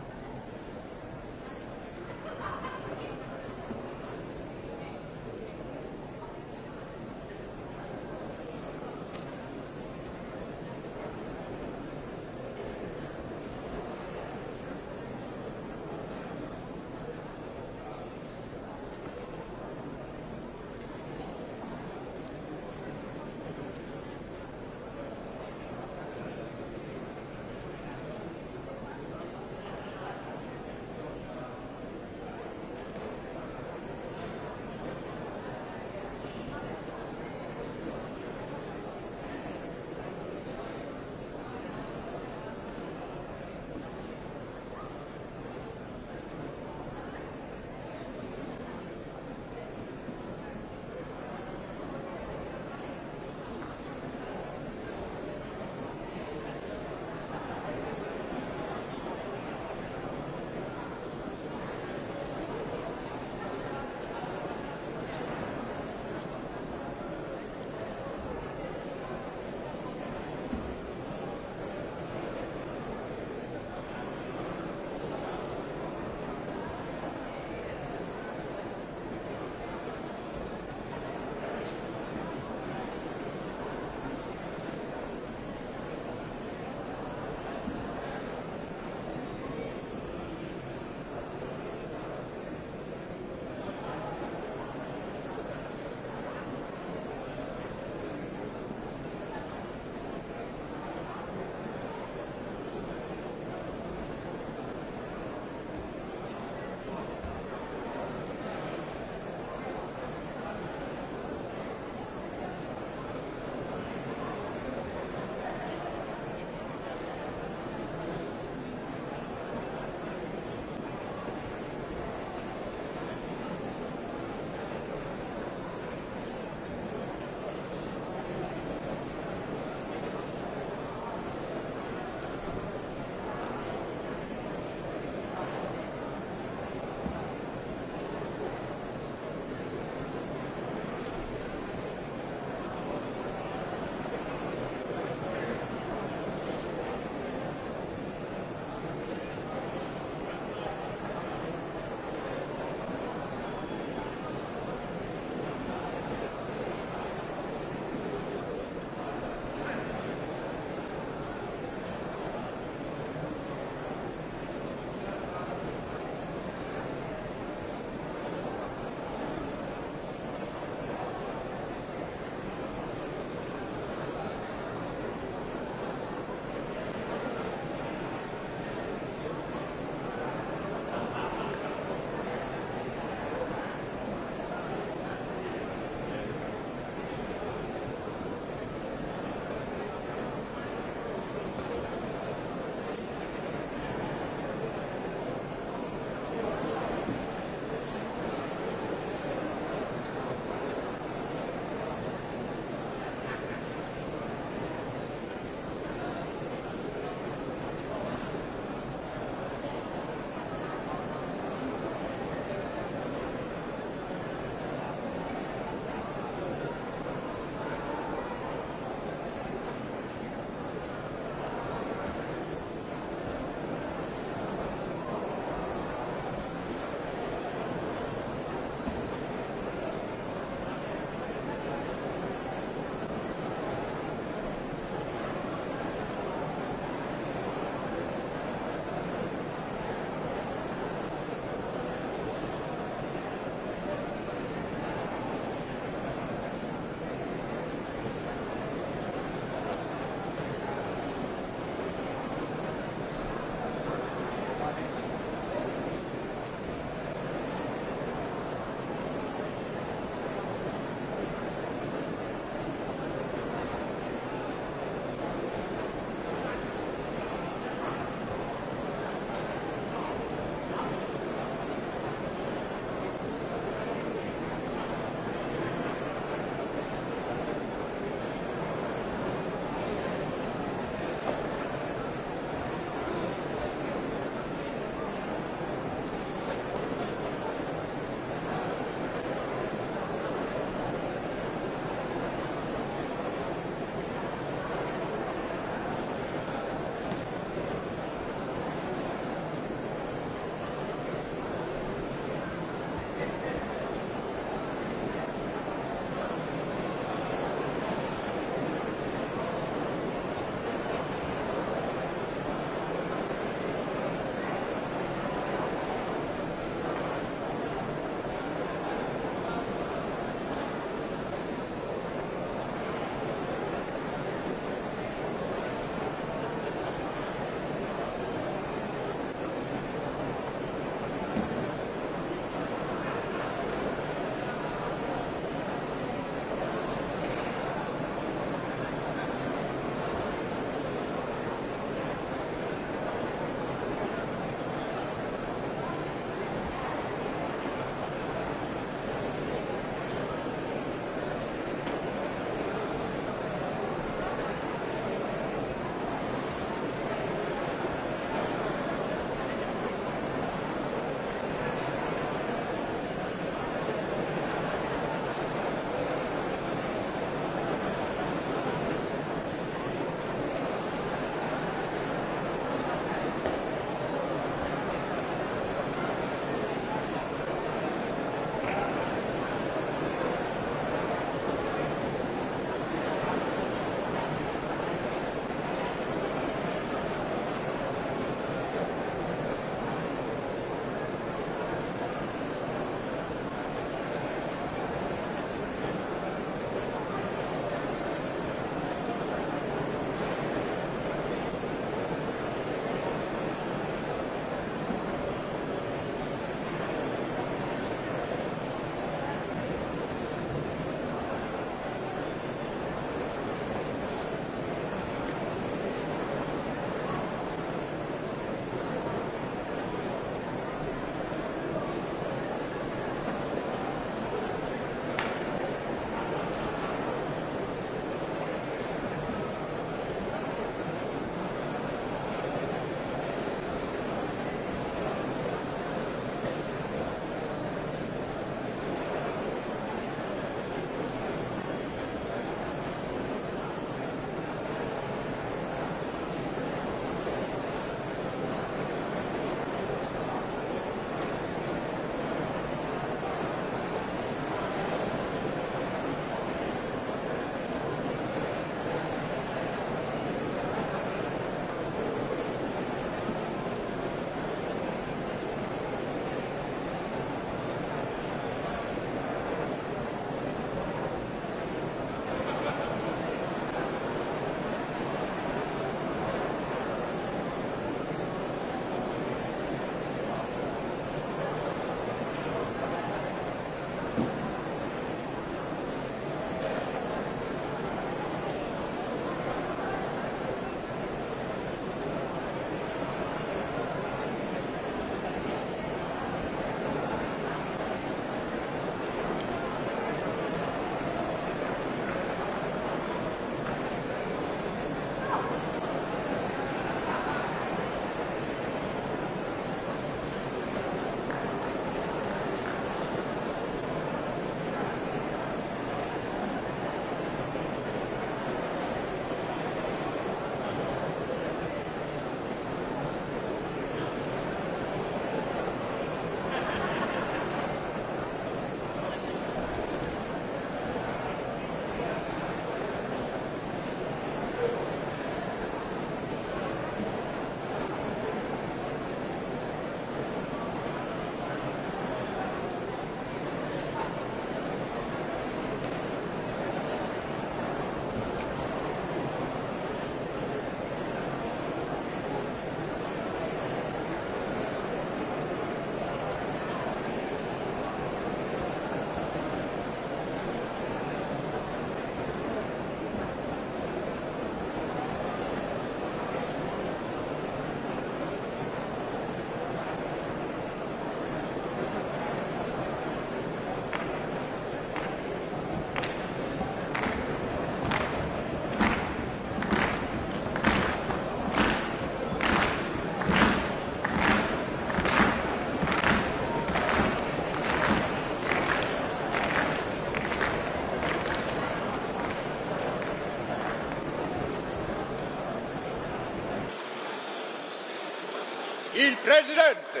Presidente.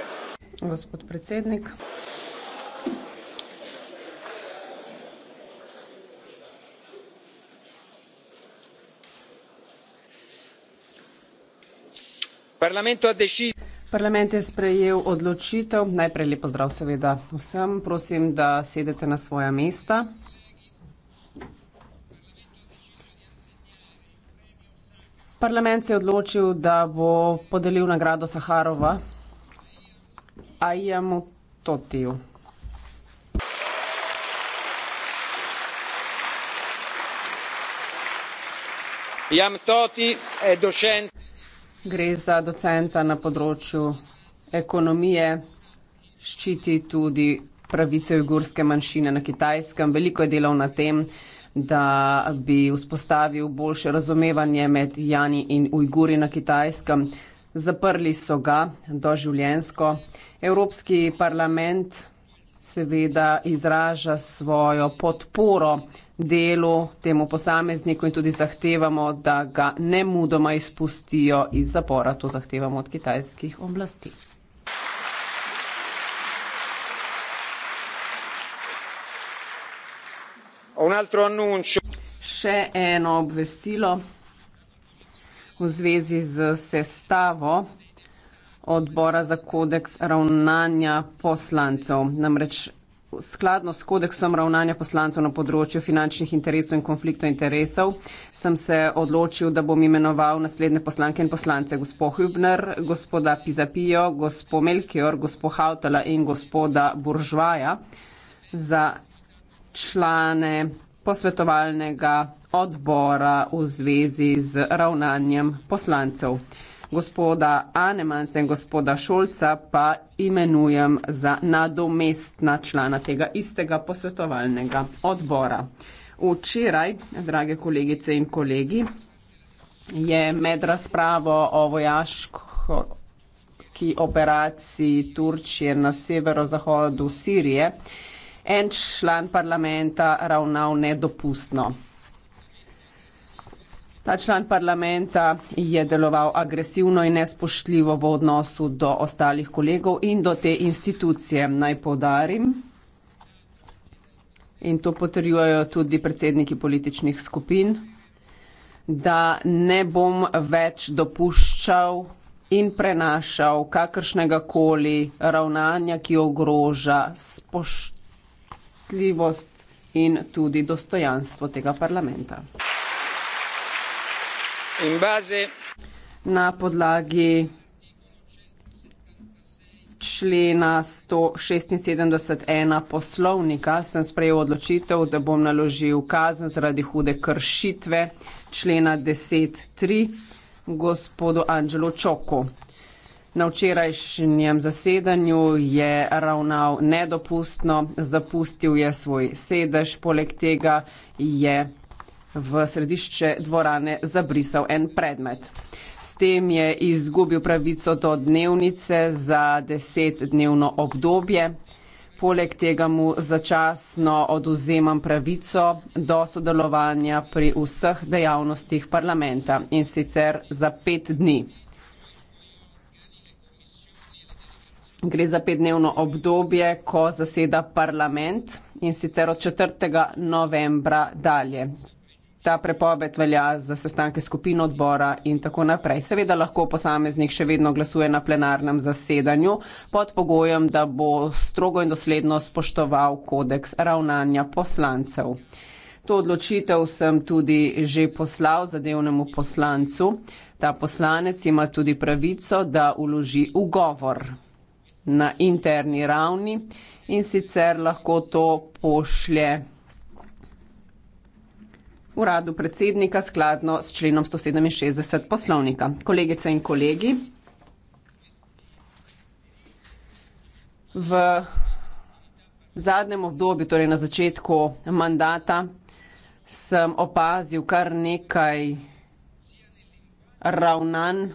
Gospod predsednik. Parlament je sprejel odločitev. Najprej lep pozdrav seveda vsem. Prosim, da sedete na svoja mesta. Parlament se je odločil, da bo podelil nagrado Saharova Ajamutotiju. Gre za docenta na področju ekonomije, ščiti tudi pravice ujgurske manjšine na Kitajskem. Veliko je delal na tem, da bi vzpostavil boljše razumevanje med Jani in Ujguri na Kitajskem zaprli so ga doživljensko. Evropski parlament seveda izraža svojo podporo delu temu posamezniku in tudi zahtevamo, da ga ne mudoma izpustijo iz zapora. To zahtevamo od kitajskih oblasti. Še eno obvestilo v zvezi z sestavo odbora za kodeks ravnanja poslancev. Namreč skladno s kodeksom ravnanja poslancev na področju finančnih interesov in konflikta interesov sem se odločil, da bom imenoval naslednje poslanke in poslance gospod Hübner, gospoda Pizapijo, gospod Melkior, gospod Hautala in gospoda Buržvaja za člane posvetovalnega odbora v zvezi z ravnanjem poslancev. Gospoda Anemansa in gospoda Šolca pa imenujem za nadomestna člana tega istega posvetovalnega odbora. Včeraj, drage kolegice in kolegi, je med razpravo o vojaški operaciji Turčije na severozahodu Sirije en član parlamenta ravnal nedopustno. Ta član parlamenta je deloval agresivno in nespoštljivo v odnosu do ostalih kolegov in do te institucije. Naj povdarim, in to potrjujejo tudi predsedniki političnih skupin, da ne bom več dopuščal in prenašal kakršnega koli ravnanja, ki ogroža spoštljivost občutljivost in tudi dostojanstvo tega parlamenta. In baze. Na podlagi člena 176.1 poslovnika sem sprejel odločitev, da bom naložil kazen zaradi hude kršitve člena 10.3 gospodu Anželu Čoku. Na včerajšnjem zasedanju je ravnal nedopustno, zapustil je svoj sedež, poleg tega je v središče dvorane zabrisal en predmet. S tem je izgubil pravico do dnevnice za desetdnevno obdobje. Poleg tega mu začasno oduzemam pravico do sodelovanja pri vseh dejavnostih parlamenta in sicer za pet dni. gre za petdnevno obdobje, ko zaseda parlament in sicer od 4. novembra dalje. Ta prepoved velja za sestanke skupin odbora in tako naprej. Seveda lahko posameznik še vedno glasuje na plenarnem zasedanju pod pogojem, da bo strogo in dosledno spoštoval kodeks ravnanja poslancev. To odločitev sem tudi že poslal zadevnemu poslancu. Ta poslanec ima tudi pravico, da uloži ugovor na interni ravni in sicer lahko to pošlje uradu predsednika skladno s členom 167 poslovnika. Kolegice in kolegi, v zadnjem obdobju, torej na začetku mandata, sem opazil kar nekaj ravnanj,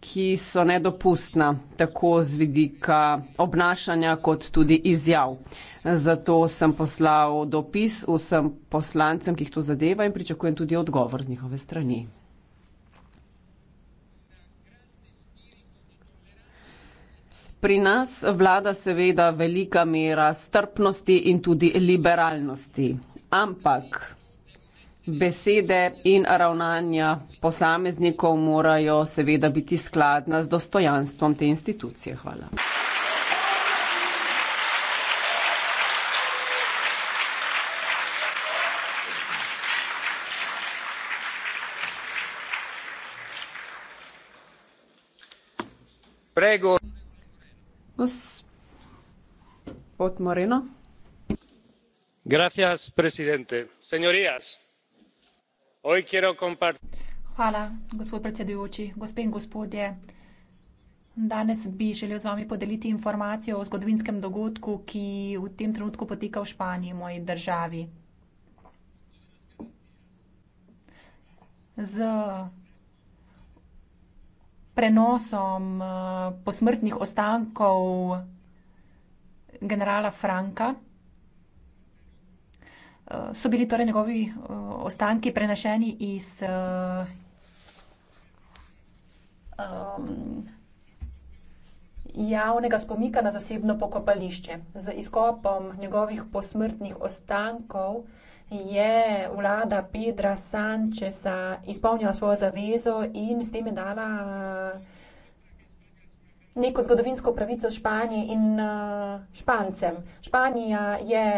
ki so nedopustna tako z vidika obnašanja kot tudi izjav. Zato sem poslal dopis vsem poslancem, ki jih to zadeva in pričakujem tudi odgovor z njihove strani. Pri nas vlada seveda velika mera strpnosti in tudi liberalnosti. Ampak Besede in ravnanja posameznikov morajo seveda biti skladna z dostojanstvom te institucije. Hvala. Gospod Moreno. Señorías, Hvala, gospod predsedujoči. Gospe in gospodje. Danes bi želel z vami podeliti informacijo o zgodovinskem dogodku, ki v tem trenutku poteka v Španiji, moji državi. S prenosom, eh, posmrtnih ostankov generala Franca Eh, so bili torej njegovi eh, ostanki prenašeni iz eh, javnega spomika na zasebno pokopališče. Z izkopom njegovih posmrtnih ostankov je vlada Pedra Sančesa izpolnila svojo zavezo in s tem je dala neko zgodovinsko pravico Španiji in Špancem. Španija je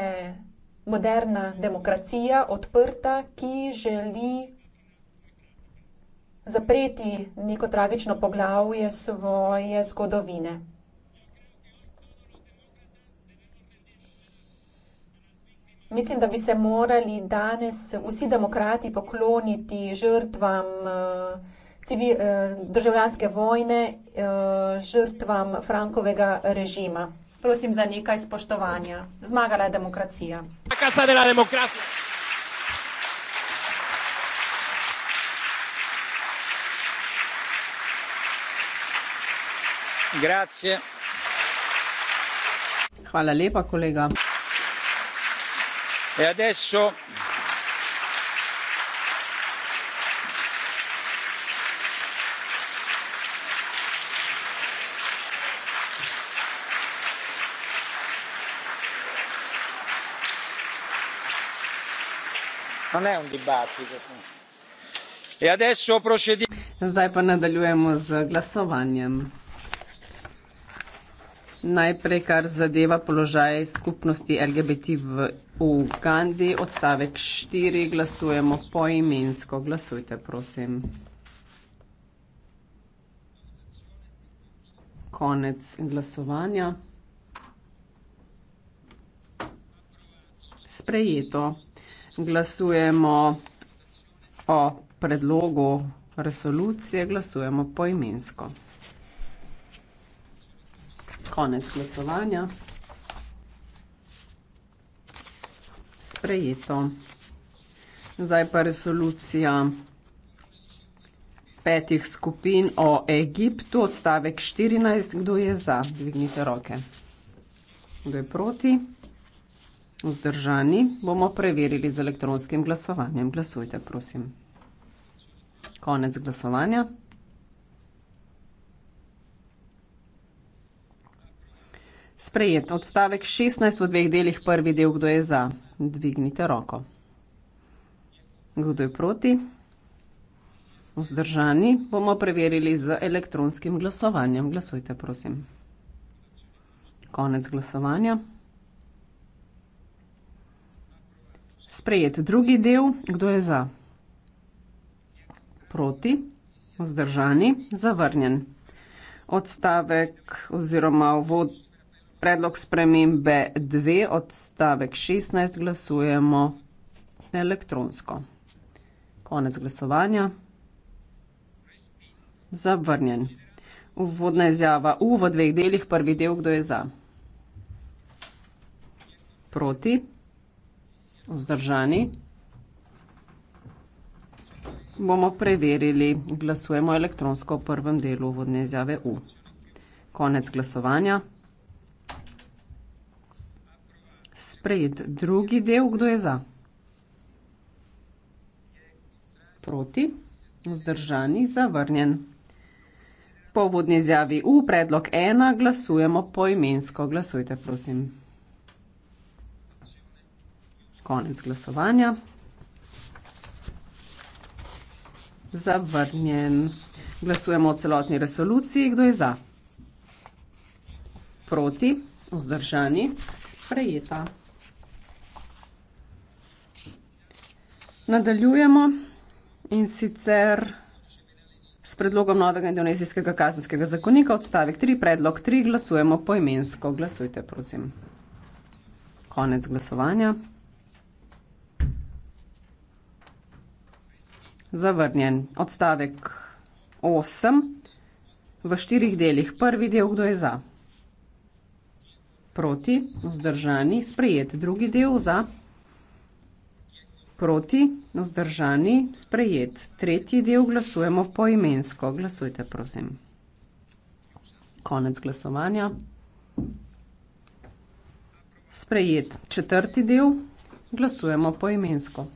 moderna demokracija, odprta, ki želi zapreti neko tragično poglavje svoje zgodovine. Mislim, da bi se morali danes vsi demokrati pokloniti žrtvam eh, eh, državljanske vojne, eh, žrtvam Frankovega režima. Prosim za nekaj spoštovanja. Zmagala je demokracija. Hvala lepa, kolega. E E zdaj pa nadaljujemo z glasovanjem najprej kar zadeva položaj skupnosti lgbt v ugandi odstavek štiri glasujemo poimensko glasujte prosim konec glasovanja sprejeto glasujemo o predlogu resolucije, glasujemo poimensko. Konec glasovanja. Sprejeto. Zdaj pa resolucija petih skupin o Egiptu, odstavek 14. Kdo je za? Dvignite roke. Kdo je proti? Vzdržani bomo preverili z elektronskim glasovanjem. Glasujte, prosim. Konec glasovanja. Sprejet odstavek 16 v dveh delih, prvi del, kdo je za. Dvignite roko. Kdo je proti? Vzdržani bomo preverili z elektronskim glasovanjem. Glasujte, prosim. Konec glasovanja. Sprejet drugi del. Kdo je za? Proti? Vzdržani? Zavrnjen. Odstavek oziroma vod, predlog spremembe 2, odstavek 16, glasujemo elektronsko. Konec glasovanja. Zavrnjen. Uvodna izjava U v dveh delih, prvi del, kdo je za? Proti? vzdržani? Bomo preverili. Glasujemo elektronsko v prvem delu vodne izjave U. Konec glasovanja. Sprejet drugi del. Kdo je za? Proti. Vzdržani. Zavrnjen. Po vodni izjavi U predlog ena glasujemo poimensko. Glasujte, prosim konec glasovanja. Zavrnjen. Glasujemo o celotni resoluciji. Kdo je za? Proti? Vzdržani? Sprejeta. Nadaljujemo in sicer s predlogom novega indonezijskega kazenskega zakonika odstavek 3, predlog 3, glasujemo poimensko. Glasujte, prosim. Konec glasovanja. zavrnjen. Odstavek 8 v štirih delih. Prvi del, kdo je za? Proti, vzdržani, sprejet. Drugi del za? Proti, vzdržani, sprejet. Tretji del glasujemo poimensko. Glasujte, prosim. Konec glasovanja. Sprejet. Četrti del glasujemo poimensko.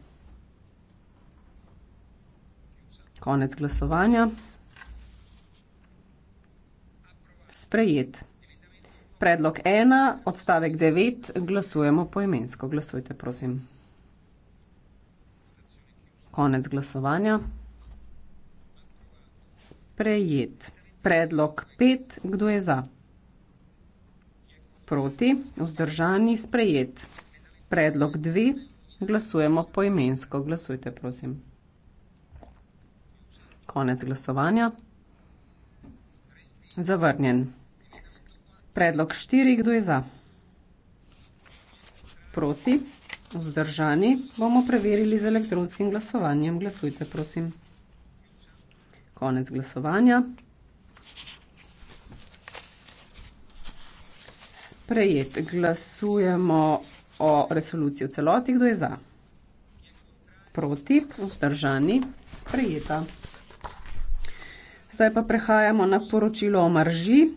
konec glasovanja. Sprejet. Predlog ena, odstavek devet, glasujemo poimensko. Glasujte, prosim. Konec glasovanja. Sprejet. Predlog pet, kdo je za? Proti, vzdržani, sprejet. Predlog dve, glasujemo poimensko. Glasujte, prosim. Konec glasovanja. Zavrnjen. Predlog štiri, kdo je za? Proti. Vzdržani bomo preverili z elektronskim glasovanjem. Glasujte, prosim. Konec glasovanja. Sprejet. Glasujemo o resoluciji v celoti. Kdo je za? Proti. Vzdržani. Sprejeta. Zdaj pa prehajamo na poročilo o marži.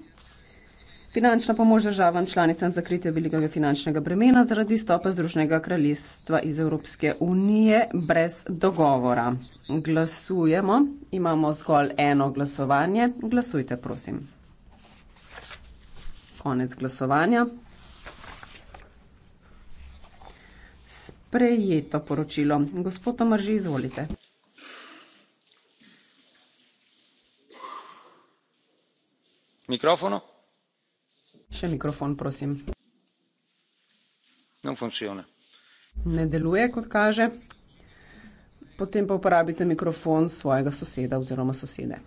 Finančna pomoč državam članicam za kritje velikega finančnega bremena zaradi stopa Združnega kraljestva iz Evropske unije brez dogovora. Glasujemo, imamo zgolj eno glasovanje. Glasujte, prosim. Konec glasovanja. Sprejeto poročilo. Gospod Tomarži, izvolite. Mikrofono? Še mikrofon, prosim. Non funziona. Ne deluje, kot kaže. Potem pa uporabite mikrofon svojega soseda oziroma sosede.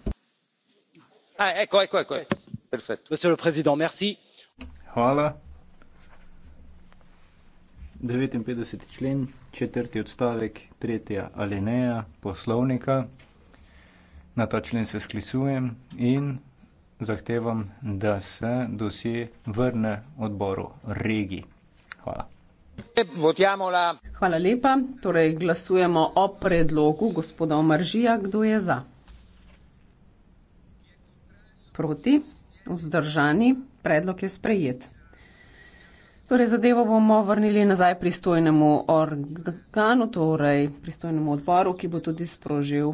A, ah, ecco, ecco, ecco. Perfetto. Monsieur le Président, merci. Hvala. 59. člen, četrti odstavek, tretja alineja poslovnika. Na ta člen se sklisujem in zahtevam, da se dosje vrne odboru regij. Hvala. Hvala lepa. Torej glasujemo o predlogu gospoda Omaržija. Kdo je za? Proti? Vzdržani? Predlog je sprejet. Torej zadevo bomo vrnili nazaj pristojnemu organu, torej pristojnemu odboru, ki bo tudi sprožil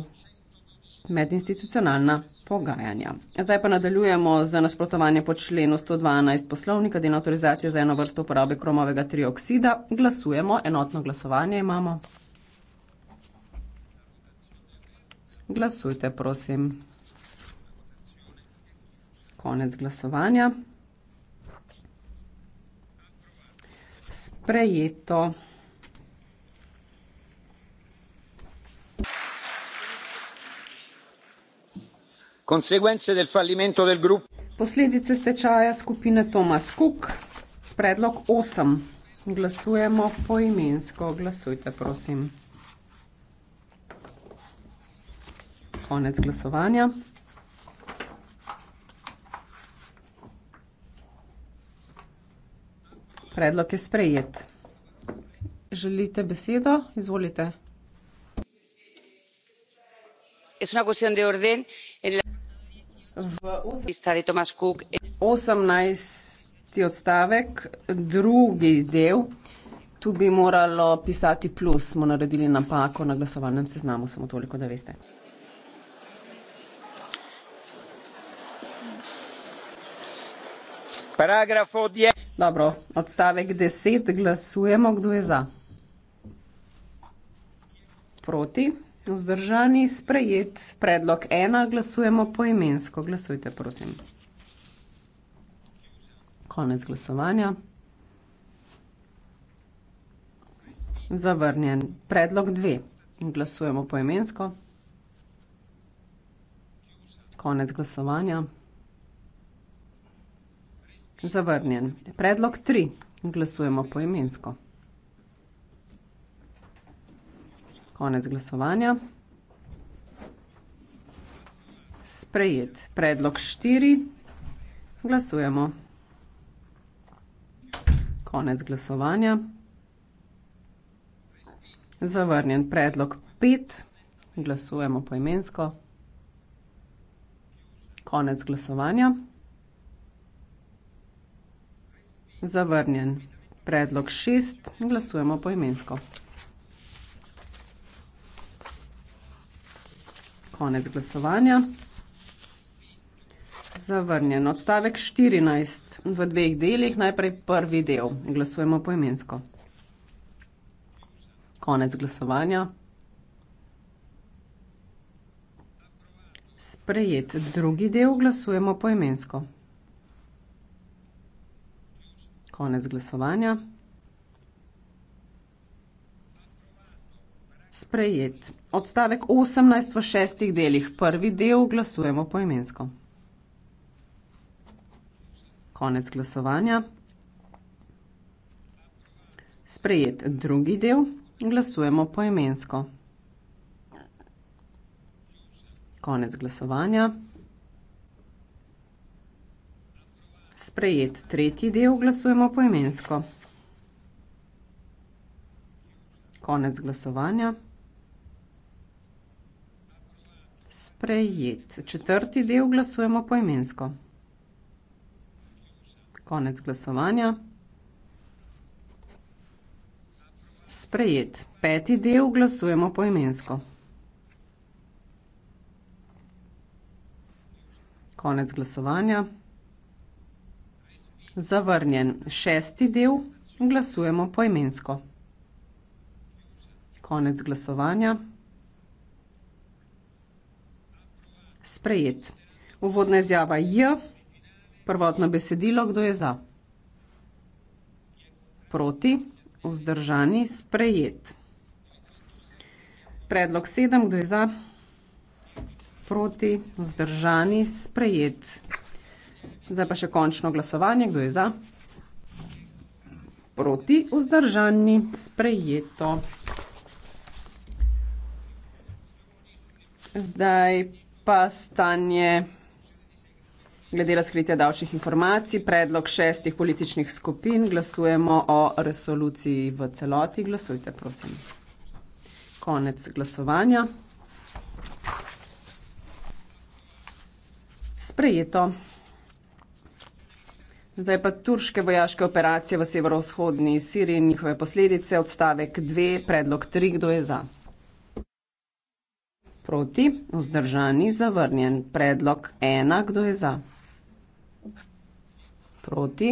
medinstitucionalna pogajanja. Zdaj pa nadaljujemo z nasprotovanjem po členu 112 poslovnika, den autorizacije za eno vrsto uporabe kromovega trioksida. Glasujemo, enotno glasovanje imamo. Glasujte, prosim. Konec glasovanja. Sprejeto. posledice stečaja skupine thomas cook predlog osem glasujemo poimensko glasujte prosim konec glasovanja predlog je sprejet želite besedo izvolite osemnajsti odstavek, drugi del, tu bi moralo pisati plus, smo naredili napako na glasovalnem seznamu, samo toliko, da veste. Dobro, odstavek deset, glasujemo, kdo je za? Proti? Vzdržani sprejet predlog ena, glasujemo poimensko. Glasujte, prosim. Konec glasovanja. Zavrnjen. Predlog dve. Glasujemo poimensko. Konec glasovanja. Zavrnjen. Predlog tri. Glasujemo poimensko. Konec glasovanja. Sprejet. Predlog štiri. Glasujemo. Konec glasovanja. Zavrnjen predlog pet. Glasujemo poimensko. Konec glasovanja. Zavrnjen predlog šest. Glasujemo poimensko. konec glasovanja. Zavrnjen odstavek 14 v dveh delih, najprej prvi del. Glasujemo poimensko. Konec glasovanja. Sprejet drugi del, glasujemo poimensko. Konec glasovanja. sprejet. Odstavek 18 v šestih delih, prvi del, glasujemo poimensko. Konec glasovanja. Sprejet drugi del, glasujemo poimensko. Konec glasovanja. Sprejet tretji del, glasujemo poimensko. Konec glasovanja. Sprejet. Četrti del glasujemo poimensko. Konec glasovanja. Sprejet. Peti del glasujemo poimensko. Konec glasovanja. Zavrnjen. Šesti del glasujemo poimensko. Konec glasovanja. sprejet. Uvodna izjava je, prvotno besedilo, kdo je za? Proti, vzdržani, sprejet. Predlog sedem, kdo je za? Proti, vzdržani, sprejet. Zdaj pa še končno glasovanje, kdo je za? Proti, vzdržani, sprejeto. Zdaj pa stanje glede razkritja davčnih informacij, predlog šestih političnih skupin. Glasujemo o resoluciji v celoti. Glasujte, prosim. Konec glasovanja. Sprejeto. Zdaj pa turške vojaške operacije v severovzhodni Siriji in njihove posledice. Odstavek 2, predlog 3, kdo je za? Proti, vzdržani, zavrnjen. Predlog ena, kdo je za? Proti,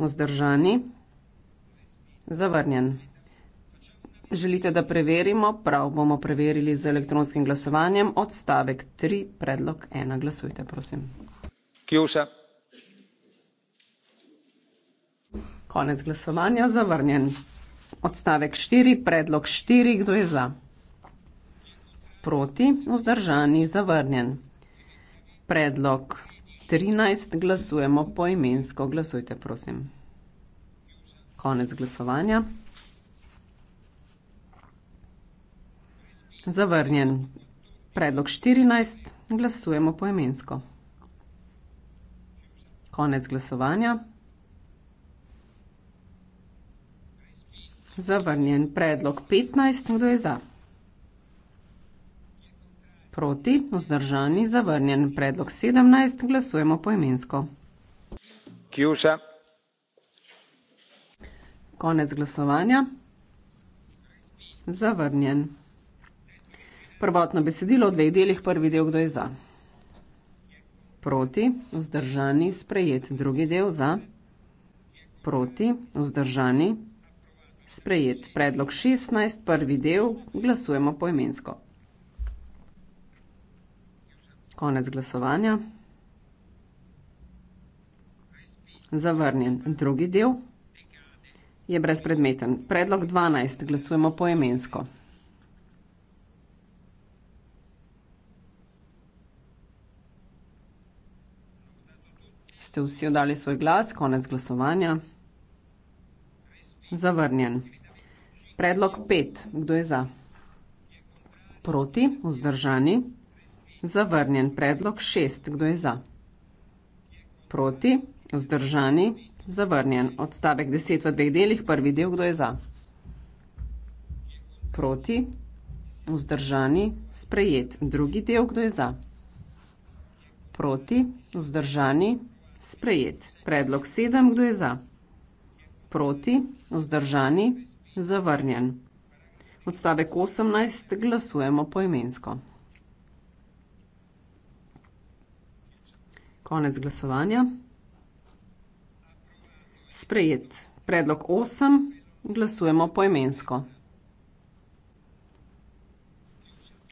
vzdržani, zavrnjen. Želite, da preverimo? Prav bomo preverili z elektronskim glasovanjem. Odstavek tri, predlog ena. Glasujte, prosim. Kjusa. Konec glasovanja, zavrnjen. Odstavek štiri, predlog štiri, kdo je za? proti, vzdržani, zavrnjen. Predlog 13 glasujemo poimensko. Glasujte, prosim. Konec glasovanja. Zavrnjen. Predlog 14 glasujemo poimensko. Konec glasovanja. Zavrnjen predlog 15. Kdo je za? proti, vzdržani, zavrnjen. Predlog sedemnajst glasujemo poimensko. Kjusa. Konec glasovanja. Zavrnjen. Prvotno besedilo v dveh delih, prvi del, kdo je za. Proti, vzdržani, sprejet. Drugi del za. Proti, vzdržani, sprejet. Predlog 16, prvi del, glasujemo poimensko. Konec glasovanja. Zavrnjen. Drugi del je brezpredmeten. Predlog 12. Glasujemo poemensko. Ste vsi oddali svoj glas? Konec glasovanja. Zavrnjen. Predlog 5. Kdo je za? Proti? Vzdržani? Zavrnjen predlog šest. Kdo je za? Proti? Vzdržani? Zavrnjen. Odstavek deset v dveh delih. Prvi del. Kdo je za? Proti? Vzdržani? Sprejet. Drugi del. Kdo je za? Proti? Vzdržani? Sprejet. Predlog sedem. Kdo je za? Proti? Vzdržani? Zavrnjen. Odstavek 18. Glasujemo poimensko. Konec glasovanja. Sprejet. Predlog 8. Glasujemo poemensko.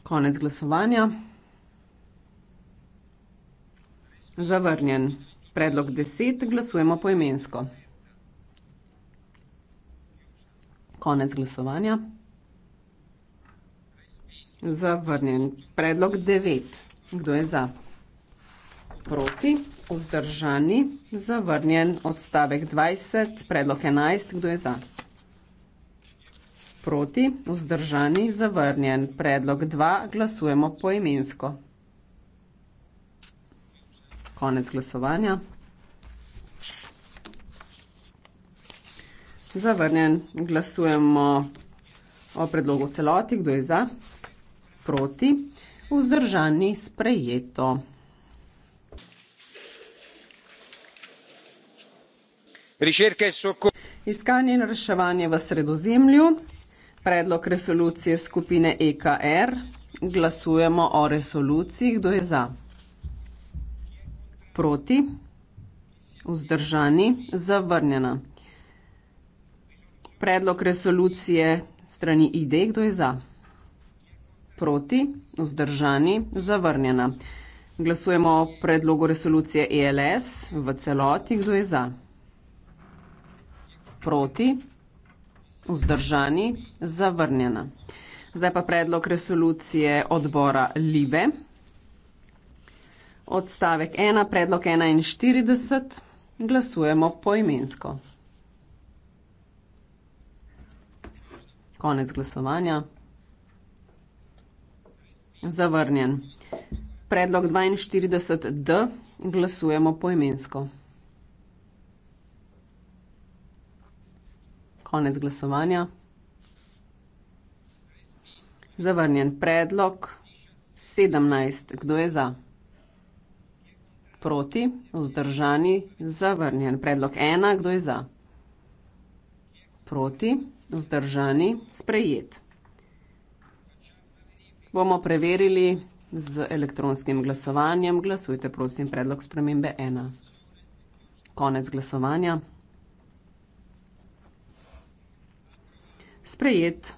Konec glasovanja. Zavrnjen. Predlog 10. Glasujemo poemensko. Konec glasovanja. Zavrnjen. Predlog 9. Kdo je za? proti, vzdržani, zavrnjen odstavek 20, predlog 11, kdo je za? Proti, vzdržani, zavrnjen predlog 2, glasujemo poimensko. Konec glasovanja. Zavrnjen, glasujemo o predlogu celoti, kdo je za? Proti, vzdržani, sprejeto. Iskanje in reševanje v sredozemlju, predlog resolucije skupine EKR, er. glasujemo o resoluciji, kdo je za? Proti? Vzdržani? Zavrnjena. Predlog resolucije strani ID, kdo je za? Proti? Vzdržani? Zavrnjena. Glasujemo o predlogu resolucije ELS v celoti, kdo je za? proti, vzdržani, zavrnjena. Zdaj pa predlog resolucije odbora Libe. Odstavek ena, predlog enainštirideset, glasujemo poimensko. Konec glasovanja. Zavrnjen. Predlog dvainštirideset D, glasujemo poimensko. konec glasovanja. Zavrnjen predlog 17. Kdo je za? Proti, vzdržani, zavrnjen. Predlog 1. Kdo je za? Proti, vzdržani, sprejet. Bomo preverili z elektronskim glasovanjem. Glasujte, prosim, predlog spremembe 1. Konec glasovanja. sprejet.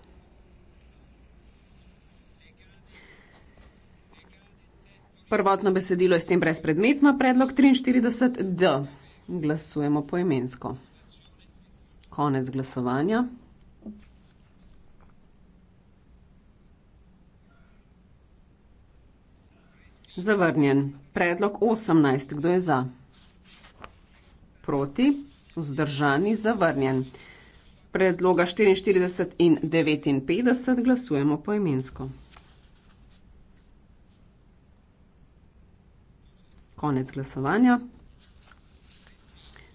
Prvotno besedilo je s tem brezpredmetno, predlog 43d. Glasujemo poemensko. Konec glasovanja. Zavrnjen. Predlog 18. Kdo je za? Proti. Vzdržani. Zavrnjen. Zavrnjen predloga 44 in 59 glasujemo poimensko. Konec glasovanja.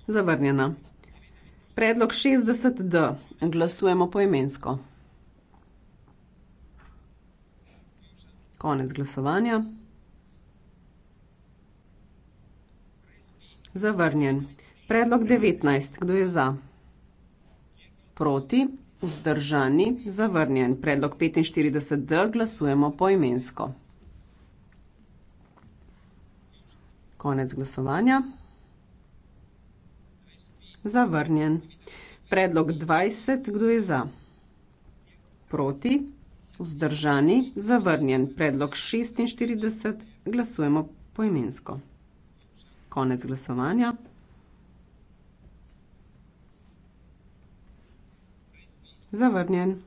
Zavrnjena. Predlog 60D glasujemo poimensko. Konec glasovanja. Zavrnjen. Predlog 19. Kdo je za? proti, vzdržani, zavrnjen. Predlog 45D glasujemo poimensko. Konec glasovanja. Zavrnjen. Predlog 20, kdo je za? Proti, vzdržani, zavrnjen. Predlog 46, glasujemo poimensko. Konec glasovanja. Zavrnjen.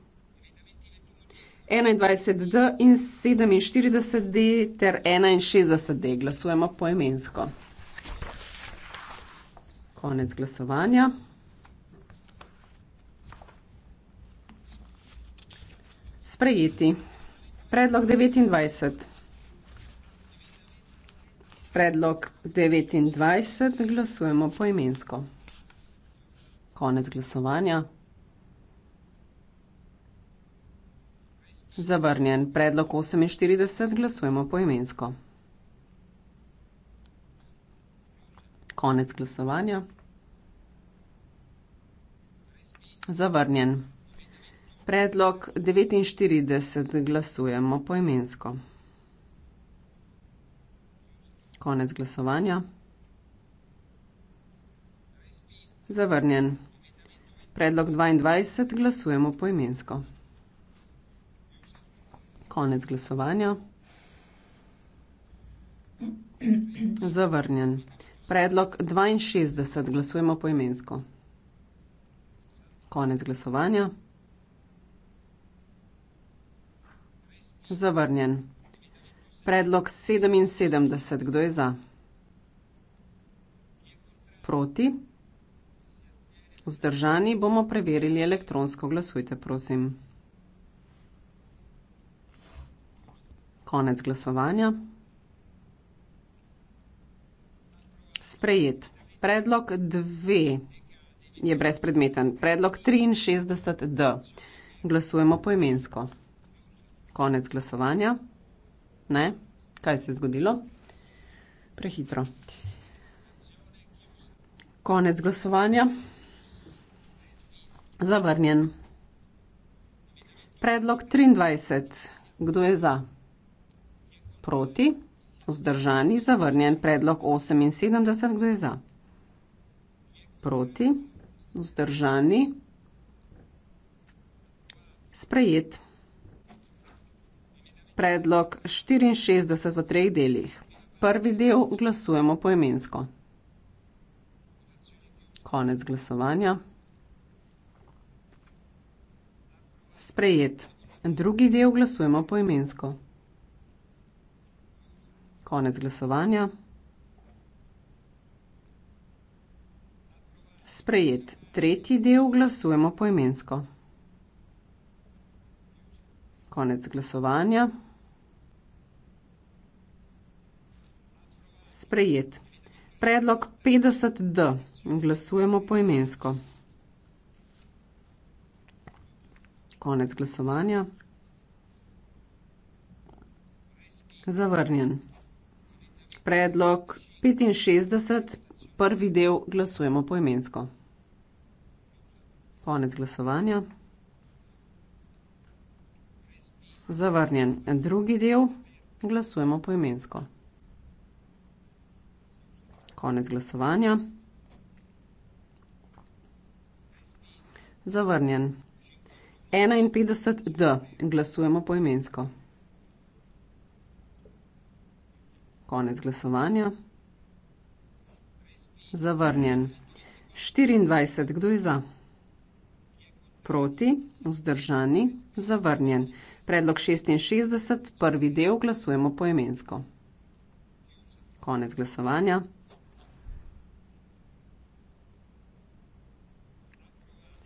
21D in 47D ter 61D. Glasujemo poemensko. Konec glasovanja. Sprejeti. Predlog 29. Predlog 29. Glasujemo poemensko. Konec glasovanja. Zavrnjen predlog 48 glasujemo poimensko. Konec glasovanja. Zavrnjen. Predlog 49 glasujemo poimensko. Konec glasovanja. Zavrnjen. Predlog 22 glasujemo poimensko. Konec glasovanja. Zavrnjen. Predlog 62. Glasujemo po imensko. Konec glasovanja. Zavrnjen. Predlog 77. Kdo je za? Proti. Vzdržani bomo preverili elektronsko. Glasujte, prosim. Konec glasovanja. Sprejet. Predlog 2 je brezpredmeten. Predlog 63D. Glasujemo poimensko. Konec glasovanja. Ne? Kaj se je zgodilo? Prehitro. Konec glasovanja. Zavrnjen. Predlog 23. Kdo je za? proti, vzdržani, zavrnjen predlog 78, kdo je za? Proti, vzdržani, sprejet. Predlog 64 v treh delih. Prvi del glasujemo poemensko. Konec glasovanja. Sprejet. Drugi del glasujemo poemensko. Konec glasovanja. Sprejet tretji del, glasujemo poimensko. Konec glasovanja. Sprejet. Predlog 50D. Glasujemo poimensko. Konec glasovanja. Zavrnjen predlog 65, prvi del, glasujemo poemensko. Konec glasovanja. Zavrnjen drugi del, glasujemo poemensko. Konec glasovanja. Zavrnjen. 51D, glasujemo poemensko. Konec glasovanja. Zavrnjen. 24. Kdo je za? Proti. Vzdržani. Zavrnjen. Predlog 66. Prvi del. Glasujemo poemensko. Konec glasovanja.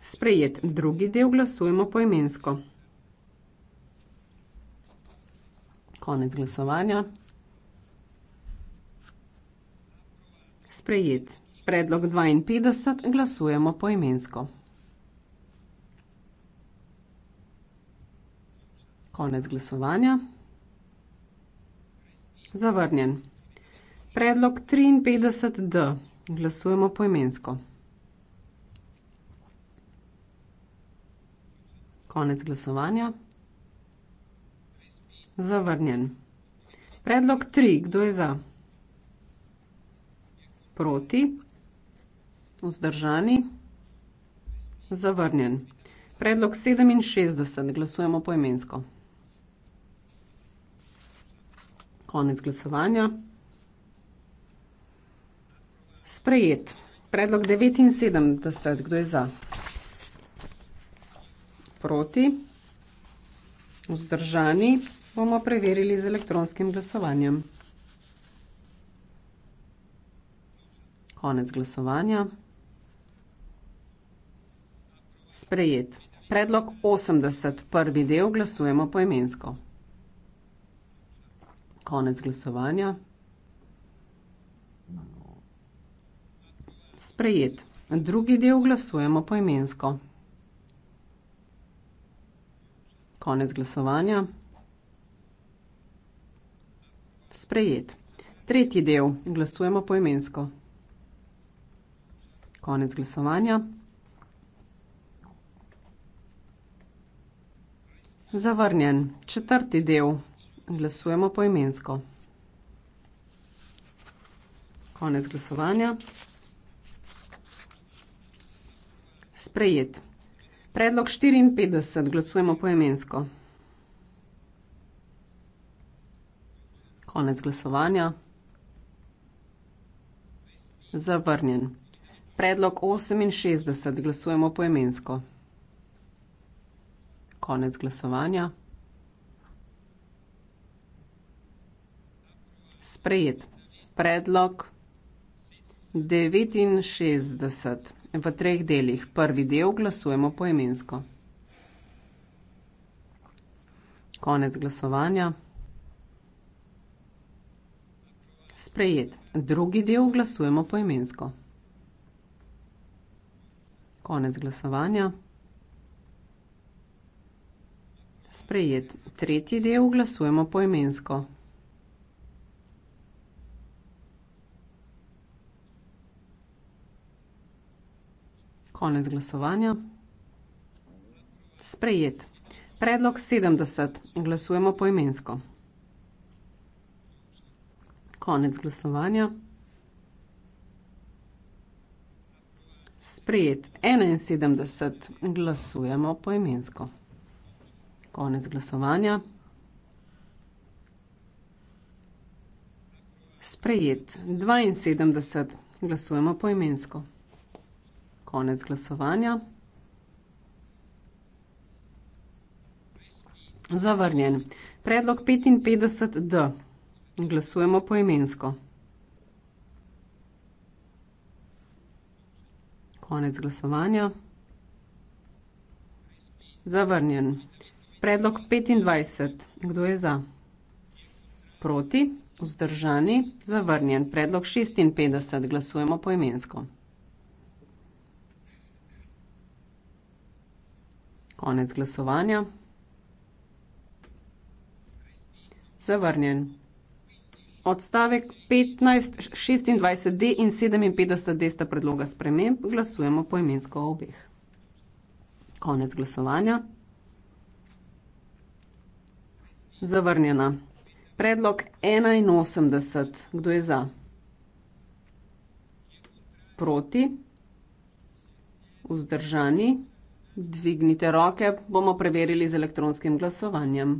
Sprejet. Drugi del. Glasujemo poemensko. Konec glasovanja. Sprejet. Predlog 52 glasujemo poimensko. Konec glasovanja. Zavrnjen. Predlog 53d glasujemo poimensko. Konec glasovanja. Zavrnjen. Predlog 3. Kdo je za? Proti. Vzdržani. Zavrnjen. Predlog 67. Glasujemo poimensko. Konec glasovanja. Sprejet. Predlog 79. Kdo je za? Proti. Vzdržani. Bomo preverili z elektronskim glasovanjem. Konec glasovanja. Sprejet. Predlog 80, prvi del, glasujemo poimensko. Konec glasovanja. Sprejet. Drugi del glasujemo poimensko. Konec glasovanja. Sprejet. Tretji del glasujemo poimensko. Konec glasovanja. Zavrnjen. Četrti del. Glasujemo poimensko. Konec glasovanja. Sprejet. Predlog 54. Glasujemo poimensko. Konec glasovanja. Zavrnjen. Predlog 68 glasujemo poemensko. Konec glasovanja. Sprejet. Predlog 69 v treh delih. Prvi del glasujemo poemensko. Konec glasovanja. Sprejet. Drugi del glasujemo poemensko. Konec glasovanja. Sprejet. Tretji del glasujemo poimensko. Konec glasovanja. Sprejet. Predlog 70. Glasujemo poimensko. Konec glasovanja. Sprejet 71, glasujemo poimensko. Konec glasovanja. Sprejet 72, glasujemo poimensko. Konec glasovanja. Zavrnjen. Predlog 55D. Glasujemo poimensko. imensko. konec glasovanja. Zavrnjen. Predlog 25. Kdo je za? Proti? Vzdržani? Zavrnjen. Predlog 56. Glasujemo poimensko. Konec glasovanja. Zavrnjen odstavek petnajst, šestindvajset D in sedeminpetdeset D sta predloga sprememb, glasujemo poimensko o obeh. Konec glasovanja. Zavrnjena. Predlog enainosemdeset, kdo je za? Proti? Vzdržani? Dvignite roke, bomo preverili z elektronskim glasovanjem.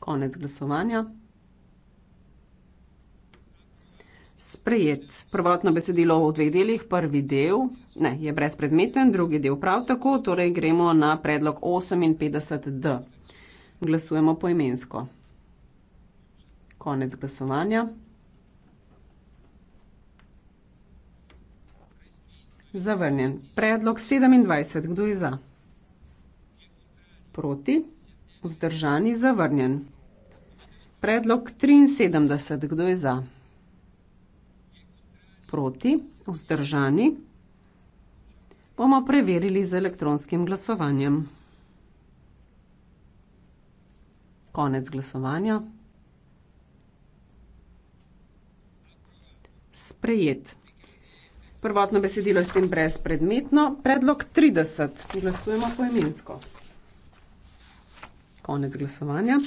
Konec glasovanja. Sprejet. Prvotno besedilo v dveh delih, prvi del ne, je brezpredmeten, drugi del prav tako, torej gremo na predlog 58d. Glasujemo poimensko. Konec glasovanja. Zavrnjen. Predlog 27. Kdo je za? Proti. Vzdržani. Zavrnjen. Predlog 73. Kdo je za? Proti? Vzdržani? Bomo preverili z elektronskim glasovanjem. Konec glasovanja. Sprejet. Prvotno besedilo je s tem brezpredmetno. Predlog 30. Glasujemo poimensko. Konec glasovanja.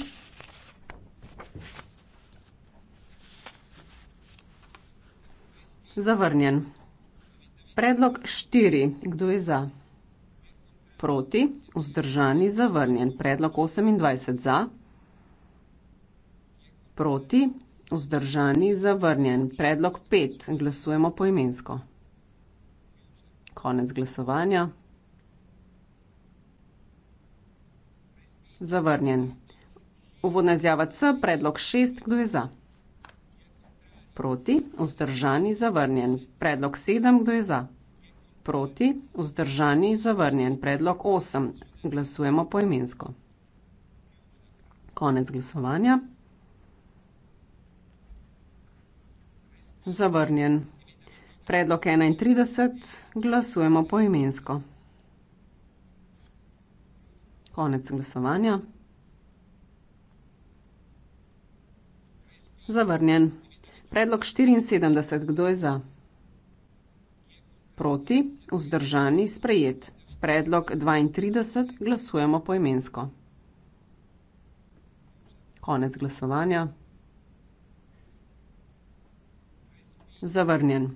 Zavrnjen. Predlog štiri. Kdo je za? Proti. Vzdržani. Zavrnjen. Predlog osemindvajset za. Proti. Vzdržani. Zavrnjen. Predlog pet. Glasujemo poimensko. Konec glasovanja. Zavrnjen. Uvodna izjava C, predlog šest, kdo je za? Proti, vzdržani, zavrnjen. Predlog sedem, kdo je za? Proti, vzdržani, zavrnjen. Predlog osem, glasujemo poimensko. Konec glasovanja. Zavrnjen. Predlog 31. Glasujemo poimensko. Konec glasovanja. Zavrnjen. Predlog 74. Kdo je za? Proti. Vzdržani. Sprejet. Predlog 32. Glasujemo poimensko. Konec glasovanja. Zavrnjen.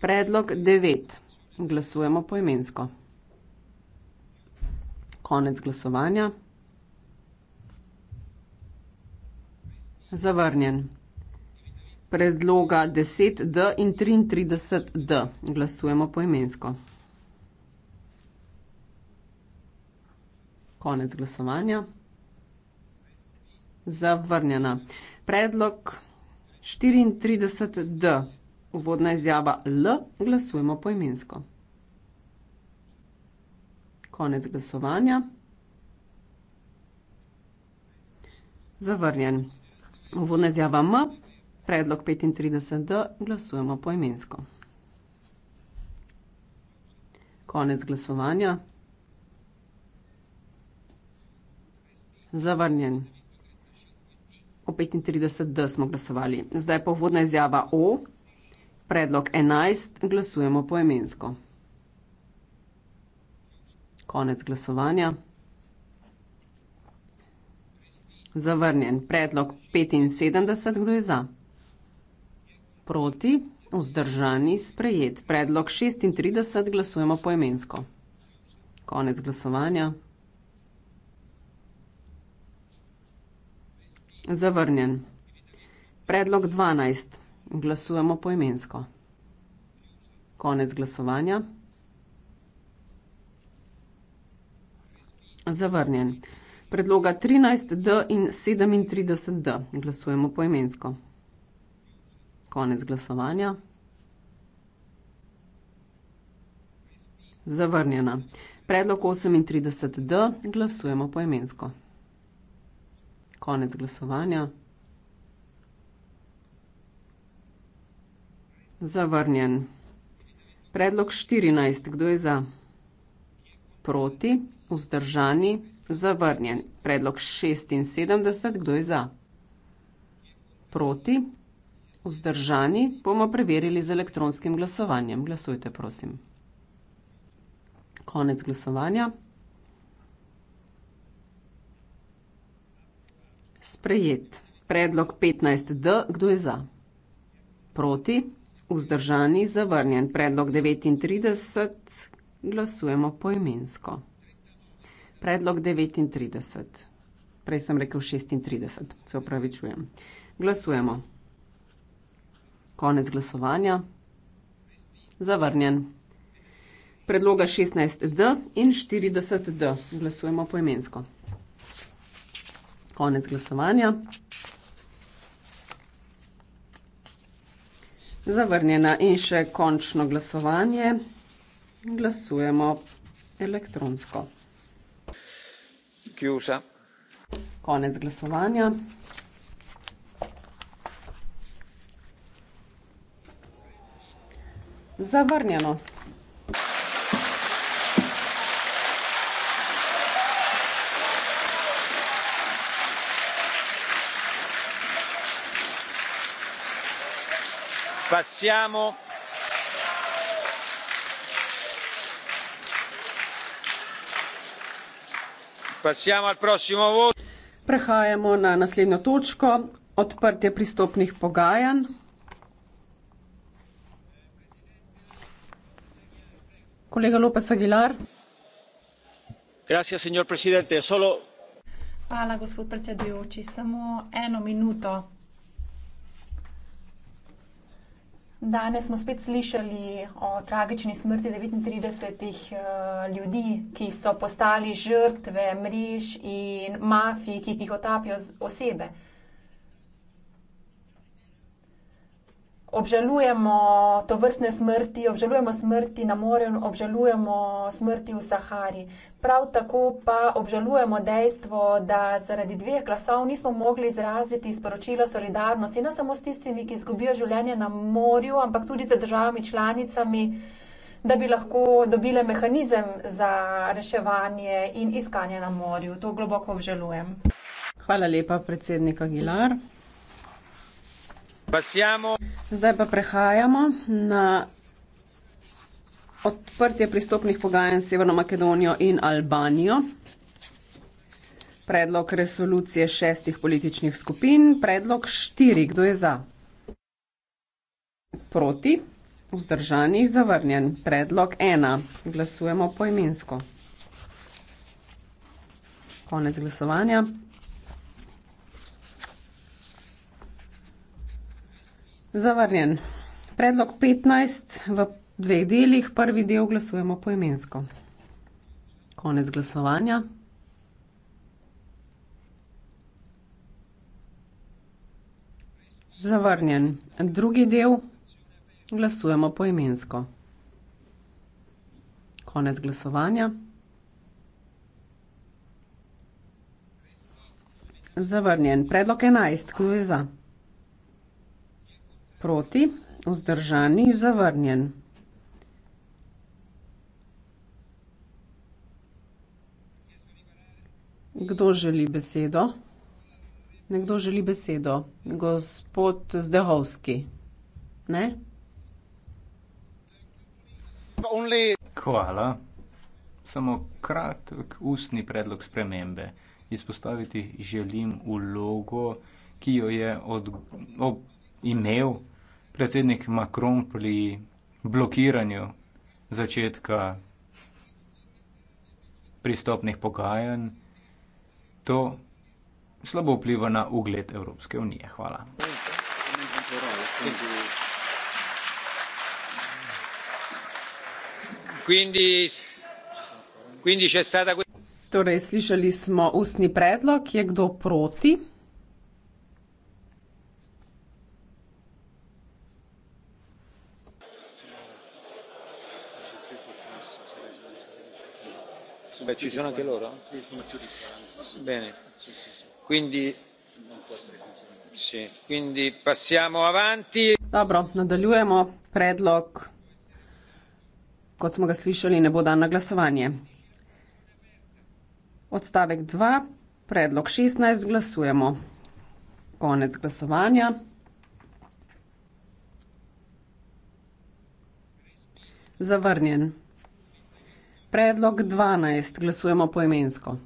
Predlog 9. Glasujemo poimensko. Konec glasovanja. Zavrnjen. Predloga 10D in 33D. Glasujemo poimensko. Konec glasovanja. Zavrnjena. Predlog 34D. Uvodna izjava L. Glasujemo poimensko. Konec glasovanja. Zavrnjen. Uvodna izjava M, predlog 35D, glasujemo po imensko. Konec glasovanja. Zavrnjen. O 35D smo glasovali. Zdaj pa uvodna izjava O, predlog 11, glasujemo po imensko. Konec glasovanja. zavrnjen. Predlog 75, kdo je za? Proti, vzdržani, sprejet. Predlog 36, glasujemo poemensko. Konec glasovanja. Zavrnjen. Predlog 12, glasujemo poemensko. Konec glasovanja. Zavrnjen predloga 13D in 37D. Glasujemo poemensko. Konec glasovanja. Zavrnjena. Predlog 38D. Glasujemo poemensko. Konec glasovanja. Zavrnjen. Predlog 14. Kdo je za? Proti, vzdržani, zavrnjen. Predlog 76, kdo je za? Proti? Vzdržani bomo preverili z elektronskim glasovanjem. Glasujte, prosim. Konec glasovanja. Sprejet. Predlog 15D, kdo je za? Proti? Vzdržani, zavrnjen. Predlog 39, glasujemo poimensko predlog 39. Prej sem rekel 36, se upravičujem. Glasujemo. Konec glasovanja. Zavrnjen. Predloga 16D in 40D. Glasujemo poemensko. Konec glasovanja. Zavrnjena in še končno glasovanje. Glasujemo elektronsko konec glasovanja zavrnjeno passiamo Prehajamo na naslednjo točko, odprtje pristopnih pogajanj. Kolega Lopes Aguilar. Hvala, gospod predsedujoči, samo eno minuto. Danes smo spet slišali o tragični smrti 39 uh, eh, ljudi, ki so postali žrtve mrež in mafij, ki tihotapijo osebe. obžalujemo to vrstne smrti, obžalujemo smrti na morju, obžalujemo smrti v Sahari. Prav tako pa obžalujemo dejstvo, da zaradi dveh glasov nismo mogli izraziti sporočila solidarnosti, ne samo s tistimi, ki izgubijo življenje na morju, ampak tudi z državami članicami, da bi lahko dobile mehanizem za reševanje in iskanje na morju. To globoko obžalujem. Hvala lepa, predsednik Aguilar. Passiamo. Zdaj pa prehajamo na odprtje pristopnih pogajanj s Severno Makedonijo in Albanijo. Predlog resolucije šestih političnih skupin, predlog štiri, kdo je za? Proti, vzdržani, zavrnjen. Predlog ena, glasujemo poimensko. Konec glasovanja. Zavrnjen. Predlog 15 v dveh delih, prvi del glasujemo poimensko. Konec glasovanja. Zavrnjen. Drugi del glasujemo poimensko. Konec glasovanja. Zavrnjen. Predlog 11. Kdo je za? Proti, vzdržani, zavrnjen. Kdo želi besedo? Nekdo želi besedo? Gospod Zdehovski. Ne? Hvala. Samo kratek ustni predlog spremembe. Izpostaviti želim vlogo, ki jo je od, imel predsednik Macron pri blokiranju začetka pristopnih pogajanj, to slabo vpliva na ugled Evropske unije. Hvala. Torej, slišali smo ustni predlog. Je kdo proti? beh ci sono anche loro bene quindi sì quindi passiamo avanti dobro nadaljujemo predlog kot smo ga slišali ne bo dan na glasovanje odstavek 2 predlog 16 glasujemo konec glasovanja zavrnjen Predlog dvanajst. Glasujemo poimensko.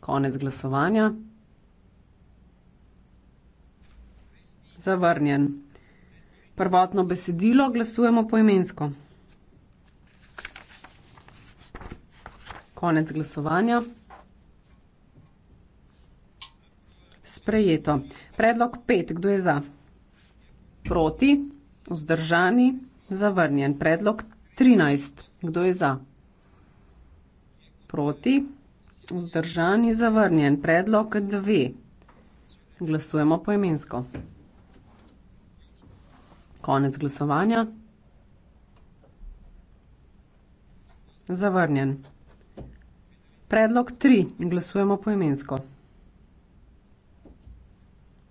Konec glasovanja. Zavrnjen. Prvotno besedilo glasujemo poimensko. Konec glasovanja. Sprejeto. Predlog pet. Kdo je za? Proti? Vzdržani? Zavrnjen. Predlog 13. Kdo je za? Proti? Vzdržan je zavrnjen. Predlog 2. Glasujemo poemensko. Konec glasovanja. Zavrnjen. Predlog 3. Glasujemo poemensko.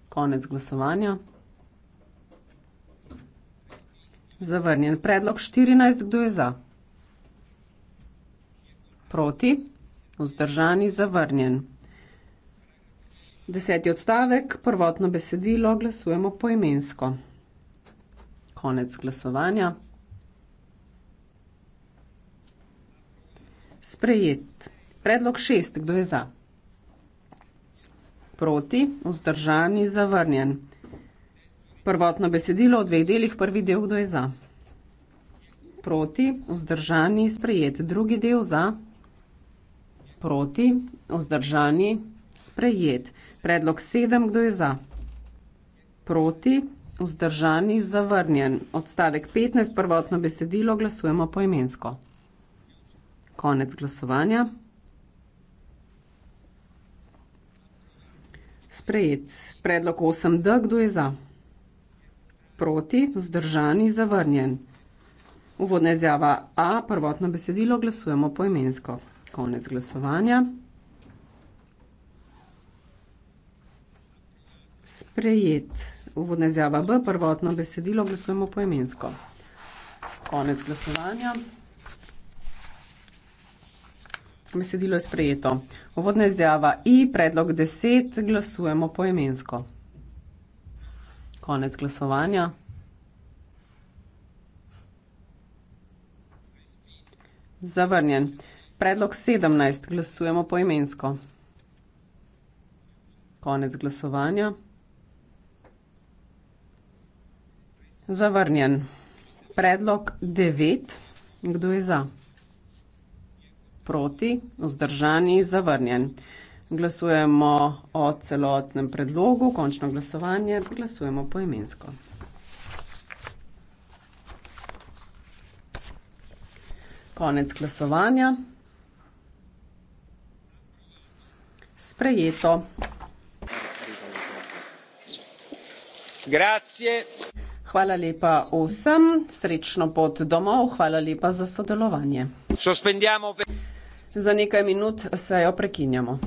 Konec glasovanja. Zavrnjen predlog 14. Kdo je za? Proti? Vzdržani? Zavrnjen. Deseti odstavek, prvotno besedilo, glasujemo poimensko. Konec glasovanja. Sprejet. Predlog 6. Kdo je za? Proti? Vzdržani? Zavrnjen. Prvotno besedilo v dveh delih, prvi del, kdo je za? Proti, vzdržani, sprejet. Drugi del za? Proti, vzdržani, sprejet. Predlog sedem, kdo je za? Proti, vzdržani, zavrnjen. Odstavek 15, prvotno besedilo, glasujemo poimensko. Konec glasovanja. Sprejet. Predlog 8D, kdo je za? Proti, vzdržani, sprejet proti, vzdržani, zavrnjen. Uvodna izjava A, prvotno besedilo, glasujemo poimensko. Konec glasovanja. Sprejet. Uvodna izjava B, prvotno besedilo, glasujemo poimensko. Konec glasovanja. Besedilo je sprejeto. Uvodna izjava I, predlog 10, glasujemo poimensko konec glasovanja. Zavrnjen. Predlog 17. Glasujemo po imensko. Konec glasovanja. Zavrnjen. Predlog 9. Kdo je za? Proti, vzdržani, zavrnjen. Glasujemo o celotnem predlogu, končno glasovanje glasujemo poimensko. Konec glasovanja. Sprejeto. Grazie. Hvala lepa vsem, srečno pot domov, hvala lepa za sodelovanje. Sospendiamo. Za nekaj minut sejo prekinjamo.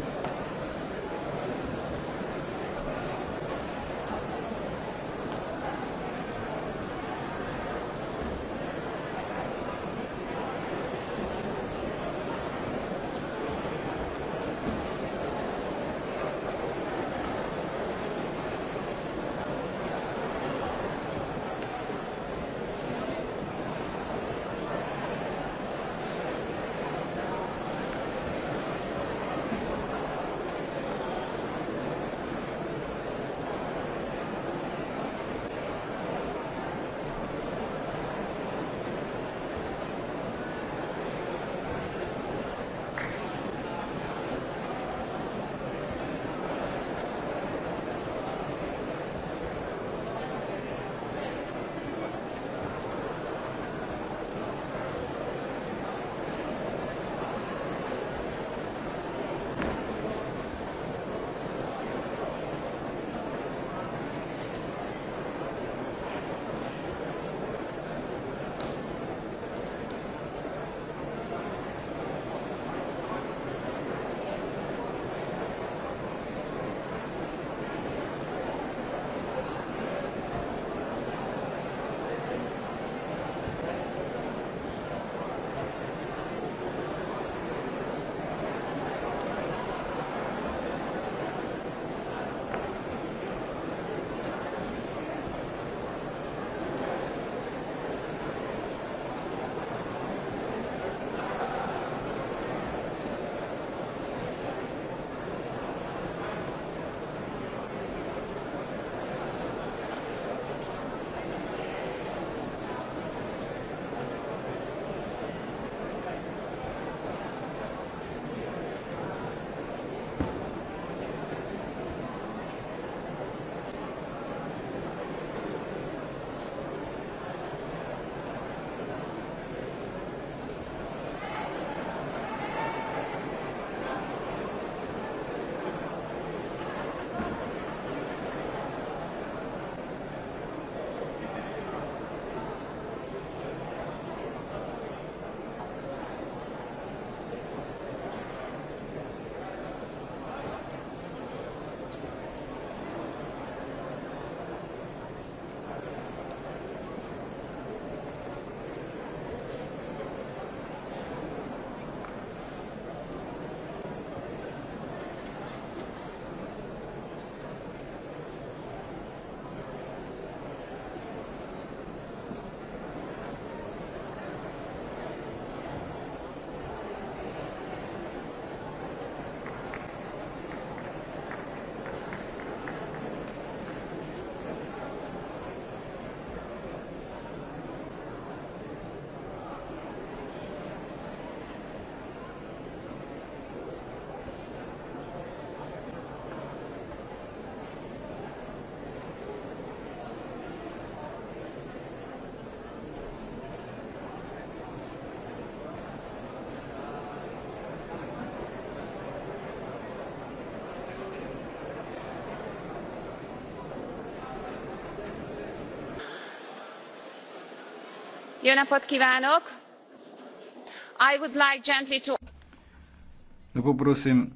Lepo prosim,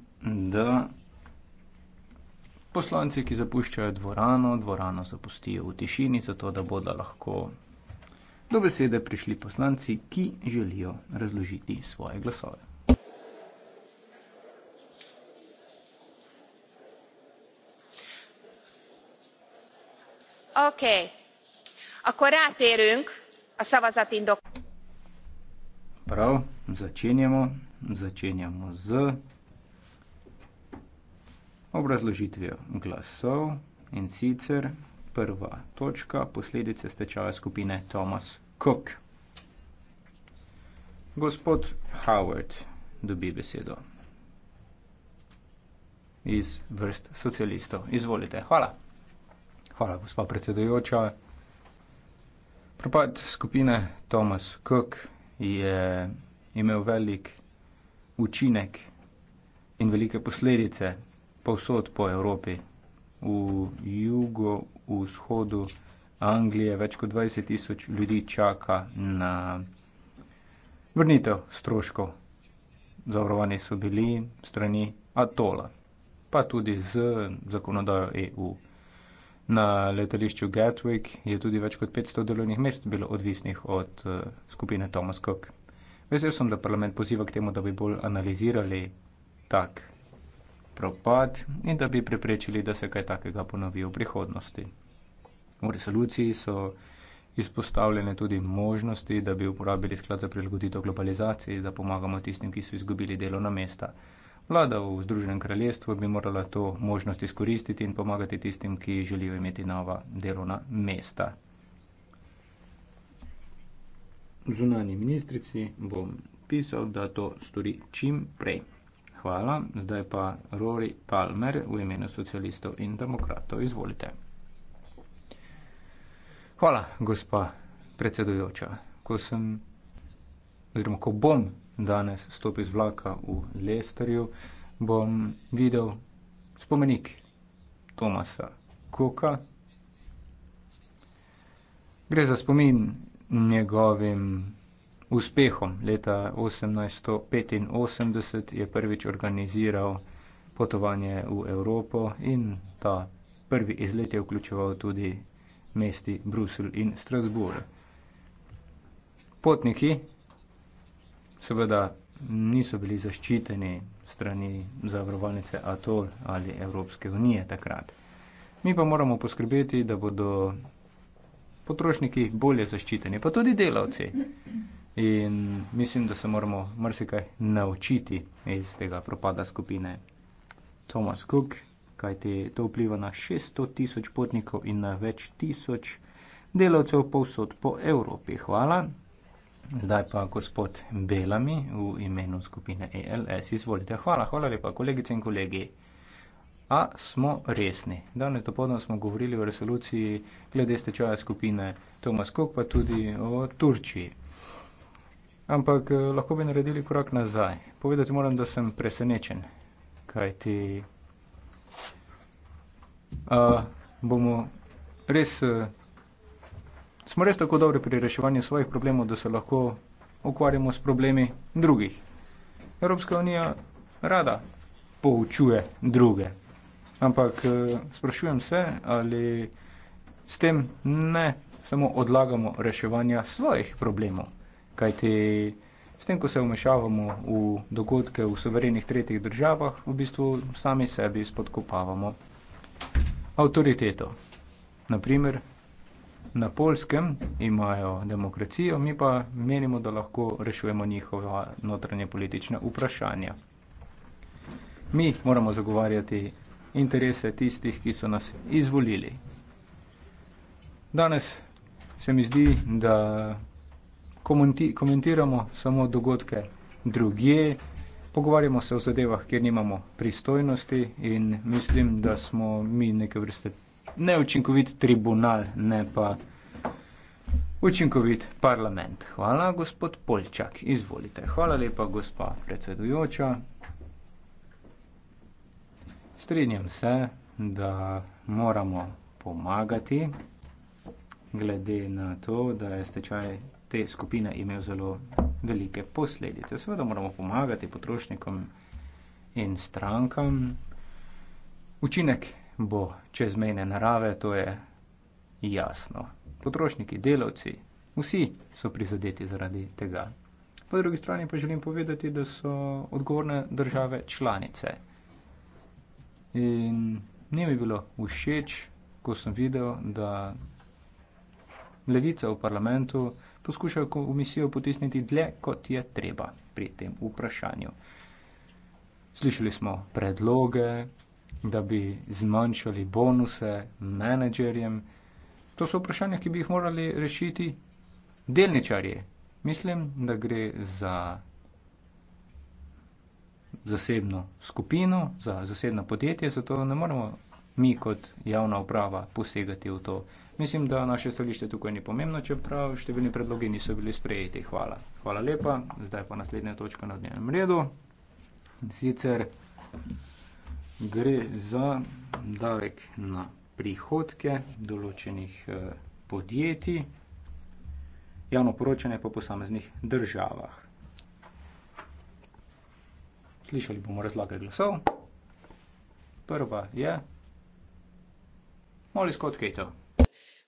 da poslanci, ki zapuščajo dvorano, dvorano zapustijo v tišini, zato da bodo lahko do besede prišli poslanci, ki želijo razložiti svoje glasove. Okej. Akkor rátérünk szavazati in dok- Prav, začenjamo. Začenjamo z obrazložitvijo glasov in sicer prva točka posledice stečaja skupine Thomas Cook. Gospod Howard dobi besedo iz vrst socialistov. Izvolite. Hvala. Hvala, gospod predsedujoča propad skupine Thomas Cook je imel velik učinek in velike posledice povsod po Evropi. V jugo, v vzhodu Anglije več kot 20 tisoč ljudi čaka na vrnitev stroškov. Zavarovani so bili strani Atola, pa tudi z zakonodajo EU. Na letališču Gatwick je tudi več kot 500 delovnih mest bilo odvisnih od uh, skupine Thomas Cook. Vesel sem, da parlament poziva k temu, da bi bolj analizirali tak propad in da bi preprečili, da se kaj takega ponovi v prihodnosti. V resoluciji so izpostavljene tudi možnosti, da bi uporabili sklad za prilagoditev globalizaciji, da pomagamo tistim, ki so izgubili delovna mesta. Vlada v Združenem kraljestvu bi morala to možnost izkoristiti in pomagati tistim, ki želijo imeti nova delovna mesta. Zunani ministrici bom pisal, da to stori čim prej. Hvala. Zdaj pa Rory Palmer v imenu socialistov in demokratov. Izvolite. Hvala, gospa predsedujoča. Ko sem, oziroma ko bom danes stopi z vlaka v Lesterju, bom videl spomenik Tomasa Koka. Gre za spomin njegovim uspehom. Leta 1885 je prvič organiziral potovanje v Evropo in ta prvi izlet je vključeval tudi mesti Bruselj in Strasbourg. Potniki seveda niso bili zaščiteni strani zavarovalnice Atol ali Evropske unije takrat. Mi pa moramo poskrbeti, da bodo potrošniki bolje zaščiteni, pa tudi delavci. In mislim, da se moramo marsikaj naučiti iz tega propada skupine Thomas Cook, kajti to vpliva na 600 tisoč potnikov in na več tisoč delavcev povsod po Evropi. Hvala. Zdaj pa gospod Belami v imenu skupine ELS. Izvolite. Hvala, hvala lepa, kolegice in kolegi. A smo resni? Danes dopoledne smo govorili o resoluciji glede stečaja skupine Tomas Kok, pa tudi o Turčiji. Ampak eh, lahko bi naredili korak nazaj. Povedati moram, da sem presenečen, kajti a, eh, bomo res. A, eh, smo res tako dobri pri reševanju svojih problemov, da se lahko ukvarjamo s problemi drugih. Evropska unija rada poučuje druge. Ampak eh, sprašujem se, ali s tem ne samo odlagamo reševanja svojih problemov. Kajti s tem, ko se umešavamo v dogodke v suverenih tretjih državah, v bistvu sami sebi spodkopavamo avtoriteto. Naprimer, na polskem imajo demokracijo, mi pa menimo, da lahko rešujemo njihova notranje politična vprašanja. Mi moramo zagovarjati interese tistih, ki so nas izvolili. Danes se mi zdi, da komentiramo samo dogodke drugje, pogovarjamo se o zadevah, kjer nimamo pristojnosti in mislim, da smo mi neke vrste neučinkovit tribunal, ne pa učinkovit parlament. Hvala, gospod Polčak. Izvolite. Hvala lepa, gospa predsedujoča. Strinjam se, da moramo pomagati glede na to, da je stečaj te skupine imel zelo velike posledice. Seveda moramo pomagati potrošnikom in strankam. Učinek bo čezmejne narave, to je jasno. Potrošniki, delavci, vsi so prizadeti zaradi tega. Po drugi strani pa želim povedati, da so odgovorne države članice. In ne mi bilo všeč, ko sem videl, da levica v parlamentu poskuša komisijo potisniti dlje, kot je treba pri tem vprašanju. Slišali smo predloge, da bi zmanjšali bonuse menedžerjem. To so vprašanja, ki bi jih morali rešiti delničarje. Mislim, da gre za zasebno skupino, za zasebno podjetje, zato ne moramo mi kot javna uprava posegati v to. Mislim, da naše stališče tukaj ni pomembno, čeprav številni predlogi niso bili sprejeti. Hvala. Hvala lepa. Zdaj pa naslednja točka na dnevnem redu. Sicer gre za davek na prihodke določenih eh, podjetij, javno poročanje po posameznih državah. Slišali bomo razlage glasov. Prva je Molly Scott Cato.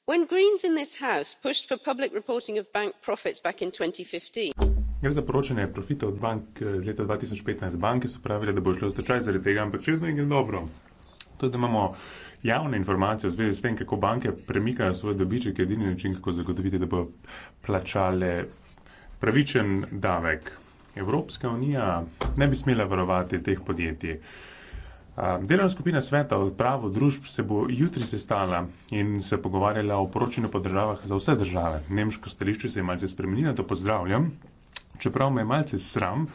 When Greens in this house pushed for public reporting of bank profits back in 2015. Gre za poročanje profita od bank eh, iz leta 2015. Banke so pravile, da bo šlo stečaj zaradi tega, ampak če zdaj gre dobro. To, da imamo javne informacije v zvezi s tem, kako banke premikajo svoje dobiček, je edini način, kako zagotoviti, da bo plačale pravičen davek. Evropska unija ne bi smela varovati teh podjetij. Delovna skupina sveta o pravu družb se bo jutri sestala in se pogovarjala o poročanju po državah za vse države. Nemško stališče se je malce spremenilo, to pozdravljam čeprav me je malce sram,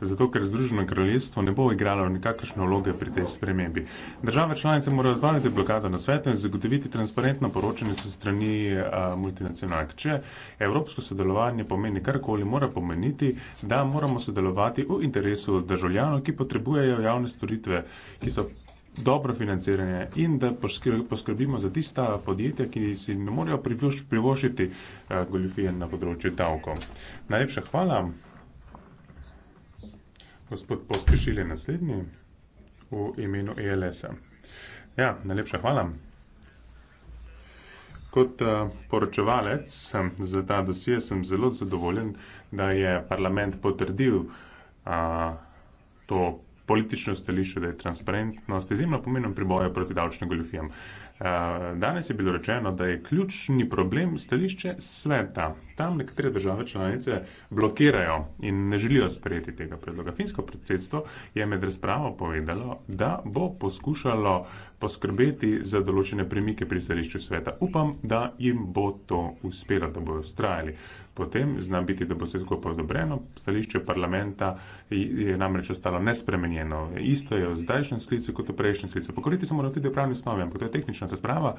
zato ker Združeno kraljestvo ne bo igralo nikakršne vloge pri tej spremembi. Države članice morajo odpraviti blokado na svetu in zagotoviti transparentno poročanje se strani a, multinacionalk. Če evropsko sodelovanje pomeni karkoli, mora pomeniti, da moramo sodelovati v interesu državljanov, ki potrebujejo javne storitve, ki so dobro financiranje in da poskrbimo za tista podjetja, ki si ne morejo privošiti eh, goljufije na področju davkov. Najlepša hvala. Gospod Postišil je naslednji v imenu ELS-a. Ja, najlepša hvala. Kot eh, poročevalec za ta dosije sem zelo zadovoljen, da je parlament potrdil eh, to podjetje, politično stališče, da je transparentnost izjemno pomembna pri boju proti davčnim goljofijam. Eh, danes je bilo rečeno, da je ključni problem stališče sveta. Tam nekatere države članice blokirajo in ne želijo sprejeti tega predloga. Finsko predsedstvo je med razpravo povedalo, da bo poskušalo uh, poskrbeti za določene premike pri stališču sveta. Upam, da jim bo to uspelo, da bojo ustrajali. Potem znam biti, da bo vse skupaj odobreno. Stališče parlamenta je namreč ostalo nespremenjeno. Isto je v zdajšnjem sklicu kot v prejšnjem sklicu. Pokoriti se morajo tudi o pravni osnovi, ampak to je tehnična razprava.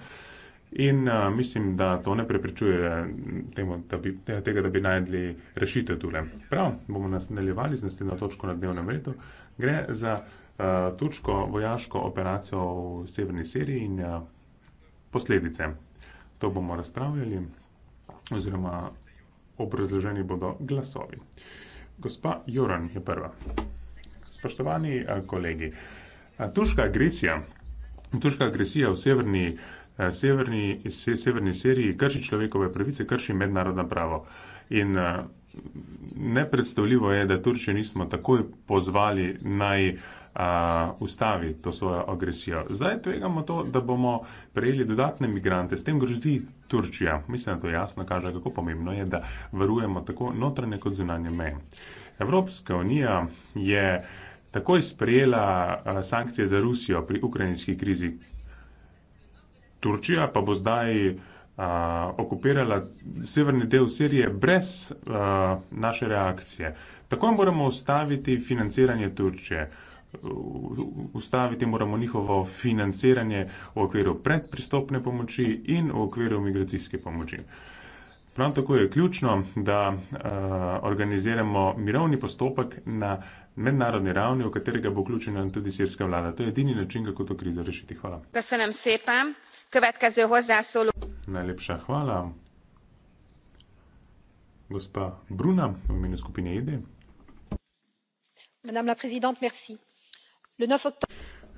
In a, eh, mislim, da to ne preprečuje eh, temu, da bi, tega, da bi najdli rešitev tule. Prav, bomo nas naljevali z naslednjo točko na dnevnem redu. Gre za Eh, turško vojaško operacijo v severni Siriji in eh, posledice. To bomo razpravljali, oziroma obrazloženi bodo glasovi. Gospa Joran je prva. Spoštovani eh, kolegi, turška agresija, turška agresija v severni Severni, se, severni seriji krši človekove pravice, krši mednarodno pravo. In uh, nepredstavljivo je, da Turčijo nismo takoj pozvali naj uh, uh, ustavi to svojo agresijo. Zdaj tvegamo to, da bomo prejeli dodatne migrante, s tem grozi Turčija. Mislim, da to jasno kaže, kako pomembno je, da varujemo tako notranje kot zunanje meje. Evropska unija je takoj sprejela uh, sankcije za Rusijo pri ukrajinski krizi. Turčija pa bo zdaj. Uh, okupirala severni del Sirije brez uh, naše reakcije. Tako moramo ustaviti financiranje Turčije. Uh, ustaviti moramo njihovo financiranje v okviru predpristopne pomoči in v okviru migracijske pomoči. Prav tako je ključno, da uh, organiziramo mirovni postopek na mednarodni ravni, v katerega bo vključena tudi sirska vlada. To je edini način, kako to krizo rešiti. Hvala. Najlepša hvala. Gospa Bruna, v imenu skupine IDE. Madame la Présidente, merci.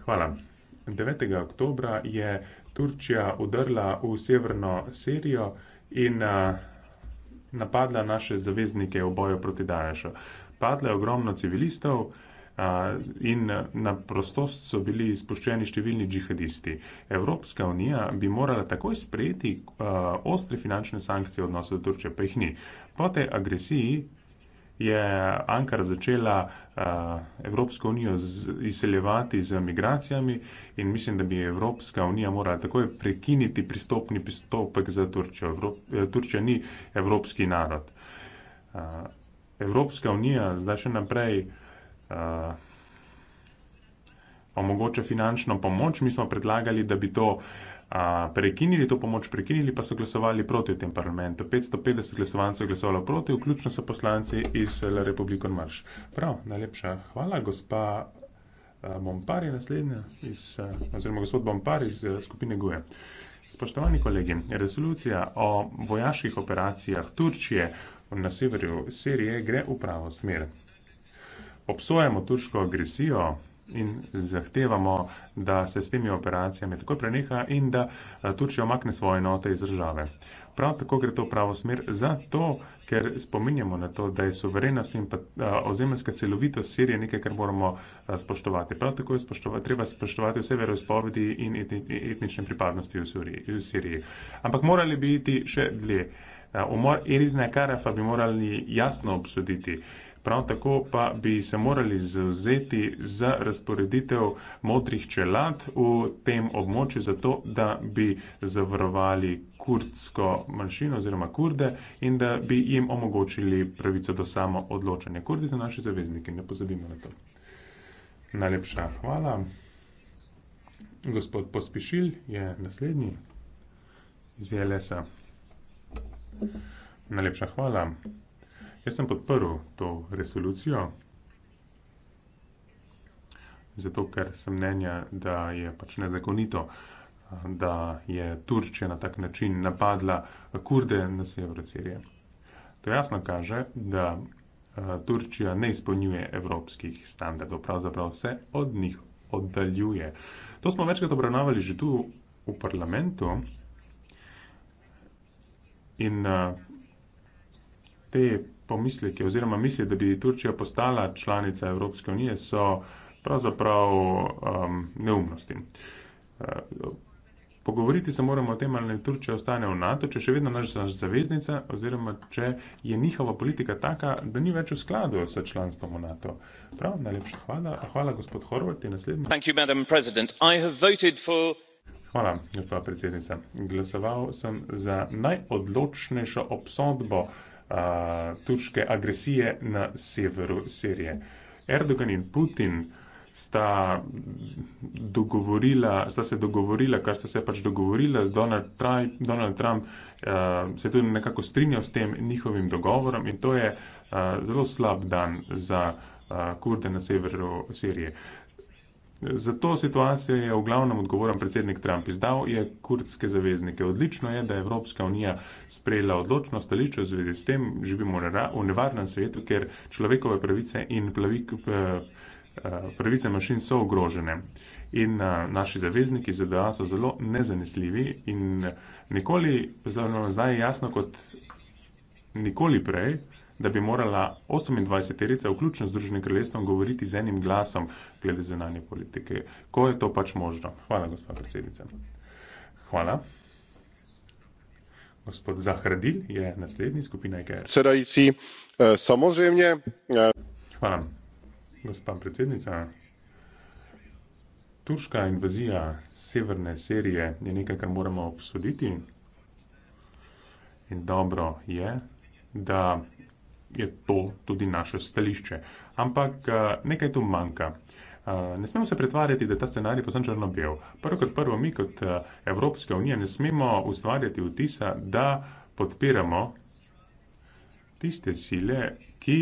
Hvala. 9. oktobra je Turčija udrla v severno Sirijo in napadla naše zaveznike v boju proti Daješu. Padlo je ogromno civilistov in na prostost so bili izpuščeni številni džihadisti. Evropska unija bi morala takoj sprejeti ostre finančne sankcije v odnosu do Turčije, pa jih ni. Po tej agresiji je Ankara začela eh, Evropsko unijo izseljevati z migracijami in mislim, da bi Evropska unija morala takoj prekiniti pristopni pristopek za Turčjo. Evrop, eh, Turčja ni evropski narod. Eh, Evropska unija zdaj še naprej omogoča finančno pomoč. Mi smo predlagali, da bi to uh, prekinili to pomoč, prekinili pa so glasovali proti tem parlamentu. 550 glasovancev je glasovalo proti, vključno so poslanci iz eh, La Republika in Marš. Prav, najlepša hvala, gospa eh, Bompar je naslednja, iz, eh, oziroma gospod Bompar iz skupine Guje. Spoštovani kolegi, resolucija o vojaških operacijah Turčije na severju Sirije gre v pravo smer. Obsojamo turško agresijo, in zahtevamo, da se s temi operacijami takoj preneha in da eh, Turčija omakne svoje note iz države. Prav tako gre to v pravo smer, zato ker spominjamo na to, da je suverenost in pa eh, ozemljska celovitost Sirije nekaj, kar moramo eh, spoštovati. Prav tako je spoštovati, treba spoštovati vse veroizpovedi in etnične pripadnosti v Siriji. V Siriji. Ampak morali bi iti še dlje. Umor Erina Karafa bi morali jasno obsoditi. Prav tako pa bi se morali zauzeti za razporeditev modrih čelad v tem območju, zato da bi zavarovali kurdsko manjšino oziroma kurde in da bi jim omogočili pravico do samo odločanja. Kurdi so naši zavezniki, ne pozabimo na to. Najlepša hvala. Gospod Pospišil je naslednji iz JLS-a. Najlepša hvala. Jaz sem podprl to resolucijo, zato ker sem mnenja, da je pač nezakonito, da je Turčija na tak način napadla kurde na severu Sirije. To jasno kaže, da eh, Turčija ne izpolnjuje evropskih standardov, pravzaprav se od njih oddaljuje. To smo večkrat obravnavali že tu v parlamentu in eh, te pomisleke oziroma misli, da bi Turčija postala članica Evropske unije, so pravzaprav um, neumnosti. Uh, pogovoriti se moramo o tem, ali Turčija ostane v NATO, če še vedno naša zaveznica, oziroma če je njihova politika taka, da ni več v skladu s članstvom v NATO. Prav, najlepša hvala. Hvala, gospod Horvat, in naslednji. Thank you, madam president. I have voted for. Hvala, gospod predsednica. Glasoval sem za najodločnejšo obsodbo turške agresije na severu Sirije. Erdogan in Putin sta, sta se dogovorila, kar sta se pač dogovorila, Donald Trump, Donald Trump uh, se je tudi nekako strinjal s tem njihovim dogovorom in to je uh, zelo slab dan za uh, kurde na severu Sirije. Uh, Za to situacijo je v glavnem odgovoren predsednik Trump. Izdal je kurdske zaveznike. Odlično je, da je Evropska unija sprejela odločno stališče v zvezi s tem, živimo v nevarnem svetu, ker človekove pravice in plavik, pravice mašin so ogrožene. In naši zavezniki ZDA so zelo nezanesljivi in nikoli, zdaj je jasno kot nikoli prej, da bi morala 28-terica, vključno z Združenim kraljestvom, govoriti z enim glasom glede zunanje politike. Ko je to pač možno? Hvala, gospod predsednica. Hvala. Gospod Zahradil je naslednji skupina IKR. E Sedajci, eh, samozrejme. Eh, Hvala, gospod predsednica. Turška invazija severne Sirije je nekaj, kar moramo obsoditi. In dobro je, da je to tudi naše stališče. Ampak eh, nekaj tu manjka. Eh, ne smemo se pretvarjati, da je ta scenarij posebno črno-bel. Prvo kot prvo, mi kot eh, Evropska unija ne smemo ustvarjati vtisa, da podpiramo tiste sile, ki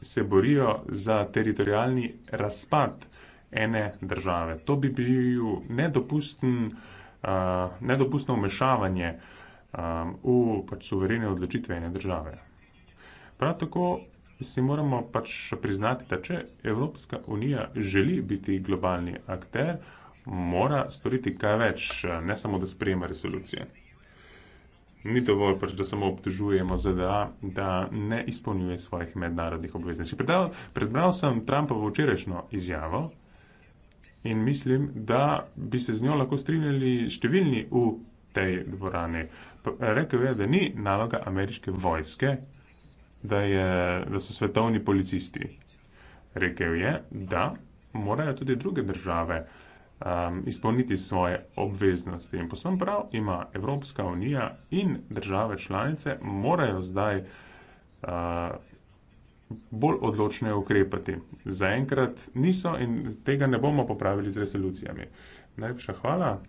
se borijo za teritorijalni razpad ene države. To bi bil nedopusten, nedopustno umešavanje v pač suverene odločitve ene države. Prav tako si moramo pač priznati, da če Evropska unija želi biti globalni akter, mora storiti kaj več, ne samo da sprejema resolucije. Ni dovolj, pač, da samo obtožujemo ZDA, da ne izpolnjuje svojih mednarodnih obveznosti. Predbral sem Trumpovo včerajšnjo izjavo in mislim, da bi se z njo lahko strinjali številni v tej dvorani. Rekl je, da ni naloga ameriške vojske da, je, da so svetovni policisti. Rekel je, da morajo tudi druge države um, izpolniti svoje obveznosti. In posem prav ima Evropska unija in države članice morajo zdaj uh, bolj odločno ukrepati. Zaenkrat niso in tega ne bomo popravili z resolucijami. Najlepša hvala.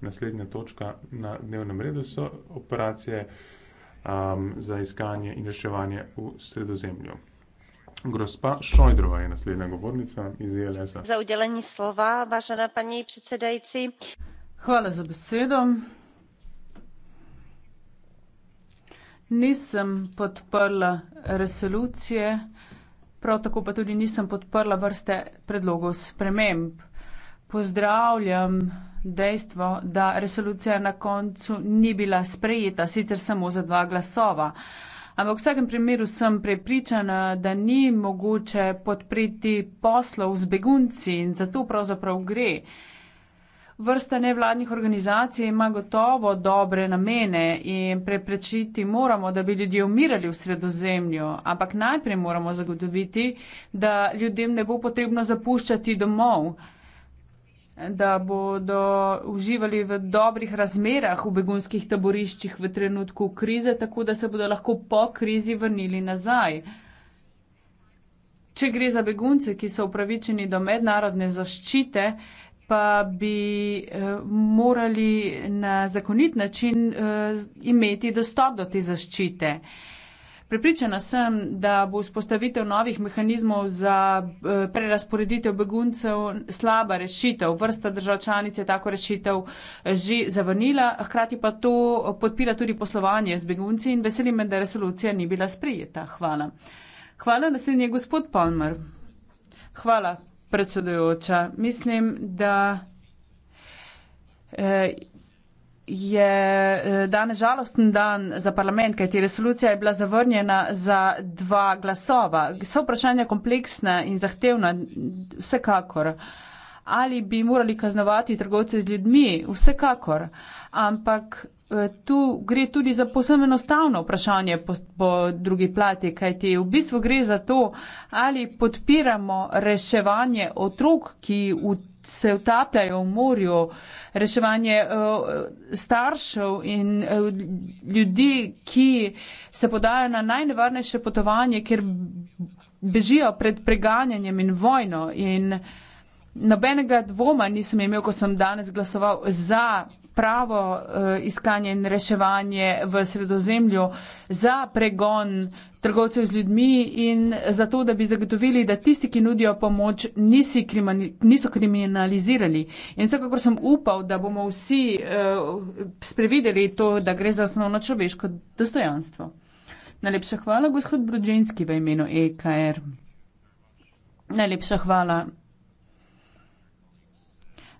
Naslednja točka na dnevnem redu so operacije um, za iskanje in reševanje v sredozemlju. Grospa Šojdrova je naslednja govornica iz ELS-a. Za udeljenje slova, vašana pani predsedajci. Hvala za besedo. Nisem podprla resolucije, prav tako pa tudi nisem podprla vrste predlogov sprememb. Pozdravljam dejstvo, da resolucija na koncu ni bila sprejeta, sicer samo za dva glasova. Ampak v vsakem primeru sem prepričana, da ni mogoče podpreti poslov z begunci in za to pravzaprav gre. Vrsta nevladnih organizacij ima gotovo dobre namene in preprečiti moramo, da bi ljudje umirali v sredozemlju, ampak najprej moramo zagotoviti, da ljudem ne bo potrebno zapuščati domov da bodo uživali v dobrih razmerah v begunskih taboriščih v trenutku krize, tako da se bodo lahko po krizi vrnili nazaj. Če gre za begunce, ki so upravičeni do mednarodne zaščite, pa bi eh, morali na zakonit način eh, imeti dostop do te zaščite. Pripričana sem, da bo vzpostavitev novih mehanizmov za eh, prerasporeditev beguncev slaba rešitev. Vrsta držav članic je tako rešitev eh, že zavrnila, hkrati pa to podpira tudi poslovanje z begunci in veseli me, da resolucija ni bila sprejeta. Hvala. Hvala, naslednji je gospod Palmer. Hvala, predsedujoča. Mislim, da. Eh, je eh, danes žalosten dan za parlament, kajti resolucija je bila zavrnjena za dva glasova. So vprašanja kompleksna in zahtevna, vsekakor. Ali bi morali kaznovati trgovce z ljudmi? Vsekakor. Ampak eh, tu gre tudi za posebno enostavno vprašanje po, po drugi plati, kajti v bistvu gre za to, ali podpiramo reševanje otrok, ki v se utapljajo v morju, reševanje eh, staršev in eh, ljudi, ki se podajo na najnevarnejše potovanje, ker bežijo pred preganjanjem in vojno. In nobenega dvoma nisem imel, ko sem danes glasoval za pravo eh, iskanje in reševanje v sredozemlju za pregon trgovcev z ljudmi in za to, da bi zagotovili, da tisti, ki nudijo pomoč, niso kriminalizirani. In vsekakor sem upal, da bomo vsi eh, sprevideli to, da gre za osnovno človeško dostojanstvo. Najlepša hvala, gospod Brodženski, v imenu EKR. Najlepša hvala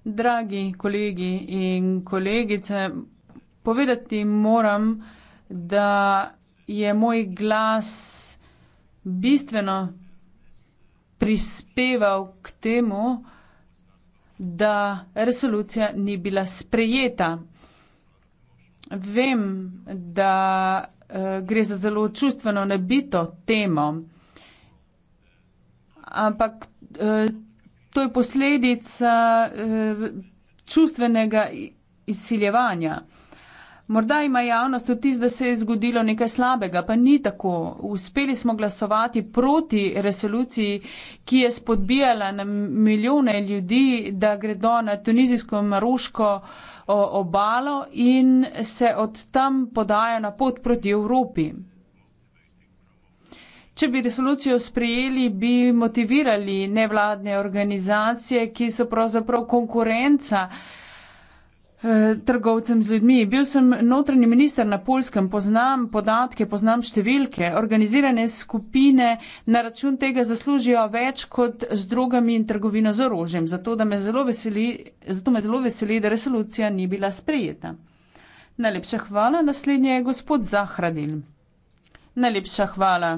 dragi kolegi in kolegice, povedati moram, da je moj glas bistveno prispeval k temu, da resolucija ni bila sprejeta. Vem, da uh, gre za zelo čustveno nabito temo, ampak uh, to je posledica eh, čustvenega izsiljevanja. Morda ima javnost vtis, da se je zgodilo nekaj slabega, pa ni tako. Uspeli smo glasovati proti resoluciji, ki je spodbijala na milijone ljudi, da gredo na tunizijsko maroško obalo in se od tam podajo na pot proti Evropi. Če bi resolucijo sprejeli, bi motivirali nevladne organizacije, ki so pravzaprav konkurenca eh, trgovcem z ljudmi. Bil sem notranji minister na Polskem, poznam podatke, poznam številke. Organizirane skupine na račun tega zaslužijo več kot z drogami in trgovino z orožjem. Zato, me zelo, veseli, zato me zelo veseli, da resolucija ni bila sprejeta. Najlepša hvala. Naslednje je gospod Zahradil. Najlepša hvala.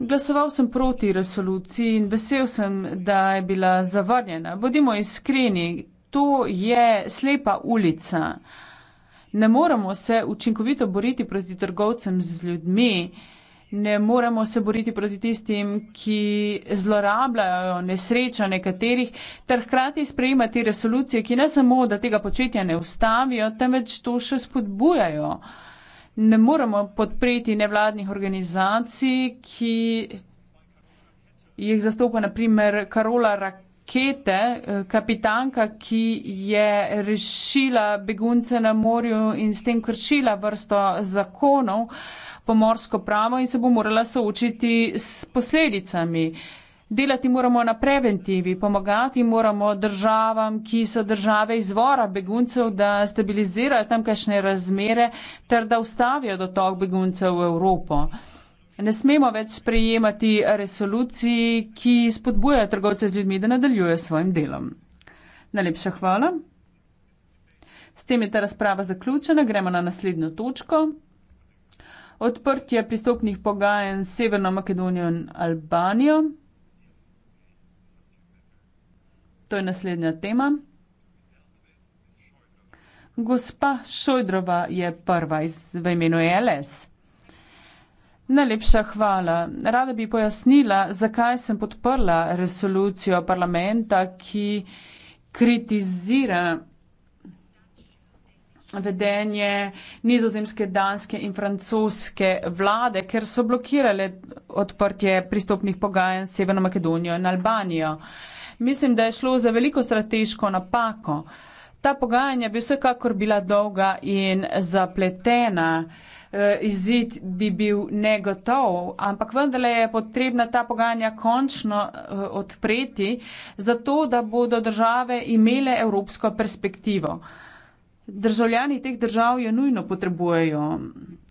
Glasoval sem proti resoluciji in vesel sem, da je bila zavrnjena. Bodimo iskreni, to je slepa ulica. Ne moremo se učinkovito boriti proti trgovcem z ljudmi, ne moremo se boriti proti tistim, ki zlorabljajo nesreča nekaterih, ter hkrati sprejemati resolucije, ki ne samo, da tega početja ne ustavijo, temveč to še spodbujajo ne moremo podpreti nevladnih organizacij, ki jih zastopa naprimer Karola Rakete, eh, kapitanka, ki je rešila begunce na morju in s tem kršila vrsto zakonov, pomorsko pravo in se bo morala soočiti s posledicami. Uh, delati moramo na preventivi, pomagati moramo državam, ki so države izvora beguncev, da stabilizirajo tamkajšnje razmere ter da ustavijo dotok beguncev v Evropo. Ne smemo več sprejemati resoluciji, ki spodbujajo trgovce z ljudmi, da nadaljujejo s svojim delom. Najlepša hvala. S tem je ta razprava zaključena. Gremo na naslednjo točko. Odprtje pristopnih pogajanj s Severno Makedonijo in Albanijo. to je naslednja tema. Gospa Šojdrova je prva iz, v imenu e LS. Najlepša hvala. Rada bi pojasnila, zakaj sem podprla resolucijo parlamenta, ki kritizira vedenje nizozemske, danske in francoske vlade, ker so blokirale odprtje pristopnih pogajanj s Severno Makedonijo in Albanijo. Uh, mislim, da je šlo za veliko strateško napako. Ta pogajanja bi vsekakor bila dolga in zapletena, e, izid bi bil negotov, ampak vendarle je potrebna ta pogajanja končno e, odpreti, zato da bodo države imele evropsko perspektivo. Državljani teh držav jo nujno potrebujejo.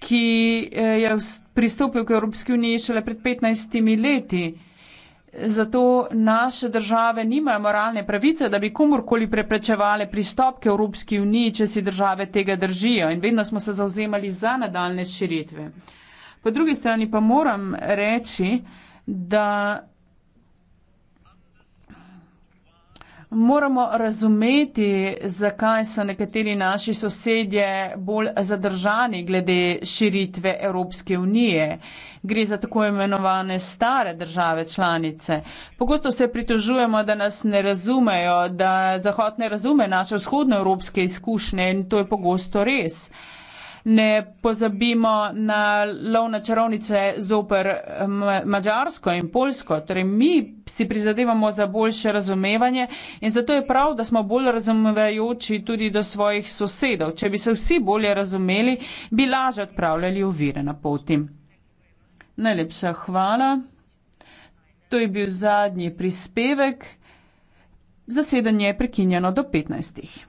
ki eh, je pristopil k Evropski uniji šele pred 15 leti. Zato naše države nimajo moralne pravice, da bi komorkoli preprečevali pristop k Evropski uniji, če si države tega držijo. In vedno smo se zauzemali za nadaljne širitve. Po drugi strani pa moram reči, da Moramo razumeti, zakaj so nekateri naši sosedje bolj zadržani glede širitve Evropske unije. Gre za tako imenovane stare države članice. Pogosto se pritožujemo, da nas ne razumejo, da Zahod ne razume naše vzhodnoevropske izkušnje in to je pogosto res ne pozabimo na lovne čarovnice zoper eh, Mačarsko in Polsko. Torej, mi si prizadevamo za boljše razumevanje in zato je prav, da smo bolj razumevajoči tudi do svojih sosedov. Če bi se vsi bolje razumeli, bi lažje odpravljali ovire na poti. Najlepša hvala. To je bil zadnji prispevek. Zasedanje je prekinjeno do 15.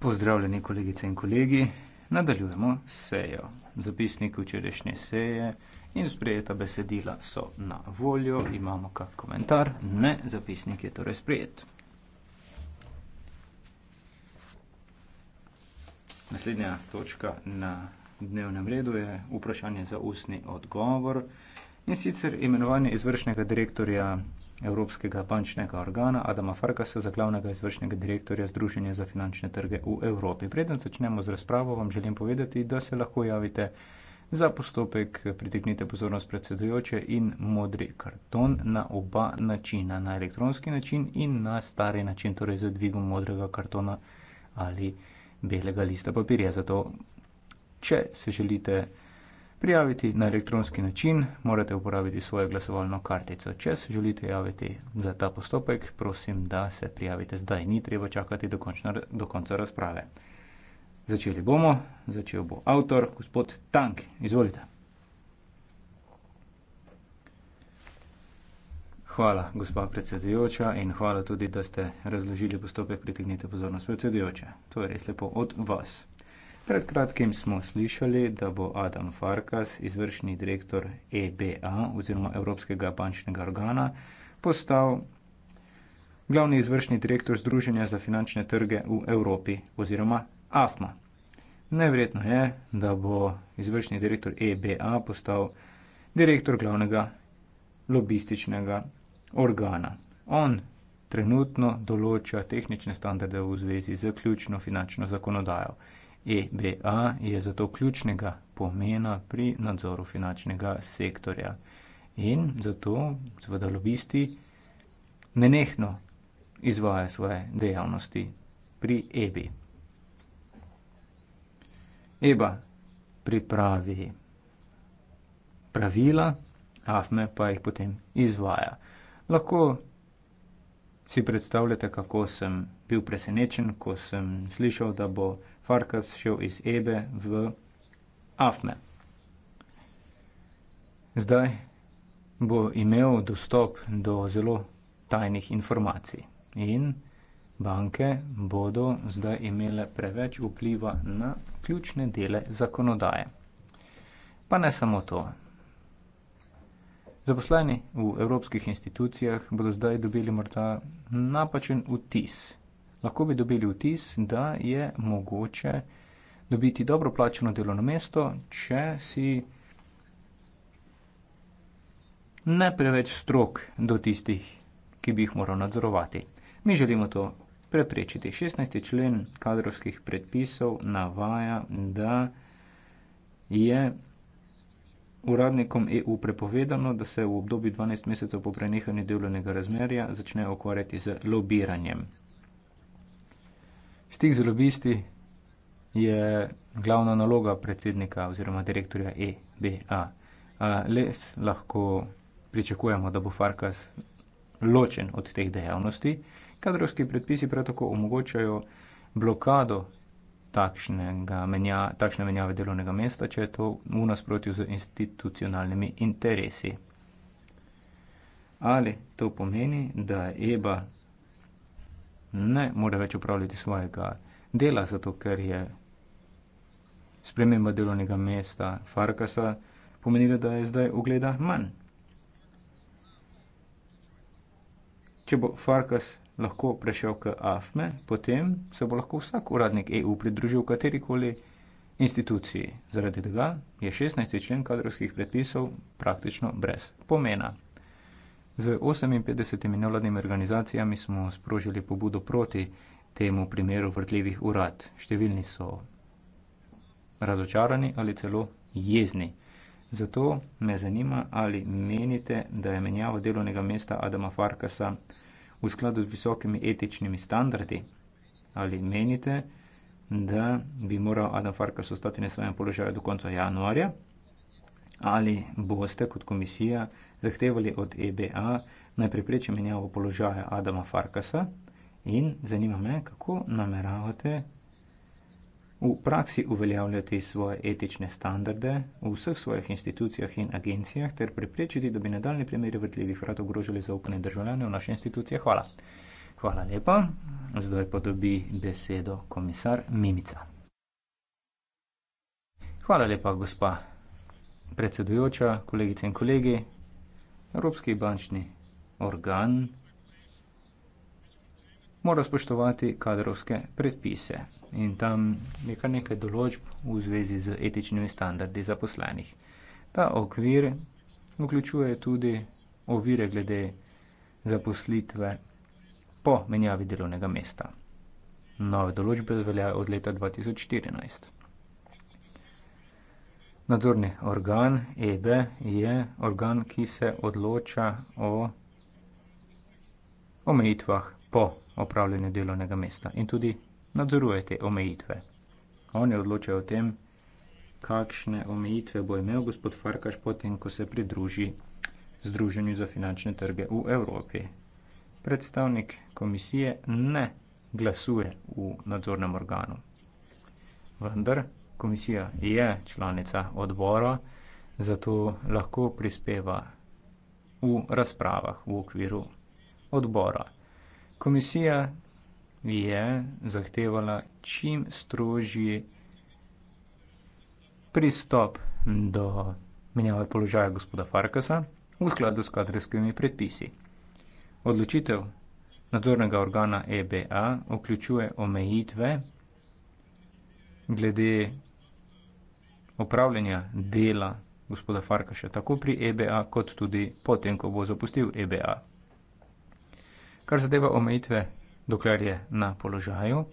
Pozdravljeni kolegice in kolegi. Nadaljujemo sejo. Zapisnik včerajšnje seje in sprejeta besedila so na voljo. Imamo kak komentar? Ne, zapisnik je torej sprejet. Naslednja točka na dnevnem redu je vprašanje za ustni odgovor. In sicer imenovanje izvršnega direktorja evropskega bančnega organa Adama Farkasa za glavnega izvršnega direktorja Združenja za finančne trge v Evropi. Preden začnemo z razpravo, vam želim povedati, da se lahko javite za postopek, pritegnite pozornost predsedujoče in modri karton na oba načina, na elektronski način in na stari način, torej z dvigom modrega kartona ali belega lista papirja. Zato, če se želite Prijaviti na elektronski način morate uporabiti svojo glasovalno kartico. Če se želite javiti za ta postopek, prosim, da se prijavite zdaj. Ni treba čakati do, končna, do konca razprave. Začeli bomo. Začel bo avtor, gospod Tank. Izvolite. Hvala, gospa predsedujoča, in hvala tudi, da ste razložili postopek. Pritegnite pozornost predsedujoče. To je res lepo od vas pred kratkim smo slišali da bo adam farkas izvršni direktor eba oziroma evropskega bančnega organa postal glavni izvršni direktor združenja za finančne trge v evropi oziroma afma Neverjetno je, da bo izvršni direktor EBA postal direktor glavnega lobističnega organa. On trenutno določa tehnične standarde v zvezi z ključno finančno zakonodajo. EBA je zato ključnega pomena pri nadzoru finančnega sektorja. In zato seveda lobisti nenehno izvajajo svoje dejavnosti pri EBI. EBA pripravi pravila, AFME pa jih potem izvaja. Lahko si predstavljate, kako sem bil presenečen, ko sem slišal, da bo Farkas šel iz Ebe v Afme. Zdaj bo imel dostop do zelo tajnih informacij in banke bodo zdaj imele preveč vpliva na ključne dele zakonodaje. Pa ne samo to. Zaposleni v evropskih institucijah bodo zdaj dobili morda napačen vtis lahko bi dobili vtis, da je mogoče dobiti dobro plačeno delovno mesto, če si ne preveč strok do tistih, ki bi jih moral nadzorovati. Mi želimo to preprečiti. 16. člen kadrovskih predpisov navaja, da je uradnikom EU prepovedano, da se v obdobju 12 mesecev po prenehanju delovnega razmerja začne okvarjati z lobiranjem. Stik z lobisti je glavna naloga predsednika oziroma direktorja EBA. Les lahko pričakujemo, da bo Farkas ločen od teh dejavnosti. Kadrovski predpisi prav tako omogočajo blokado menja, takšne menjave delovnega mesta, če je to v nasprotju z institucionalnimi interesi. Ali to pomeni, da je EBA ne more več upravljati svojega dela, zato ker je sprememba delovnega mesta Farkasa pomenila, da je zdaj ugleda manj. Če bo Farkas lahko prešel k AFME, potem se bo lahko vsak uradnik EU pridružil katerikoli instituciji. Zaradi tega je 16. člen kadrovskih predpisov praktično brez pomena. Z 58 nevladnimi organizacijami smo sprožili pobudo proti temu primeru vrtljivih urad. Številni so razočarani ali celo jezni. Zato me zanima, ali menite, da je menjava delovnega mesta Adama Farkasa v skladu z visokimi etičnimi standardi, ali menite, da bi moral Adam Farkas ostati na svojem položaju do konca januarja, ali boste kot komisija zahtevali od EBA naj prepreči menjavo položaja Adama Farkasa in zanima me, kako nameravate v praksi uveljavljati svoje etične standarde v vseh svojih institucijah in agencijah ter preprečiti, da bi nadaljne primere vrtljivih vrat ogrožili zaupanje državljane v naše institucije. Hvala. Hvala lepa. Zdaj pa dobi besedo komisar Mimica. Hvala lepa, gospa predsedujoča, kolegice in kolegi. Evropski bančni organ mora spoštovati kadrovske predpise in tam je kar nekaj določb v zvezi z etičnimi standardi zaposlenih. Ta okvir vključuje tudi ovire glede zaposlitve po menjavi delovnega mesta. Nove določbe veljajo od leta 2014. Nadzorni organ EBE je organ, ki se odloča o omejitvah po opravljanju delovnega mesta in tudi nadzoruje te omejitve. Oni odločajo o tem, kakšne omejitve bo imel gospod Farkaš potem, ko se pridruži Združenju za finančne trge v Evropi. Predstavnik komisije ne glasuje v nadzornem organu. Vendar komisija je članica odbora, zato lahko prispeva v razpravah v okviru odbora. Komisija je zahtevala čim strožji pristop do menjave položaja gospoda Farkasa v skladu s kadrovskimi predpisi. Odločitev nadzornega organa EBA vključuje omejitve glede opravljanja dela gospoda Farkaša, tako pri EBA, kot tudi potem, ko bo zapustil EBA. Kar zadeva omejitve, dokler je na položaju,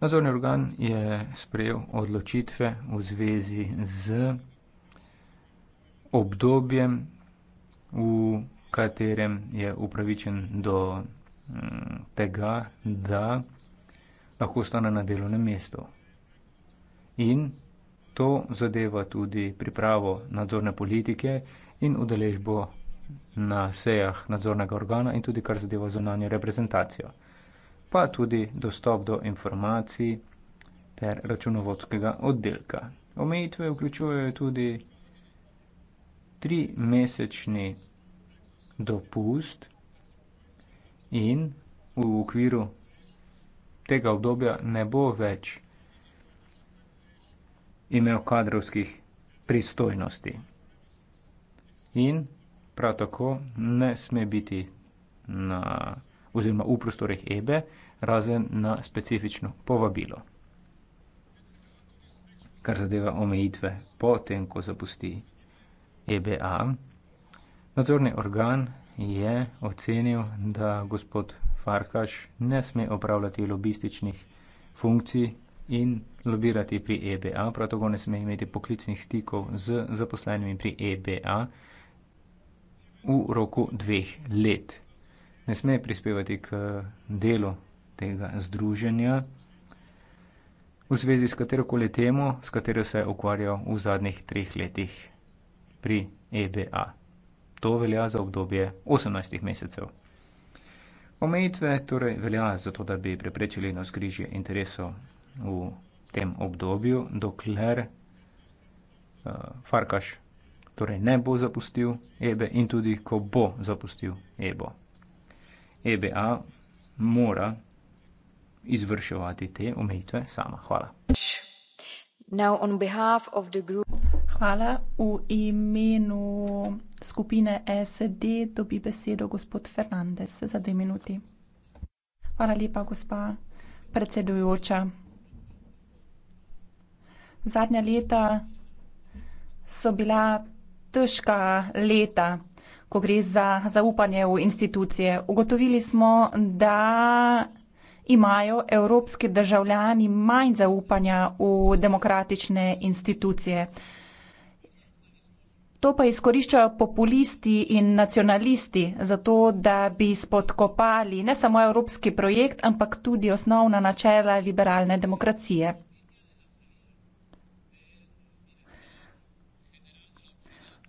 nadzorni organ je sprejel odločitve v zvezi z obdobjem, v katerem je upravičen do mm, tega, da lahko ostane na delovnem mestu. In To zadeva tudi pripravo nadzorne politike in udeležbo na sejah nadzornega organa in tudi kar zadeva zunanjo reprezentacijo. Pa tudi dostop do informacij ter računovodskega oddelka. Omejitve vključujejo tudi tri mesečni dopust in v okviru tega obdobja ne bo več imel kadrovskih pristojnosti in prav tako ne sme biti na, oziroma v prostorih EBE, razen na specifično povabilo, kar zadeva omejitve potem, ko zapusti EBA. Nadzorni organ je ocenil, da gospod Farkaš ne sme opravljati lobističnih funkcij in lobirati pri EBA, prav tako ne sme imeti poklicnih stikov z zaposlenimi pri EBA v roku dveh let. Ne sme prispevati k delu tega združenja v zvezi s katerokoli temo, s katero se je ukvarjal v zadnjih treh letih pri EBA. To velja za obdobje 18 mesecev. Omejitve torej veljajo za to, da bi preprečili nosgrižje interesov v tem obdobju, dokler uh, Farkaš torej ne bo zapustil Ebe in tudi ko bo zapustil Ebo. EBA mora izvrševati te omejitve sama. Hvala. Now on behalf of the group... Hvala. V imenu skupine SD dobi besedo gospod Fernandez za dve minuti. Hvala lepa, gospa predsedujoča. Zadnja leta so bila težka leta, ko gre za zaupanje v institucije. Ugotovili smo, da imajo evropski državljani manj zaupanja v demokratične institucije. To pa izkoriščajo populisti in nacionalisti, zato da bi spodkopali ne samo evropski projekt, ampak tudi osnovna načela liberalne demokracije.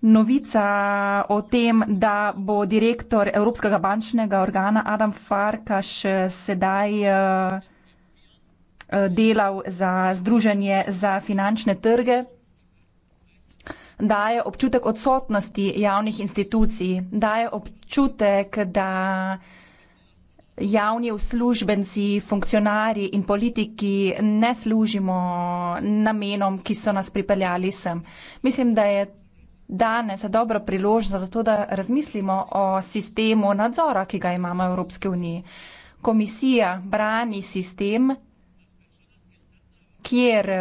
Novica o tem, da bo direktor Evropskega bančnega organa Adam Farkaš eh, sedaj eh, eh, delal za Združenje za finančne trge, daje občutek odsotnosti javnih institucij, daje občutek, da javni uslužbenci, funkcionarji in politiki ne služimo namenom, ki so nas pripeljali sem. Mislim, da je danes je dobra priložnost za to, da razmislimo o sistemu nadzora, ki ga imamo v Evropske unije. Komisija brani sistem, kjer eh,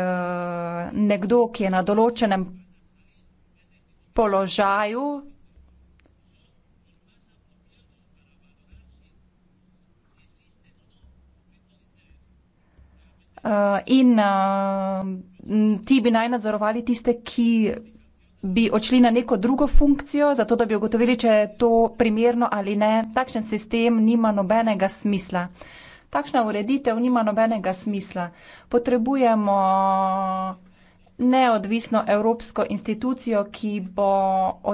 nekdo, ki je na določenem položaju, eh, in eh, ti bi naj nadzorovali tiste, ki bi odšli na neko drugo funkcijo, zato da bi ugotovili, če je to primerno ali ne. Takšen sistem nima nobenega smisla. Takšna ureditev nima nobenega smisla. Potrebujemo neodvisno evropsko institucijo, ki bo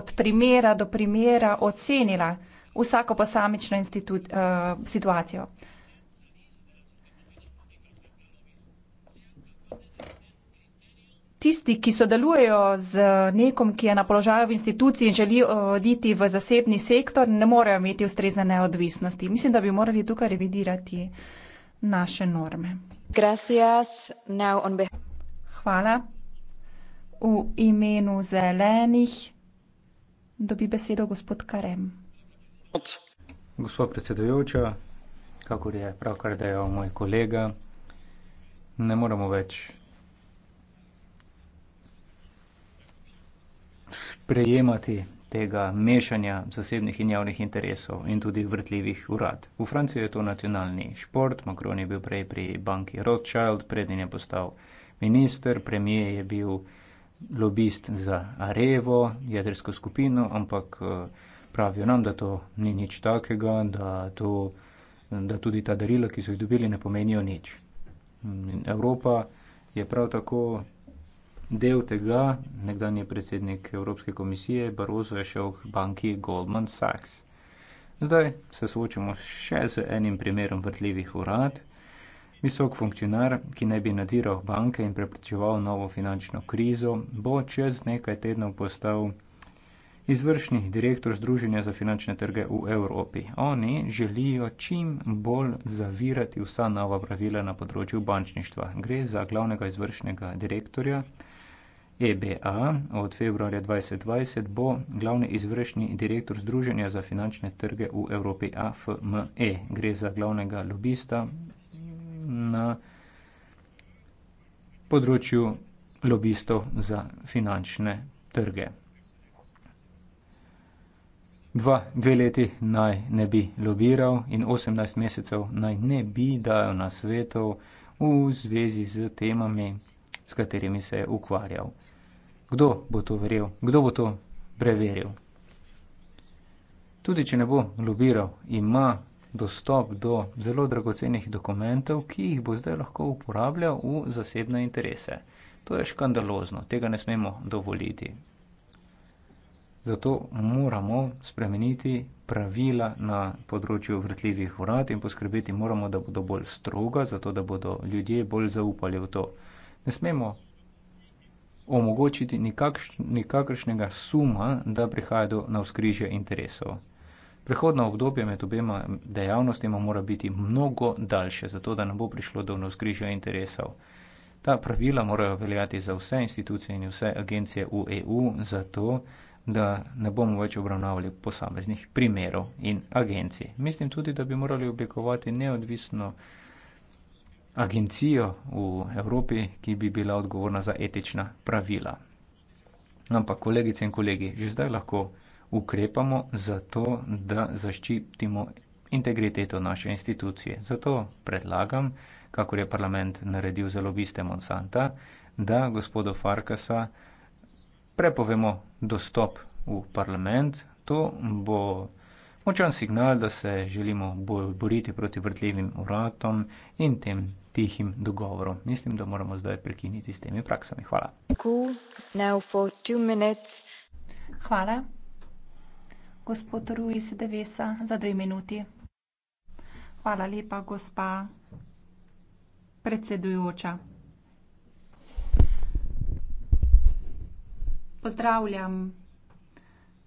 od primera do primera ocenila vsako posamično institut, uh, eh, situacijo. tisti, ki sodelujejo z nekom, ki je na položaju v instituciji in želi oditi v zasebni sektor, ne morejo imeti ustrezne neodvisnosti. Mislim, da bi morali tukaj revidirati naše norme. Hvala. V imenu zelenih dobi besedo gospod Karem. Gospod predsedujoča, kakor je pravkar dejal moj kolega, ne moremo več sprejemati tega mešanja zasebnih in javnih interesov in tudi vrtljivih urad. V Franciji je to nacionalni šport, Macron je bil prej pri banki Rothschild, prednji je postal minister, premije je bil lobist za Arevo, jedrsko skupino, ampak eh, pravijo nam, da to ni nič takega, da, to, da tudi ta darila, ki so jih dobili, ne pomenijo nič. Evropa je prav tako Del tega nekdanji predsednik Evropske komisije Barroso je šel k banki Goldman Sachs. Zdaj se soočamo še z enim primerom vrtljivih urad. Visok funkcionar, ki naj bi nadziral banke in preprečeval novo finančno krizo, bo čez nekaj tednov postal izvršni direktor Združenja za finančne trge v Evropi. Oni želijo čim bolj zavirati vsa nova pravila na področju bančništva. Gre za glavnega izvršnega direktorja. EBA od februarja 2020 bo glavni izvršni direktor Združenja za finančne trge v Evropi AFME. Gre za glavnega lobista na področju lobistov za finančne trge. Dva, dve leti naj ne bi lobiral in 18 mesecev naj ne bi dajal na svetov v zvezi z temami, s katerimi se je ukvarjal. Kdo bo to verjel? Kdo bo to preveril? Tudi, če ne bo lobiral, ima dostop do zelo dragocenih dokumentov, ki jih bo zdaj lahko uporabljal v zasebne interese. To je škandalozno, tega ne smemo dovoliti. Zato moramo spremeniti pravila na področju vrtljivih vrat in poskrbeti moramo, da bodo bolj stroga, zato da bodo ljudje bolj zaupali v to. Ne smemo omogočiti nikakš, nikakršnega suma, da prihaja do navskrižja interesov. Prehodno obdobje med obema dejavnostima mora biti mnogo daljše, zato da ne bo prišlo do navskrižja interesov. Ta pravila morajo veljati za vse institucije in vse agencije v EU, zato da ne bomo več obravnavali posameznih primerov in agencij. Mislim tudi, da bi morali oblikovati neodvisno agencijo v Evropi, ki bi bila odgovorna za etična pravila. No, ampak, kolegice in kolegi, že zdaj lahko ukrepamo za to, da zaščitimo integriteto naše institucije. Zato predlagam, kakor je parlament naredil za lobiste Monsanta, da gospodo Farkasa prepovemo dostop v parlament. To bo močan signal, da se želimo boriti proti vrtljivim vratom in tem tihim dogovorom. Mislim, da moramo zdaj prekiniti s temi praksami. Hvala. Hvala. Gospod Ruiz Devesa, za dve minuti. Hvala lepa, gospa predsedujoča. Pozdravljam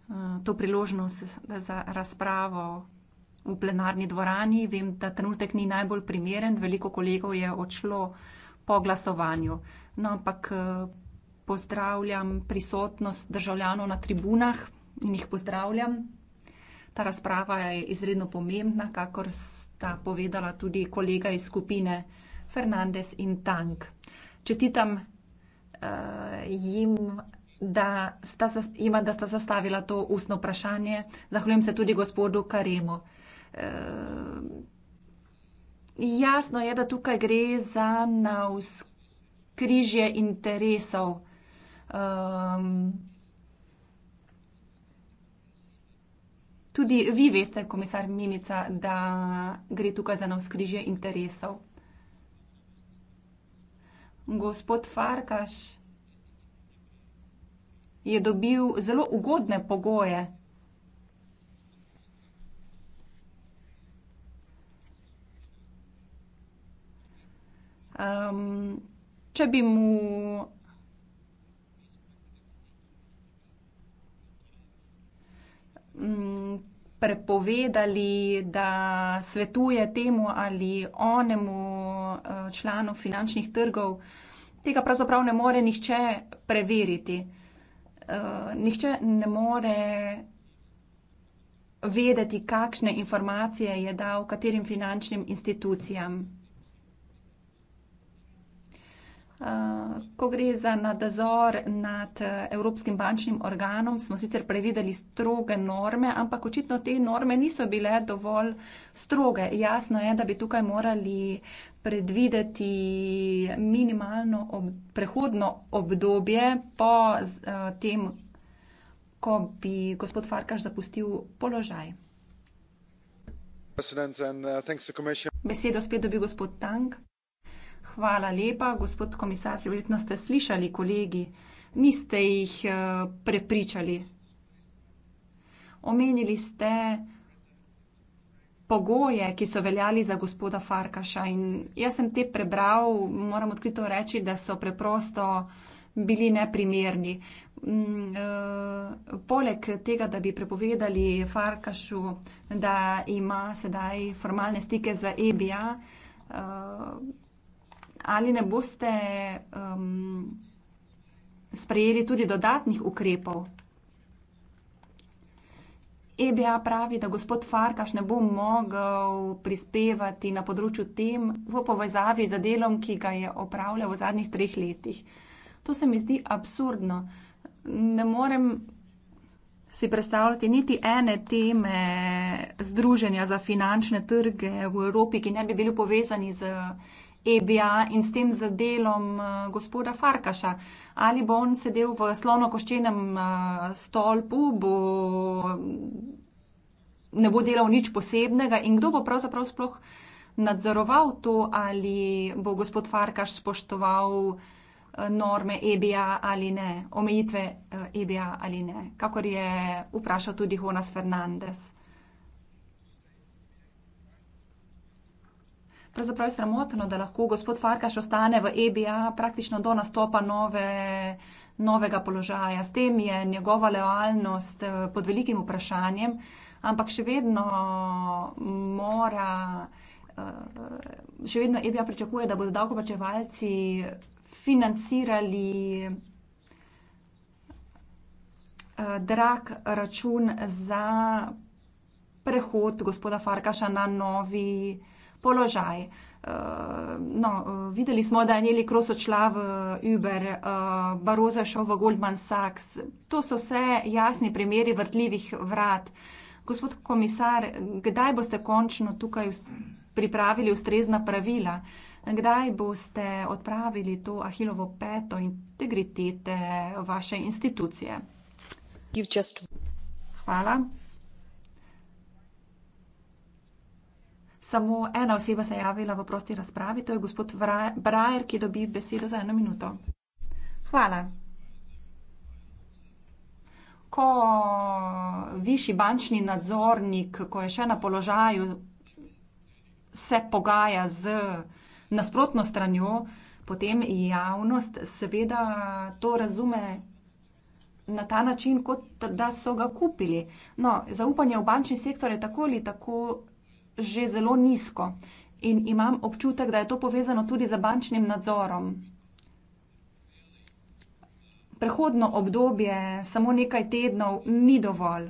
uh, to priložnost eh, za razpravo v plenarni dvorani. Vem, da trenutek ni najbolj primeren, veliko kolegov je odšlo po glasovanju. No, ampak eh, pozdravljam prisotnost državljanov na tribunah in jih pozdravljam. Ta razprava je izredno pomembna, kakor sta povedala tudi kolega iz skupine Fernandez in Tank. Čestitam uh, jim, da sta, jima, da sta zastavila to ustno vprašanje. Zahvaljujem se tudi gospodu Karemu. Ehm, jasno je, da tukaj gre za navskrižje interesov. Um, tudi vi veste, komisar Mimica, da gre tukaj za navskrižje interesov. Gospod Farkaš je dobil zelo ugodne pogoje. um, če bi mu. Prepovedali, da svetuje temu ali onemu eh, članu finančnih trgov, tega pravzaprav ne more nihče preveriti. Eh, nihče ne more vedeti, kakšne informacije je dal katerim finančnim institucijam. Eh, ko gre za nadzor nad eh, Evropskim bančnim organom, smo sicer prevideli stroge norme, ampak očitno te norme niso bile dovolj stroge. Jasno je, da bi tukaj morali predvideti minimalno ob, prehodno obdobje po z, eh, tem, ko bi gospod Farkaš zapustil položaj. Uh, Besedo spet dobi gospod Tang. Hvala lepa, gospod komisar. Verjetno ste slišali kolegi, niste jih eh, prepričali. Omenili ste pogoje, ki so veljali za gospoda Farkaša in jaz sem te prebral, moram odkrito reči, da so preprosto bili neprimerni. Mm, eh, poleg tega, da bi prepovedali Farkašu, da ima sedaj formalne stike za e EBA, eh, ali ne boste um, sprejeli tudi dodatnih ukrepov. EBA pravi, da gospod Farkaš ne bo mogel prispevati na področju tem v povezavi z delom, ki ga je opravljal v zadnjih treh letih. To se mi zdi absurdno. Ne morem si predstavljati niti ene teme združenja za finančne trge v Evropi, ki ne bi bili povezani z EBA in s tem za delom eh, gospoda Farkaša. Ali bo on sedel v slonokoščenem eh, stolpu, bo, ne bo delal nič posebnega in kdo bo pravzaprav sploh nadzoroval to, ali bo gospod Farkaš spoštoval eh, norme EBA ali ne, omejitve EBA ali ne, kakor je vprašal tudi Jonas Fernandez. pravzaprav je sramotno, da lahko gospod Farkaš ostane v EBA praktično do nastopa nove, novega položaja. S tem je njegova lojalnost eh, pod velikim vprašanjem, ampak še vedno mora, eh, še vedno EBA pričakuje, da bodo davkoplačevalci financirali eh, drag račun za prehod gospoda Farkaša na novi položaj. Uh, no, uh, videli smo, da je Neli Kros odšla v Uber, uh, Baroza šel v Goldman Sachs. To so vse jasni primeri vrtljivih vrat. Gospod komisar, kdaj boste končno tukaj pripravili ustrezna pravila? Kdaj boste odpravili to ahilovo peto integritete vaše institucije? Hvala. samo ena oseba se javila v prosti razpravi, to je gospod Brajer, ki dobi besedo za eno minuto. Hvala. Ko višji bančni nadzornik, ko je še na položaju, se pogaja z nasprotno stranjo, potem javnost seveda to razume na ta način, kot da so ga kupili. No, zaupanje v bančni sektor je tako ali tako že zelo nizko. In imam občutek, da je to povezano tudi z bančnim nadzorom. Prehodno obdobje, samo nekaj tednov, ni dovolj.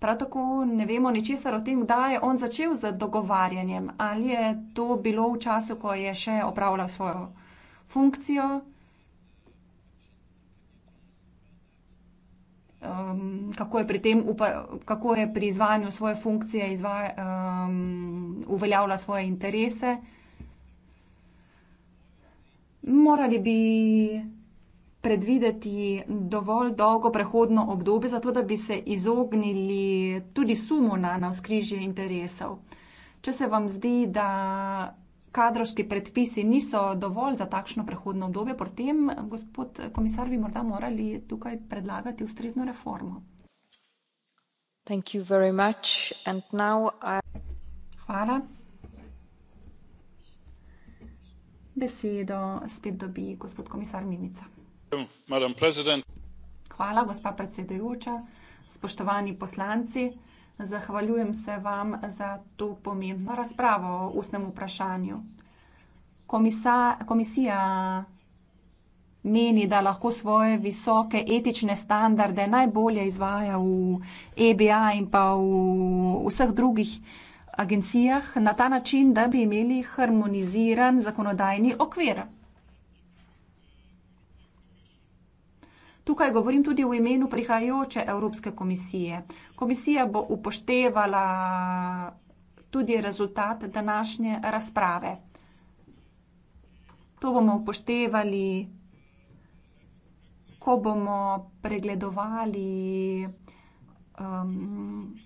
Prav tako ne vemo ničesar o tem, kdaj je on začel z dogovarjanjem, ali je to bilo v času, ko je še opravljal svojo funkcijo. um, kako, je pri tem, kako je pri izvajanju svoje funkcije izvaj, um, uveljavila svoje interese. Morali bi predvideti dovolj dolgo prehodno obdobje, zato da bi se izognili tudi sumu na navskrižje interesov. Če se vam zdi, da kadrovski predpisi niso dovolj za takšno prehodno obdobje, potem, gospod komisar, bi morda morali tukaj predlagati ustrezno reformo. Thank you very much and now I... Hvala. Besedo spet dobi gospod komisar Mimica. Madam president. Hvala, gospa predsedujoča. Spoštovani poslanci. Zahvaljujem se vam za to pomembno razpravo o ustnem vprašanju. Komisa, komisija meni, da lahko svoje visoke etične standarde najbolje izvaja v EBA in pa v vseh drugih agencijah na ta način, da bi imeli harmoniziran zakonodajni okvir. Tukaj govorim tudi v imenu prihajajoče Evropske komisije. Komisija bo upoštevala tudi rezultat današnje razprave. To bomo upoštevali, ko bomo pregledovali um,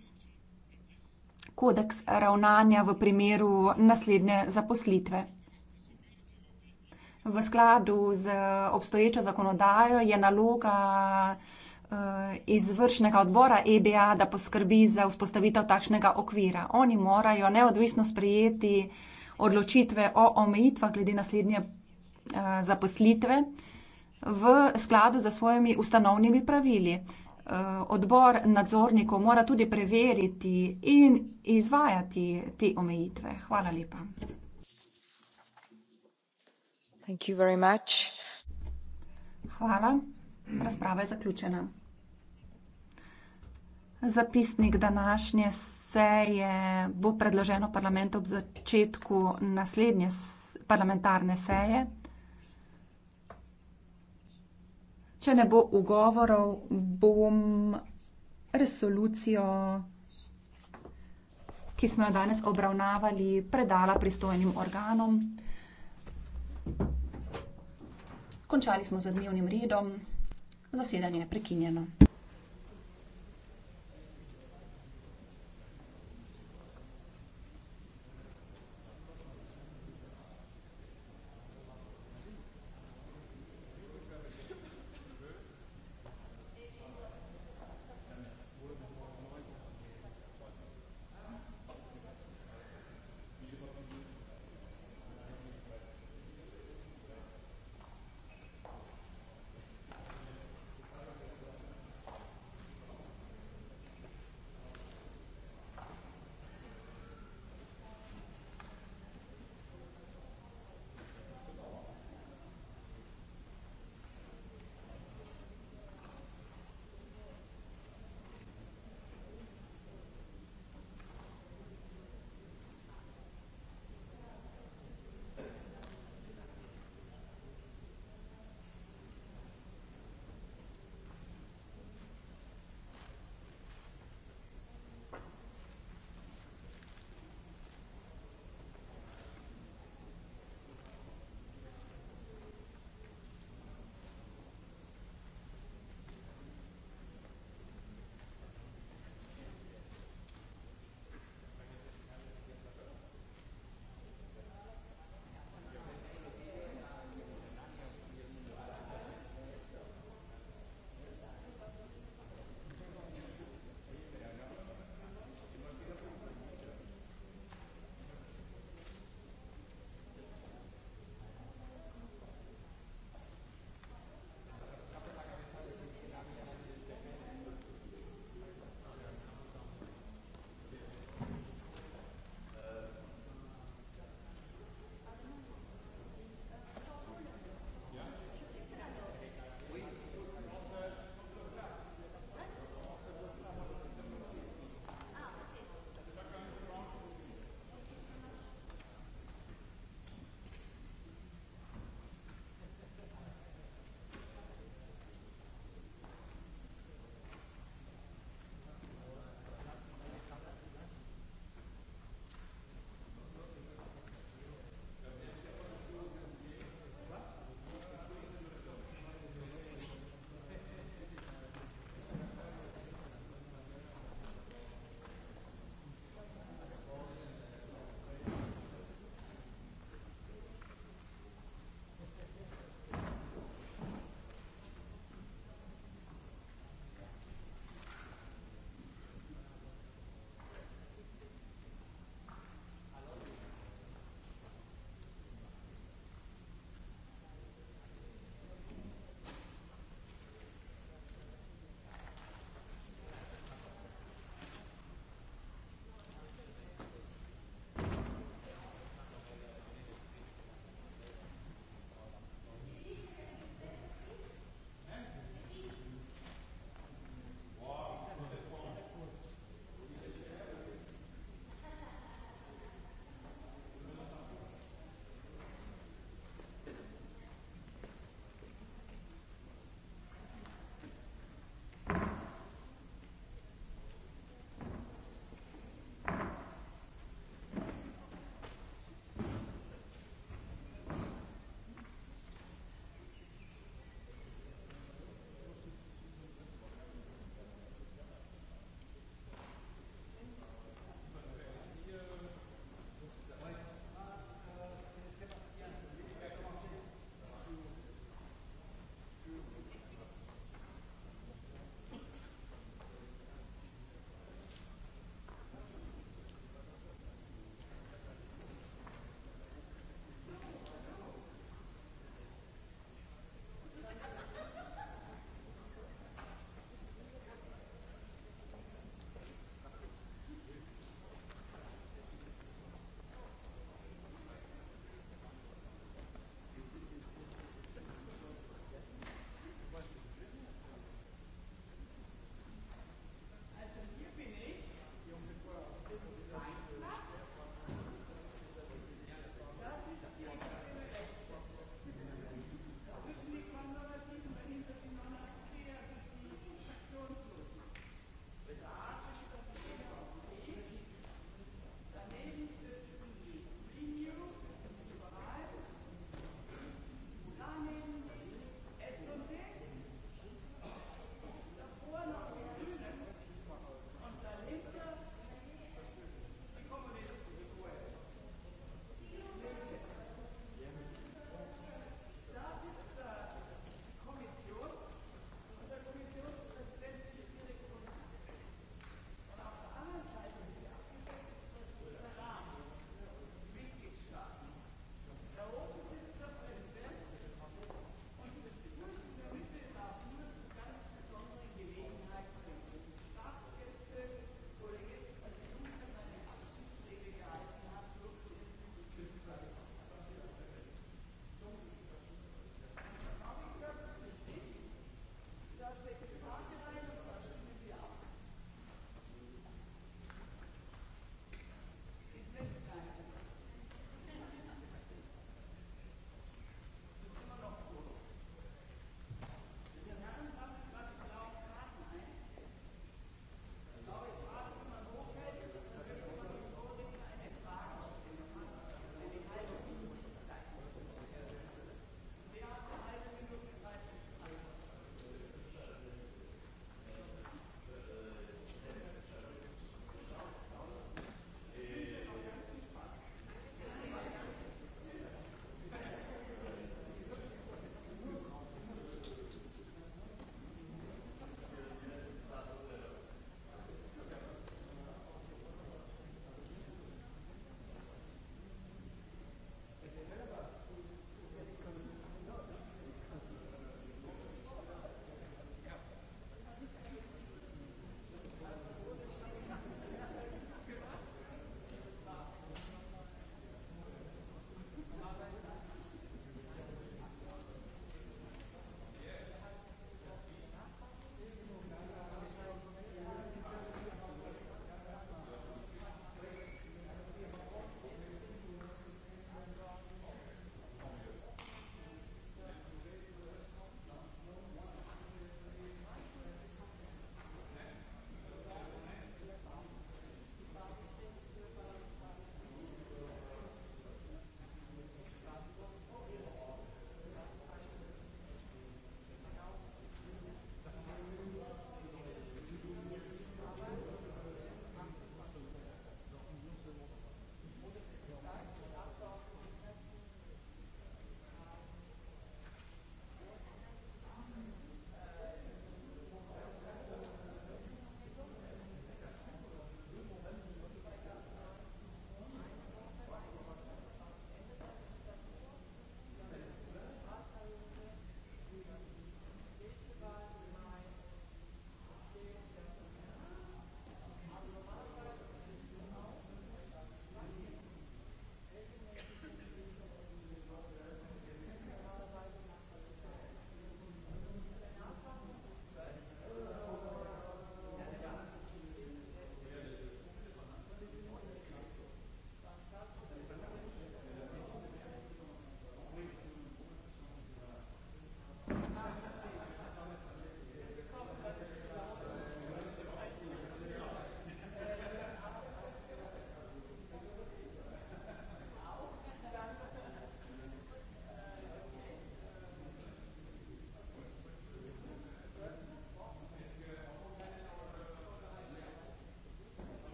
kodeks ravnanja v primeru naslednje zaposlitve. V skladu z obstoječo zakonodajo je naloga Eh, izvršnega odbora EBA, da poskrbi za vzpostavitev takšnega okvira. Oni morajo neodvisno sprejeti odločitve o omejitvah glede naslednje eh, zaposlitve v skladu za svojimi ustanovnimi pravili. Eh, odbor nadzornikov mora tudi preveriti in izvajati te omejitve. Hvala lepa. Thank you very much. Hvala. Razprava je zaključena. Zapisnik današnje seje bo predloženo parlamentu ob začetku naslednje parlamentarne seje. Če ne bo ugovorov, bom resolucijo, ki smo jo danes obravnavali, predala pristojnim organom. Končali smo z dnevnim redom. Zasedanje je prekinjeno.